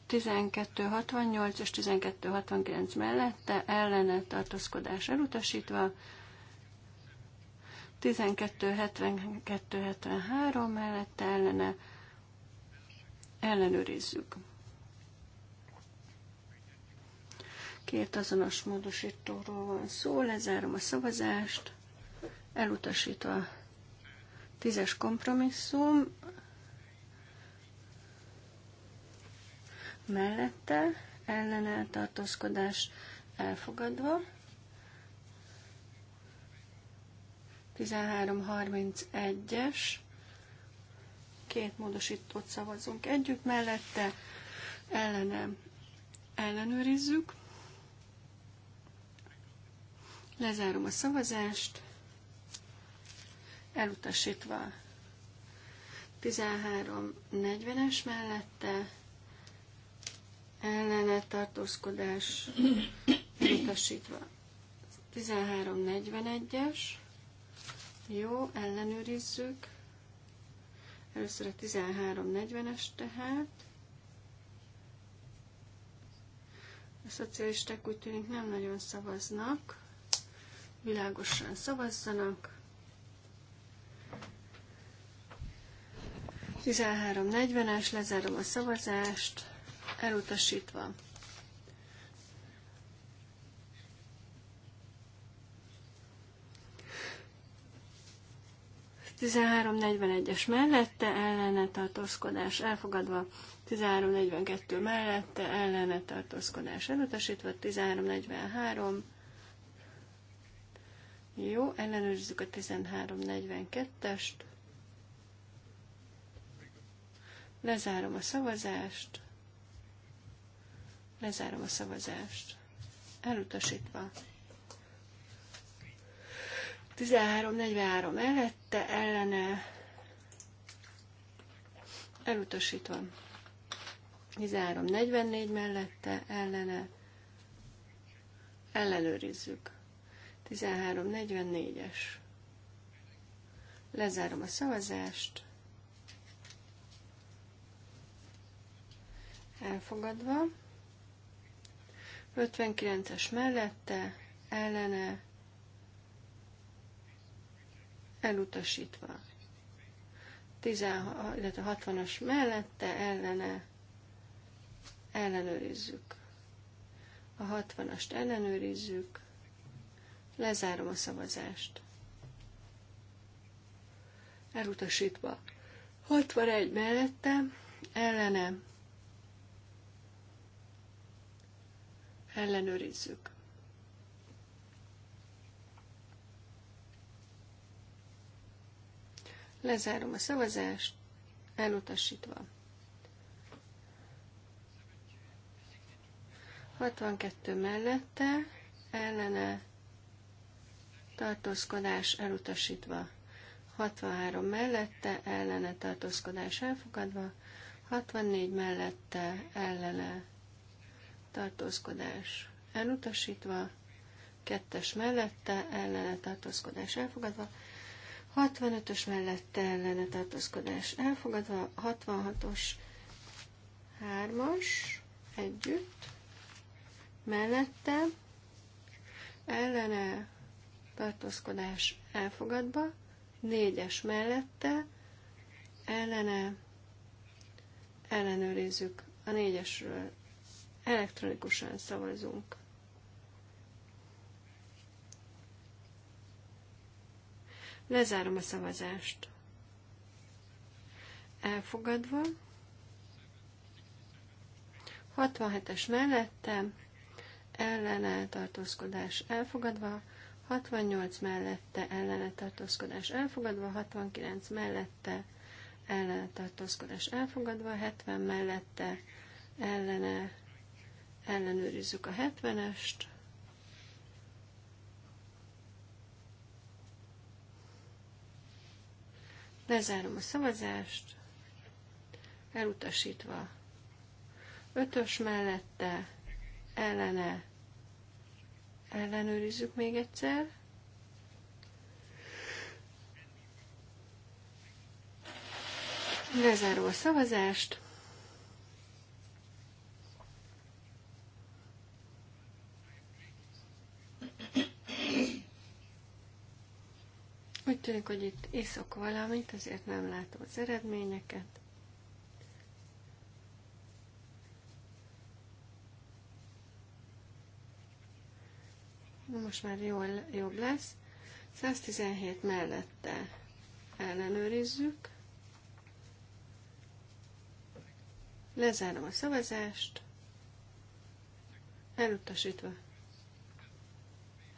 1268 és 1269 mellette ellene tartózkodás elutasítva, 1272-73 mellette ellene ellenőrizzük. Két azonos módosítóról van szó, lezárom a szavazást, elutasítva tízes kompromisszum, mellette, ellenálltartózkodás elfogadva. 13.31-es, két módosítót szavazunk együtt, mellette ellene ellenőrizzük. Lezárom a szavazást, elutasítva 13.40-es mellette ellene tartózkodás utasítva. 13.41-es. Jó, ellenőrizzük. Először a 13.40-es tehát. A szocialisták úgy tűnik nem nagyon szavaznak. Világosan szavazzanak. 13.40-es, lezárom a szavazást elutasítva. es mellette ellene tartózkodás elfogadva, 1342 mellette ellene tartózkodás elutasítva, 1343 jó, ellenőrizzük a 1342-est. Lezárom a szavazást. Lezárom a szavazást. Elutasítva. 13.43 mellette, ellene elutasítva. 13.44 mellette, ellene ellenőrizzük. 13.44-es. Lezárom a szavazást. Elfogadva. 59-es mellette, ellene, elutasítva. 16, illetve 60-as mellette, ellene, ellenőrizzük. A 60-ast ellenőrizzük, lezárom a szavazást. Elutasítva. 61 mellette, ellene, ellenőrizzük. Lezárom a szavazást, elutasítva. 62 mellette, ellene tartózkodás elutasítva. 63 mellette, ellene tartózkodás elfogadva. 64 mellette, ellene tartózkodás elutasítva, kettes mellette ellene tartózkodás elfogadva, 65-ös mellette ellene tartózkodás elfogadva, 66-os 3-as együtt, mellette ellene tartózkodás elfogadva, 4-es mellette ellene ellenőrizzük a négyesről Elektronikusan szavazunk. Lezárom a szavazást. Elfogadva. 67-es mellette, ellene tartózkodás elfogadva, 68 mellette ellene tartózkodás elfogadva, 69 mellette ellene tartózkodás elfogadva, 70 mellette ellene ellenőrizzük a 70-est, lezárom a szavazást, elutasítva ötös mellette, ellene, ellenőrizzük még egyszer, lezárom a szavazást, Úgy tűnik, hogy itt iszok valamit, ezért nem látom az eredményeket. Most már jól, jobb lesz. 117 mellette ellenőrizzük. Lezárom a szavazást. Elutasítva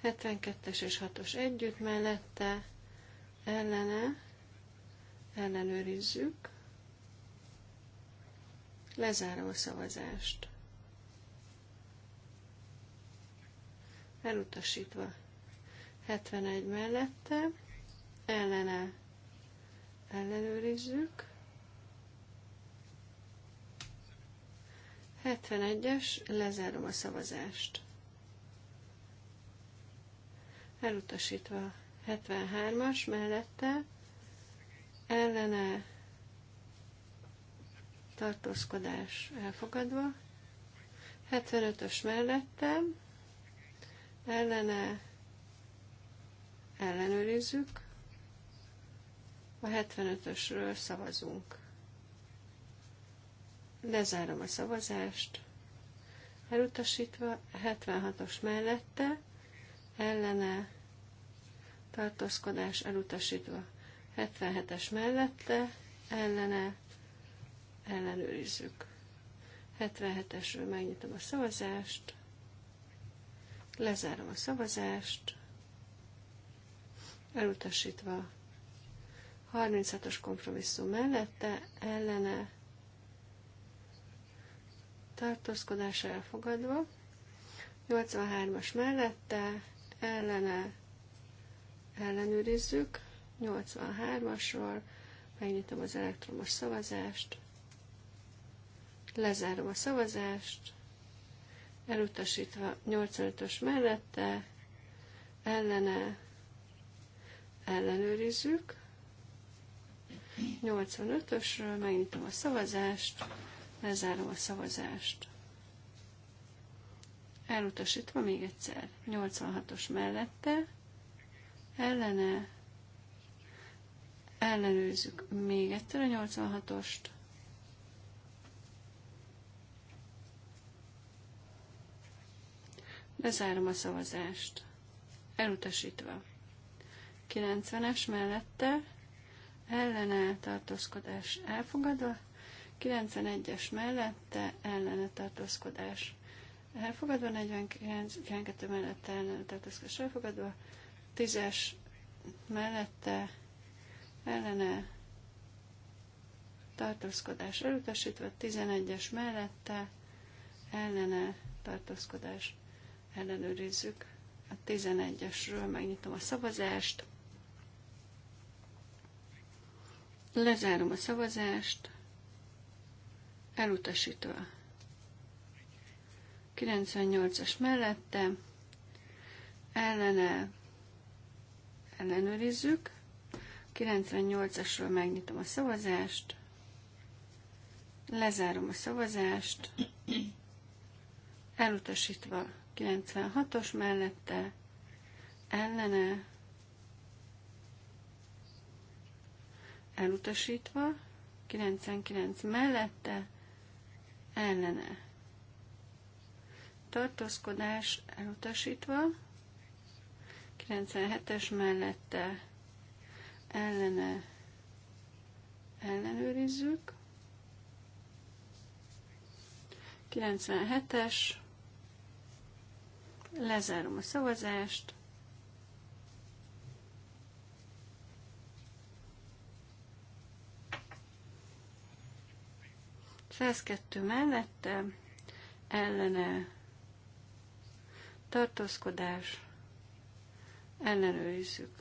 72-es és 6-os együtt mellette ellene ellenőrizzük. Lezárom a szavazást. Elutasítva. 71 mellette ellene ellenőrizzük. 71-es, lezárom a szavazást elutasítva 73-as mellette ellene tartózkodás elfogadva, 75-ös mellettem ellene ellenőrizzük, a 75-ösről szavazunk. Lezárom a szavazást, elutasítva 76-os mellette, ellene tartózkodás elutasítva. 77-es mellette ellene ellenőrizzük. 77-esről megnyitom a szavazást, lezárom a szavazást, elutasítva 36-os kompromisszum mellette, ellene tartózkodás elfogadva, 83-as mellette, ellene ellenőrizzük. 83-asról megnyitom az elektromos szavazást, lezárom a szavazást, elutasítva 85-ös mellette, ellene ellenőrizzük. 85-ösről megnyitom a szavazást, lezárom a szavazást elutasítva még egyszer. 86-os mellette, ellene, ellenőrzük még egyszer a 86-ost. Bezárom a szavazást. Elutasítva. 90-es mellette, ellene tartózkodás elfogadva, 91-es mellette ellene tartózkodás elfogadva, 49, 42 mellette ellen tartózkodás elfogadva, 10-es mellette ellene tartózkodás elutasítva, 11-es mellette ellene tartózkodás ellenőrizzük. A 11-esről megnyitom a szavazást. Lezárom a szavazást, elutasítva 98-as mellette ellene ellenőrizzük. 98-asról megnyitom a szavazást, lezárom a szavazást, elutasítva 96-os mellette, ellene, elutasítva, 99 mellette, ellene tartózkodás elutasítva, 97-es mellette ellene ellenőrizzük, 97-es, lezárom a szavazást, Felszkettő mellette ellene tartózkodás, ellenőrizzük.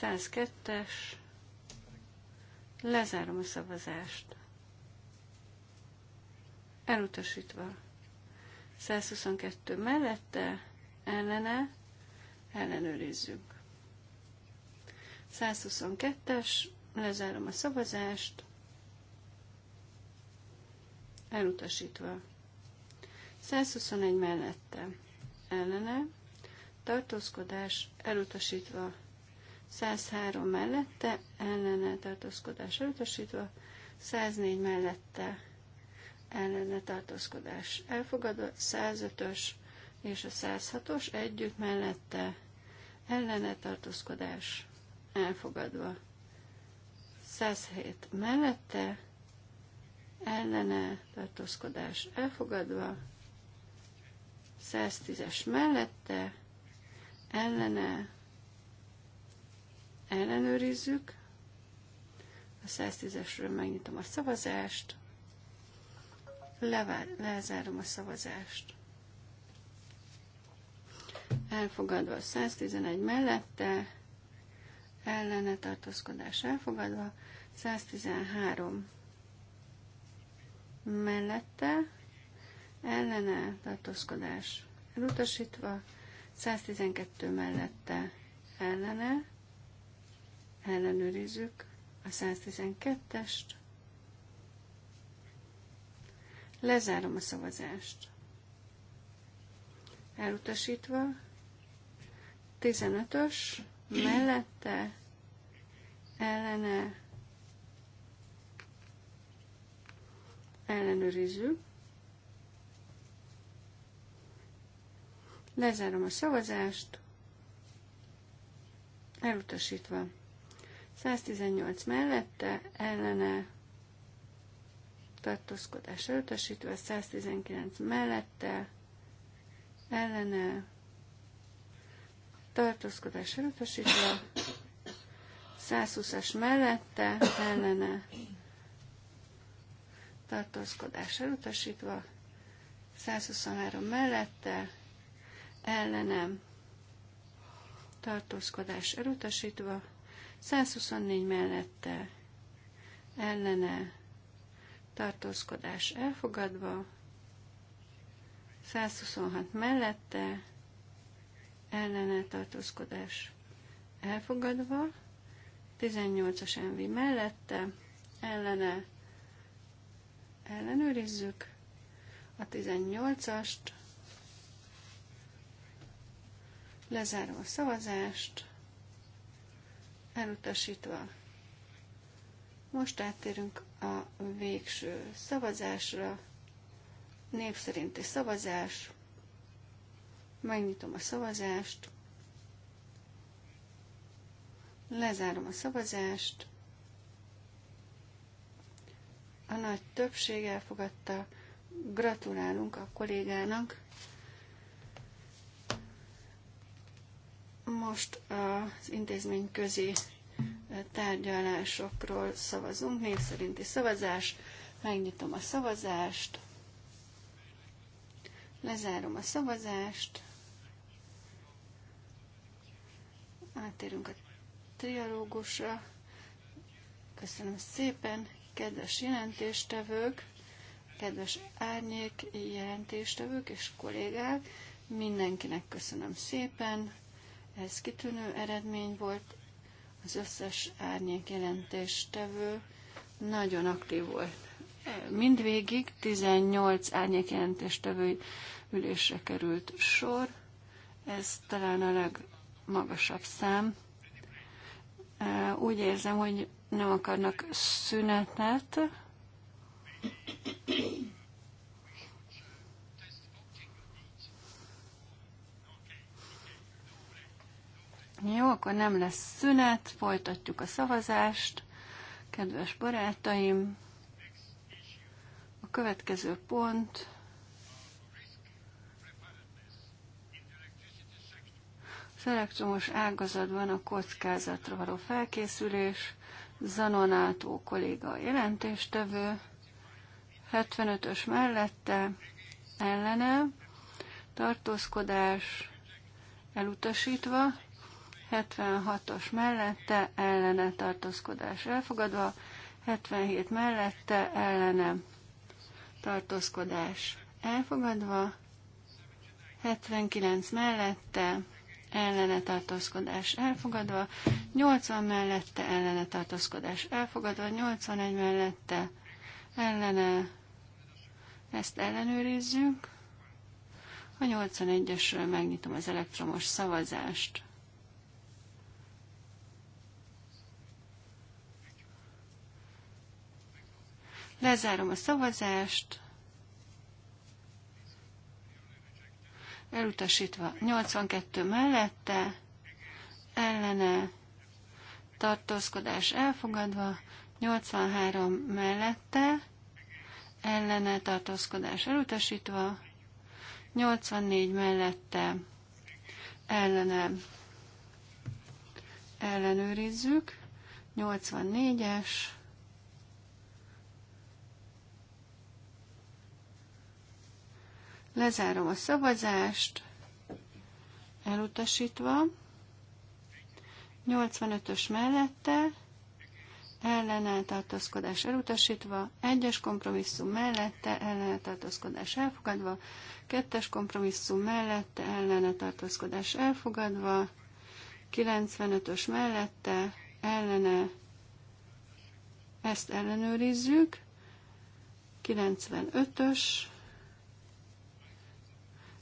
102-es, lezárom a szavazást. Elutasítva. 122 mellette, ellene, ellenőrizzük. 122-es, lezárom a szavazást, elutasítva. 121 mellette ellene, tartózkodás elutasítva 103 mellette, ellene tartózkodás elutasítva, 104 mellette ellene tartózkodás elfogadva, 105-ös és a 106-os együtt mellette ellene tartózkodás elfogadva, 107 mellette ellene tartózkodás elfogadva, 110-es mellette, ellene, ellenőrizzük. A 110-esről megnyitom a szavazást, Levá- lezárom a szavazást. Elfogadva a 111 mellette, ellene tartózkodás elfogadva, 113 mellette, ellene tartózkodás elutasítva, 112 mellette ellene, ellenőrizzük a 112-est, lezárom a szavazást. Elutasítva, 15-ös, mellette, ellene, ellenőrizzük, Lezárom a szavazást. Elutasítva. 118 mellette, ellene tartózkodás elutasítva, 119 mellette, ellene tartózkodás elutasítva, 120-as mellette, ellene tartózkodás elutasítva, 123 mellette, ellenem tartózkodás elutasítva, 124 mellette ellene tartózkodás elfogadva, 126 mellette ellene tartózkodás elfogadva, 18-as envi mellette ellene ellenőrizzük a 18-ast, Lezárom a szavazást. Elutasítva. Most áttérünk a végső szavazásra. Név szerinti szavazás. Megnyitom a szavazást. Lezárom a szavazást. A nagy többség elfogadta. Gratulálunk a kollégának. Most az intézmény közi eh, tárgyalásokról szavazunk, név szerinti szavazás. Megnyitom a szavazást, lezárom a szavazást, átérünk a trialógusra. Köszönöm szépen, kedves jelentéstevők, kedves árnyék jelentéstevők és kollégák, mindenkinek köszönöm szépen ez kitűnő eredmény volt, az összes árnyék jelentéstevő nagyon aktív volt. Mindvégig 18 árnyék jelentéstevő ülésre került sor, ez talán a legmagasabb szám. Úgy érzem, hogy nem akarnak szünetet. Jó, akkor nem lesz szünet, folytatjuk a szavazást. Kedves barátaim, a következő pont az elektromos ágazatban a kockázatra való felkészülés, Zanonátó kolléga jelentéstevő, 75-ös mellette ellene, tartózkodás elutasítva, 76-os mellette ellene tartózkodás elfogadva, 77 mellette ellene tartózkodás elfogadva, 79 mellette ellene tartózkodás elfogadva, 80 mellette ellene tartózkodás elfogadva, 81 mellette ellene, ezt ellenőrizzük. A 81-esről megnyitom az elektromos szavazást. Lezárom a szavazást. Elutasítva 82 mellette, ellene, tartózkodás elfogadva, 83 mellette, ellene, tartózkodás elutasítva, 84 mellette, ellene, ellenőrizzük, 84-es, Lezárom a szavazást, elutasítva. 85-ös mellette, ellenálltartózkodás elutasítva, egyes kompromisszum mellette, ellenálltartózkodás elfogadva, kettes kompromisszum mellette, ellenálltartózkodás elfogadva, 95-ös mellette, ellene, ezt ellenőrizzük, 95-ös,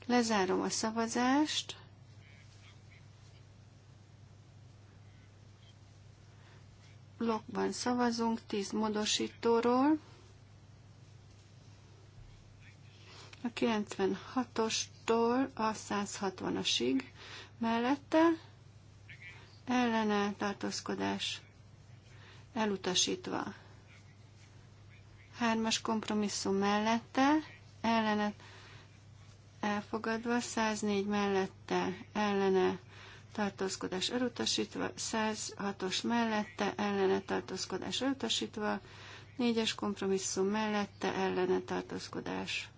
Lezárom a szavazást. Blokkban szavazunk 10 módosítóról. A 96-ostól a 160-asig mellette ellenálltartózkodás elutasítva. Hármas kompromisszum mellette ellenet elfogadva, 104 mellette ellene tartózkodás elutasítva, 106-os mellette ellene tartózkodás elutasítva, 4-es kompromisszum mellette ellene tartózkodás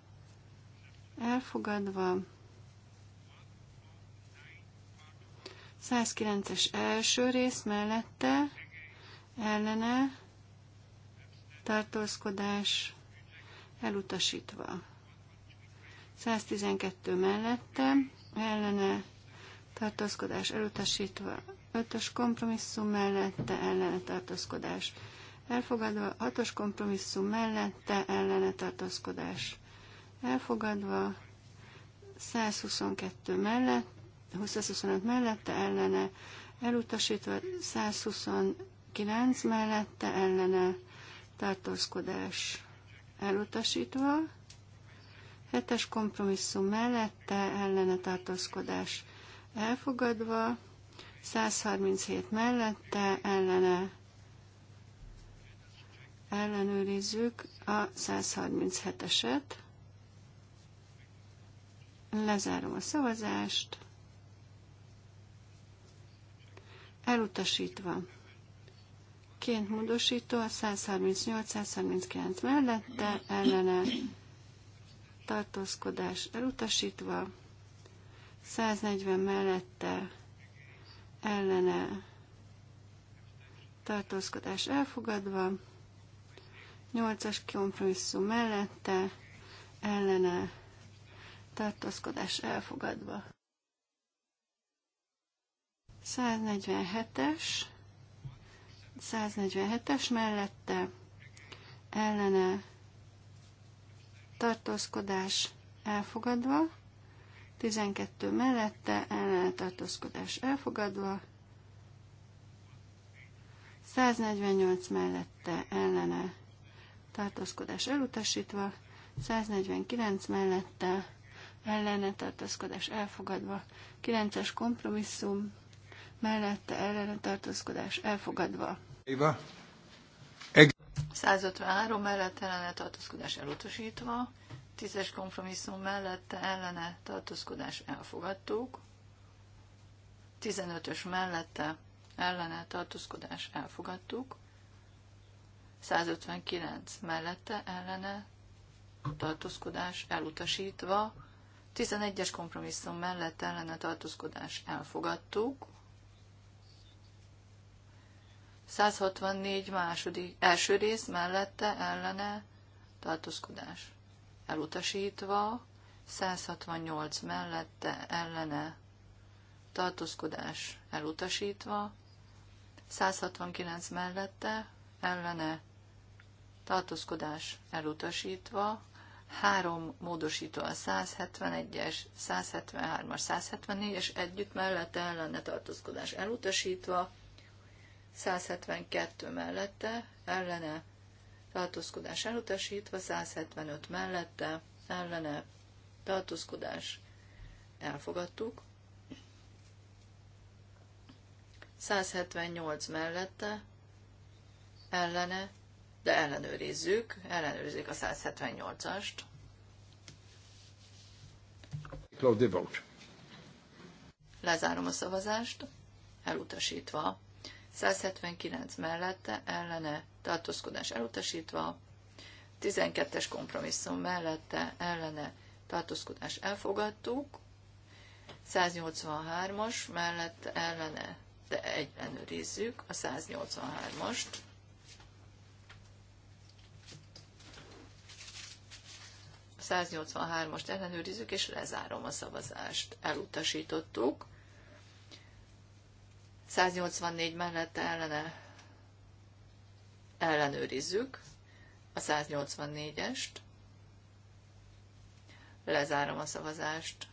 elfogadva, 109-es első rész mellette ellene tartózkodás elutasítva. 112 mellette, ellene tartózkodás elutasítva, 5-ös kompromisszum mellette, ellene tartózkodás elfogadva, 6-os kompromisszum mellette, ellene tartózkodás elfogadva, 122 mellett, 225 mellette, ellene elutasítva, 129 mellette, ellene tartózkodás elutasítva, Hetes kompromisszum mellette ellene tartózkodás elfogadva, 137 mellette ellene ellenőrizzük a 137-eset. Lezárom a szavazást. Elutasítva. Ként módosító a 138-139 mellette ellene tartózkodás elutasítva, 140 mellette ellene tartózkodás elfogadva, 8-as kompromisszum mellette ellene tartózkodás elfogadva. 147-es, 147-es mellette ellene tartózkodás elfogadva, 12 mellette ellene tartózkodás elfogadva, 148 mellette ellene tartózkodás elutasítva, 149 mellette ellene tartózkodás elfogadva, 9-es kompromisszum mellette ellene tartózkodás elfogadva. Éva. 153 mellett ellene tartózkodás elutasítva, 10-es kompromisszum mellette ellene tartózkodás elfogadtuk, 15-ös mellette ellene tartózkodás elfogadtuk, 159 mellette ellene tartózkodás elutasítva, 11-es kompromisszum mellett ellene tartózkodás elfogadtuk, 164 második, első rész mellette ellene tartózkodás elutasítva, 168 mellette ellene tartózkodás elutasítva, 169 mellette ellene tartózkodás elutasítva, három módosító a 171-es, 173-as, 174-es együtt mellette ellene tartózkodás elutasítva, 172 mellette, ellene, tartózkodás elutasítva, 175 mellette, ellene, tartózkodás elfogadtuk, 178 mellette, ellene, de ellenőrizzük, ellenőrizzük a 178-ast. Lezárom a szavazást, elutasítva 179 mellette ellene tartózkodás elutasítva, 12-es kompromisszum mellette ellene tartózkodás elfogadtuk, 183-as mellette ellene, de ellenőrizzük a 183-ast. A 183-ast ellenőrizzük, és lezárom a szavazást. Elutasítottuk. 184 mellette ellene ellenőrizzük a 184-est. Lezárom a szavazást.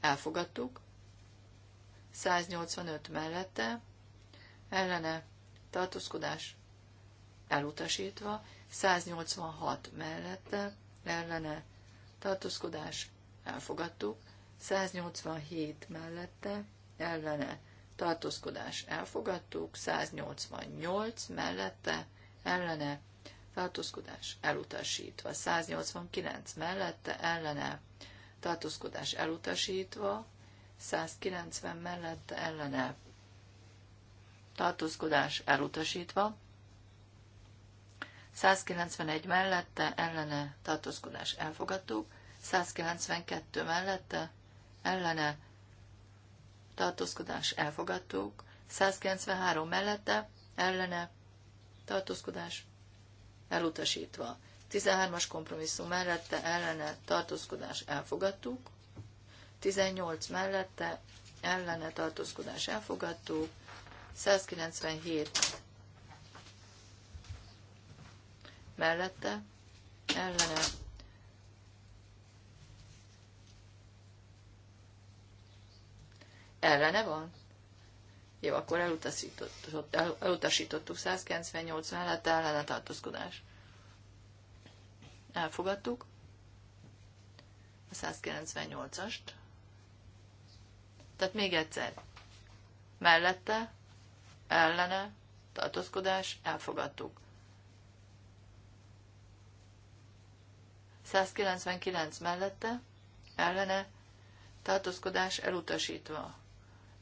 Elfogadtuk. 185 mellette ellene tartózkodás elutasítva, 186 mellette ellene tartózkodás elfogadtuk, 187 mellette ellene tartózkodás elfogadtuk, 188 mellette ellene tartózkodás elutasítva, 189 mellette ellene tartózkodás elutasítva, 190 mellette ellene tartózkodás elutasítva, 191 mellette ellene tartózkodás elfogadtuk, 192 mellette ellene tartózkodás elfogadtuk, 193 mellette ellene tartózkodás elutasítva. 13-as kompromisszum mellette ellene tartózkodás elfogadtuk, 18 mellette ellene tartózkodás elfogadtuk, 197 mellette ellene Ellene van? Jó, akkor elutasított, el, elutasítottuk 198 mellett ellene tartózkodás. Elfogadtuk a 198-ast. Tehát még egyszer. Mellette, ellene, tartózkodás, elfogadtuk. 199 mellette, ellene, tartózkodás elutasítva.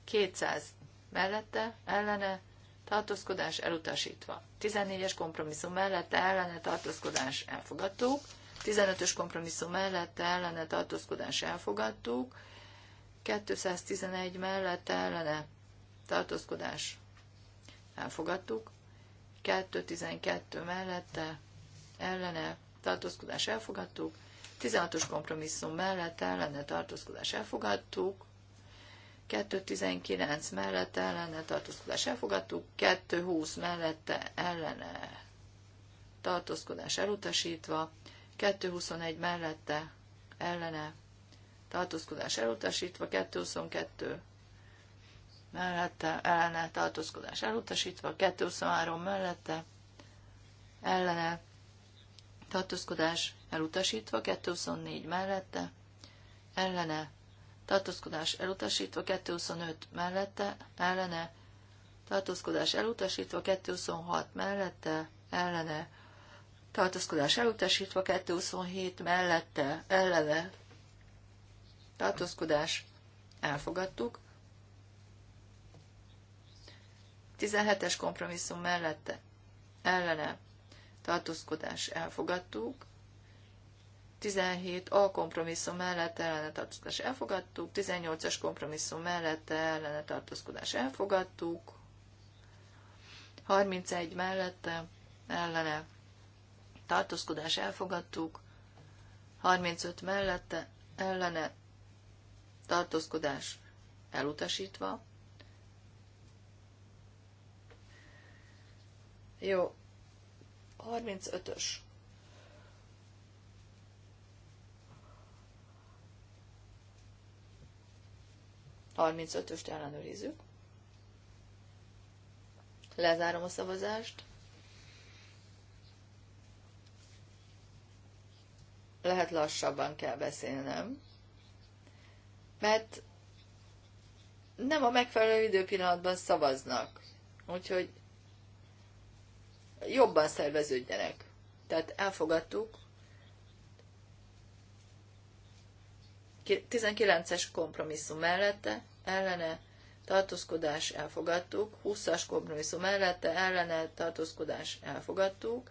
200 mellette, ellene, tartózkodás elutasítva. 14-es kompromisszum mellette, ellene, tartózkodás elfogadtuk. 15-ös kompromisszum mellette, ellene, tartózkodás elfogadtuk. 211 mellette, ellene, tartózkodás elfogadtuk. 212 mellette, ellene, tartózkodás elfogadtuk. 16-os kompromisszum mellett ellene tartózkodás elfogadtuk, 219 mellette ellene tartózkodás elfogadtuk, 220 mellette ellene tartózkodás elutasítva, 221 mellette ellene tartózkodás elutasítva, 222 mellette ellene tartózkodás elutasítva, 223 mellette ellene tartózkodás elutasítva, 224 mellette ellene tartózkodás elutasítva 225 mellette, ellene, tartózkodás elutasítva 226 mellette, ellene, tartózkodás elutasítva 227 mellette, ellene, tartózkodás elfogadtuk, 17-es kompromisszum mellette, ellene, tartózkodás elfogadtuk, 17 a kompromisszum mellett ellenetartozkodás elfogadtuk, 18-as kompromisszum mellett ellenetartozkodás elfogadtuk, 31 mellette ellene tartózkodás elfogadtuk, 35 mellette ellene tartózkodás elutasítva. Jó, 35-ös 35-öst ellenőrizzük. Lezárom a szavazást. Lehet lassabban kell beszélnem, mert nem a megfelelő időpillanatban szavaznak. Úgyhogy jobban szerveződjenek. Tehát elfogadtuk 19-es kompromisszum mellette, ellene, tartózkodás elfogadtuk, 20-as kompromisszum mellette, ellene, tartózkodás elfogadtuk,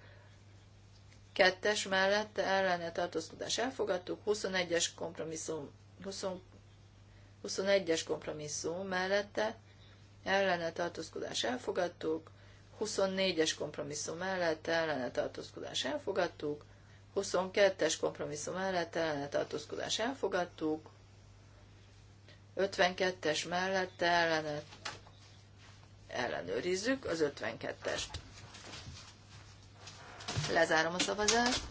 2-es mellette, ellene, tartózkodás elfogadtuk, 21-es kompromisszum, 20, 21-es kompromisszum mellette, ellene, tartózkodás elfogadtuk, 24-es kompromisszum mellette, ellene tartózkodás elfogadtuk, 22-es kompromisszum mellett ellene tartózkodás elfogadtuk, 52-es mellette ellene ellenőrizzük az 52-est. Lezárom a szavazást.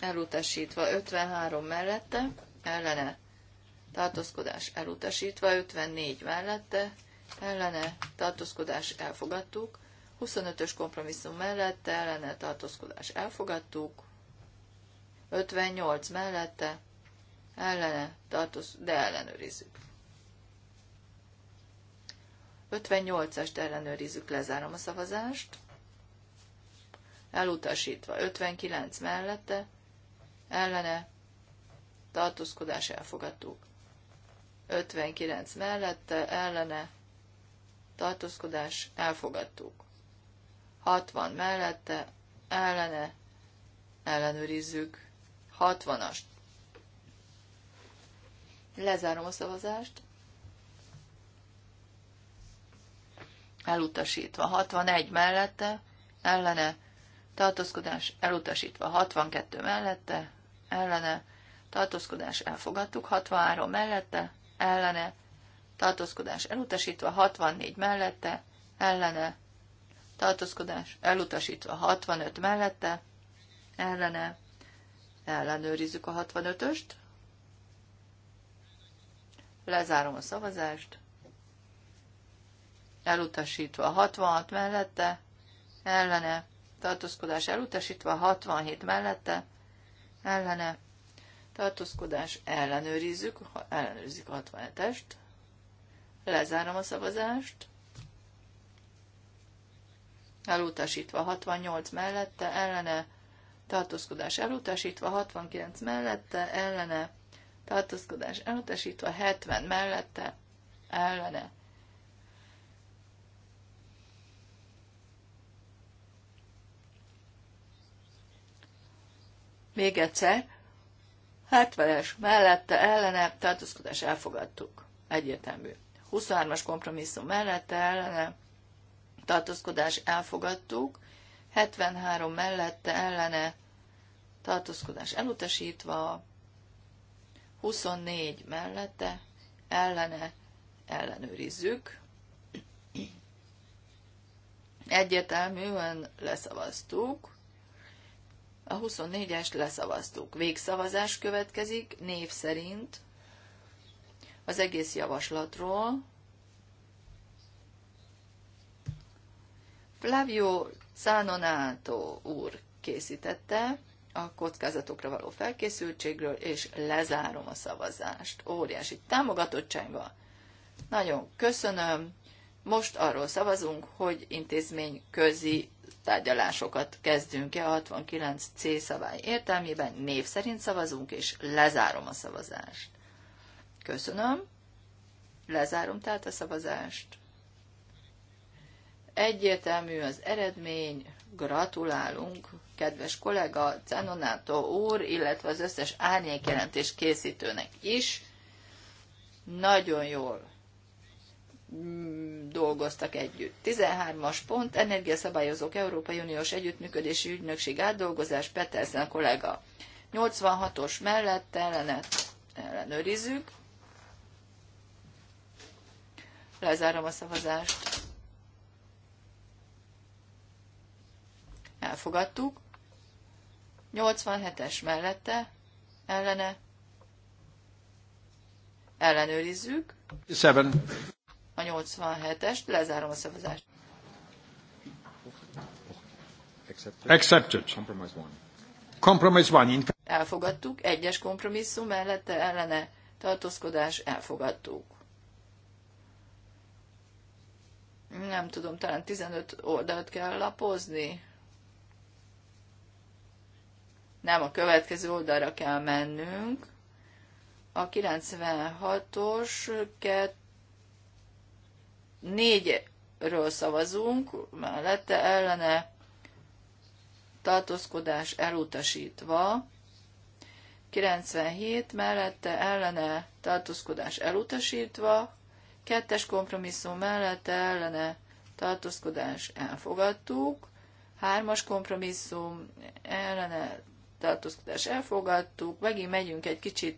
Elutasítva 53 mellette, ellene tartózkodás elutasítva, 54 mellette, ellene tartózkodás elfogadtuk, 25-ös kompromisszum mellette ellene tartózkodás elfogadtuk, 58 mellette ellene tartoz, de ellenőrizzük. 58-est ellenőrizzük, lezárom a szavazást. Elutasítva 59 mellette, ellene tartózkodás elfogadtuk. 59 mellette, ellene tartózkodás elfogadtuk. 60 mellette, ellene, ellenőrizzük. 60-as. Lezárom a szavazást. Elutasítva. 61 mellette, ellene, tartózkodás elutasítva. 62 mellette, ellene, tartózkodás elfogadtuk. 63 mellette, ellene, tartózkodás elutasítva. 64 mellette, ellene, tartózkodás elutasítva 65 mellette, ellene ellenőrizzük a 65-öst, lezárom a szavazást, elutasítva 66 mellette, ellene tartózkodás elutasítva 67 mellette, ellene tartózkodás ellenőrizzük, ha ellenőrizzük a 67-est, lezárom a szavazást, elutasítva 68 mellette, ellene tartózkodás elutasítva 69 mellette, ellene tartózkodás elutasítva 70 mellette, ellene. Még egyszer, 70-es mellette, ellene tartózkodás elfogadtuk. Egyértelmű. 23-as kompromisszum mellette, ellene tartózkodás elfogadtuk, 73 mellette ellene tartózkodás elutasítva, 24 mellette ellene ellenőrizzük. Egyértelműen leszavaztuk. A 24-est leszavaztuk. Végszavazás következik név szerint az egész javaslatról. Flavio Zanonato úr készítette a kockázatokra való felkészültségről, és lezárom a szavazást. Óriási támogatottsággal. Nagyon köszönöm. Most arról szavazunk, hogy intézmény közi tárgyalásokat kezdünk-e a 69C szabály értelmében. Név szerint szavazunk, és lezárom a szavazást. Köszönöm. Lezárom tehát a szavazást. Egyértelmű az eredmény, gratulálunk, kedves kollega Cenonato úr, illetve az összes árnyékjelentés készítőnek is. Nagyon jól mm, dolgoztak együtt. 13-as pont, energiaszabályozók Európai Uniós Együttműködési Ügynökség átdolgozás, Petersen kollega. 86-os mellett ellenet ellenőrizzük. Lezárom a szavazást. Elfogadtuk. 87-es mellette, ellene. Ellenőrizzük. seven A 87-est, lezárom a szavazást. Accepted. Compromise one. Compromise one. Elfogadtuk. Egyes kompromisszum mellette ellene tartózkodás elfogadtuk. Nem tudom, talán 15 oldalt kell lapozni nem a következő oldalra kell mennünk. A 96-os 4-ről szavazunk, mellette ellene tartózkodás elutasítva. 97 mellette ellene tartózkodás elutasítva, kettes kompromisszum mellette ellene tartózkodás elfogadtuk, hármas kompromisszum ellene tartózkodás elfogadtuk, megint megyünk egy kicsit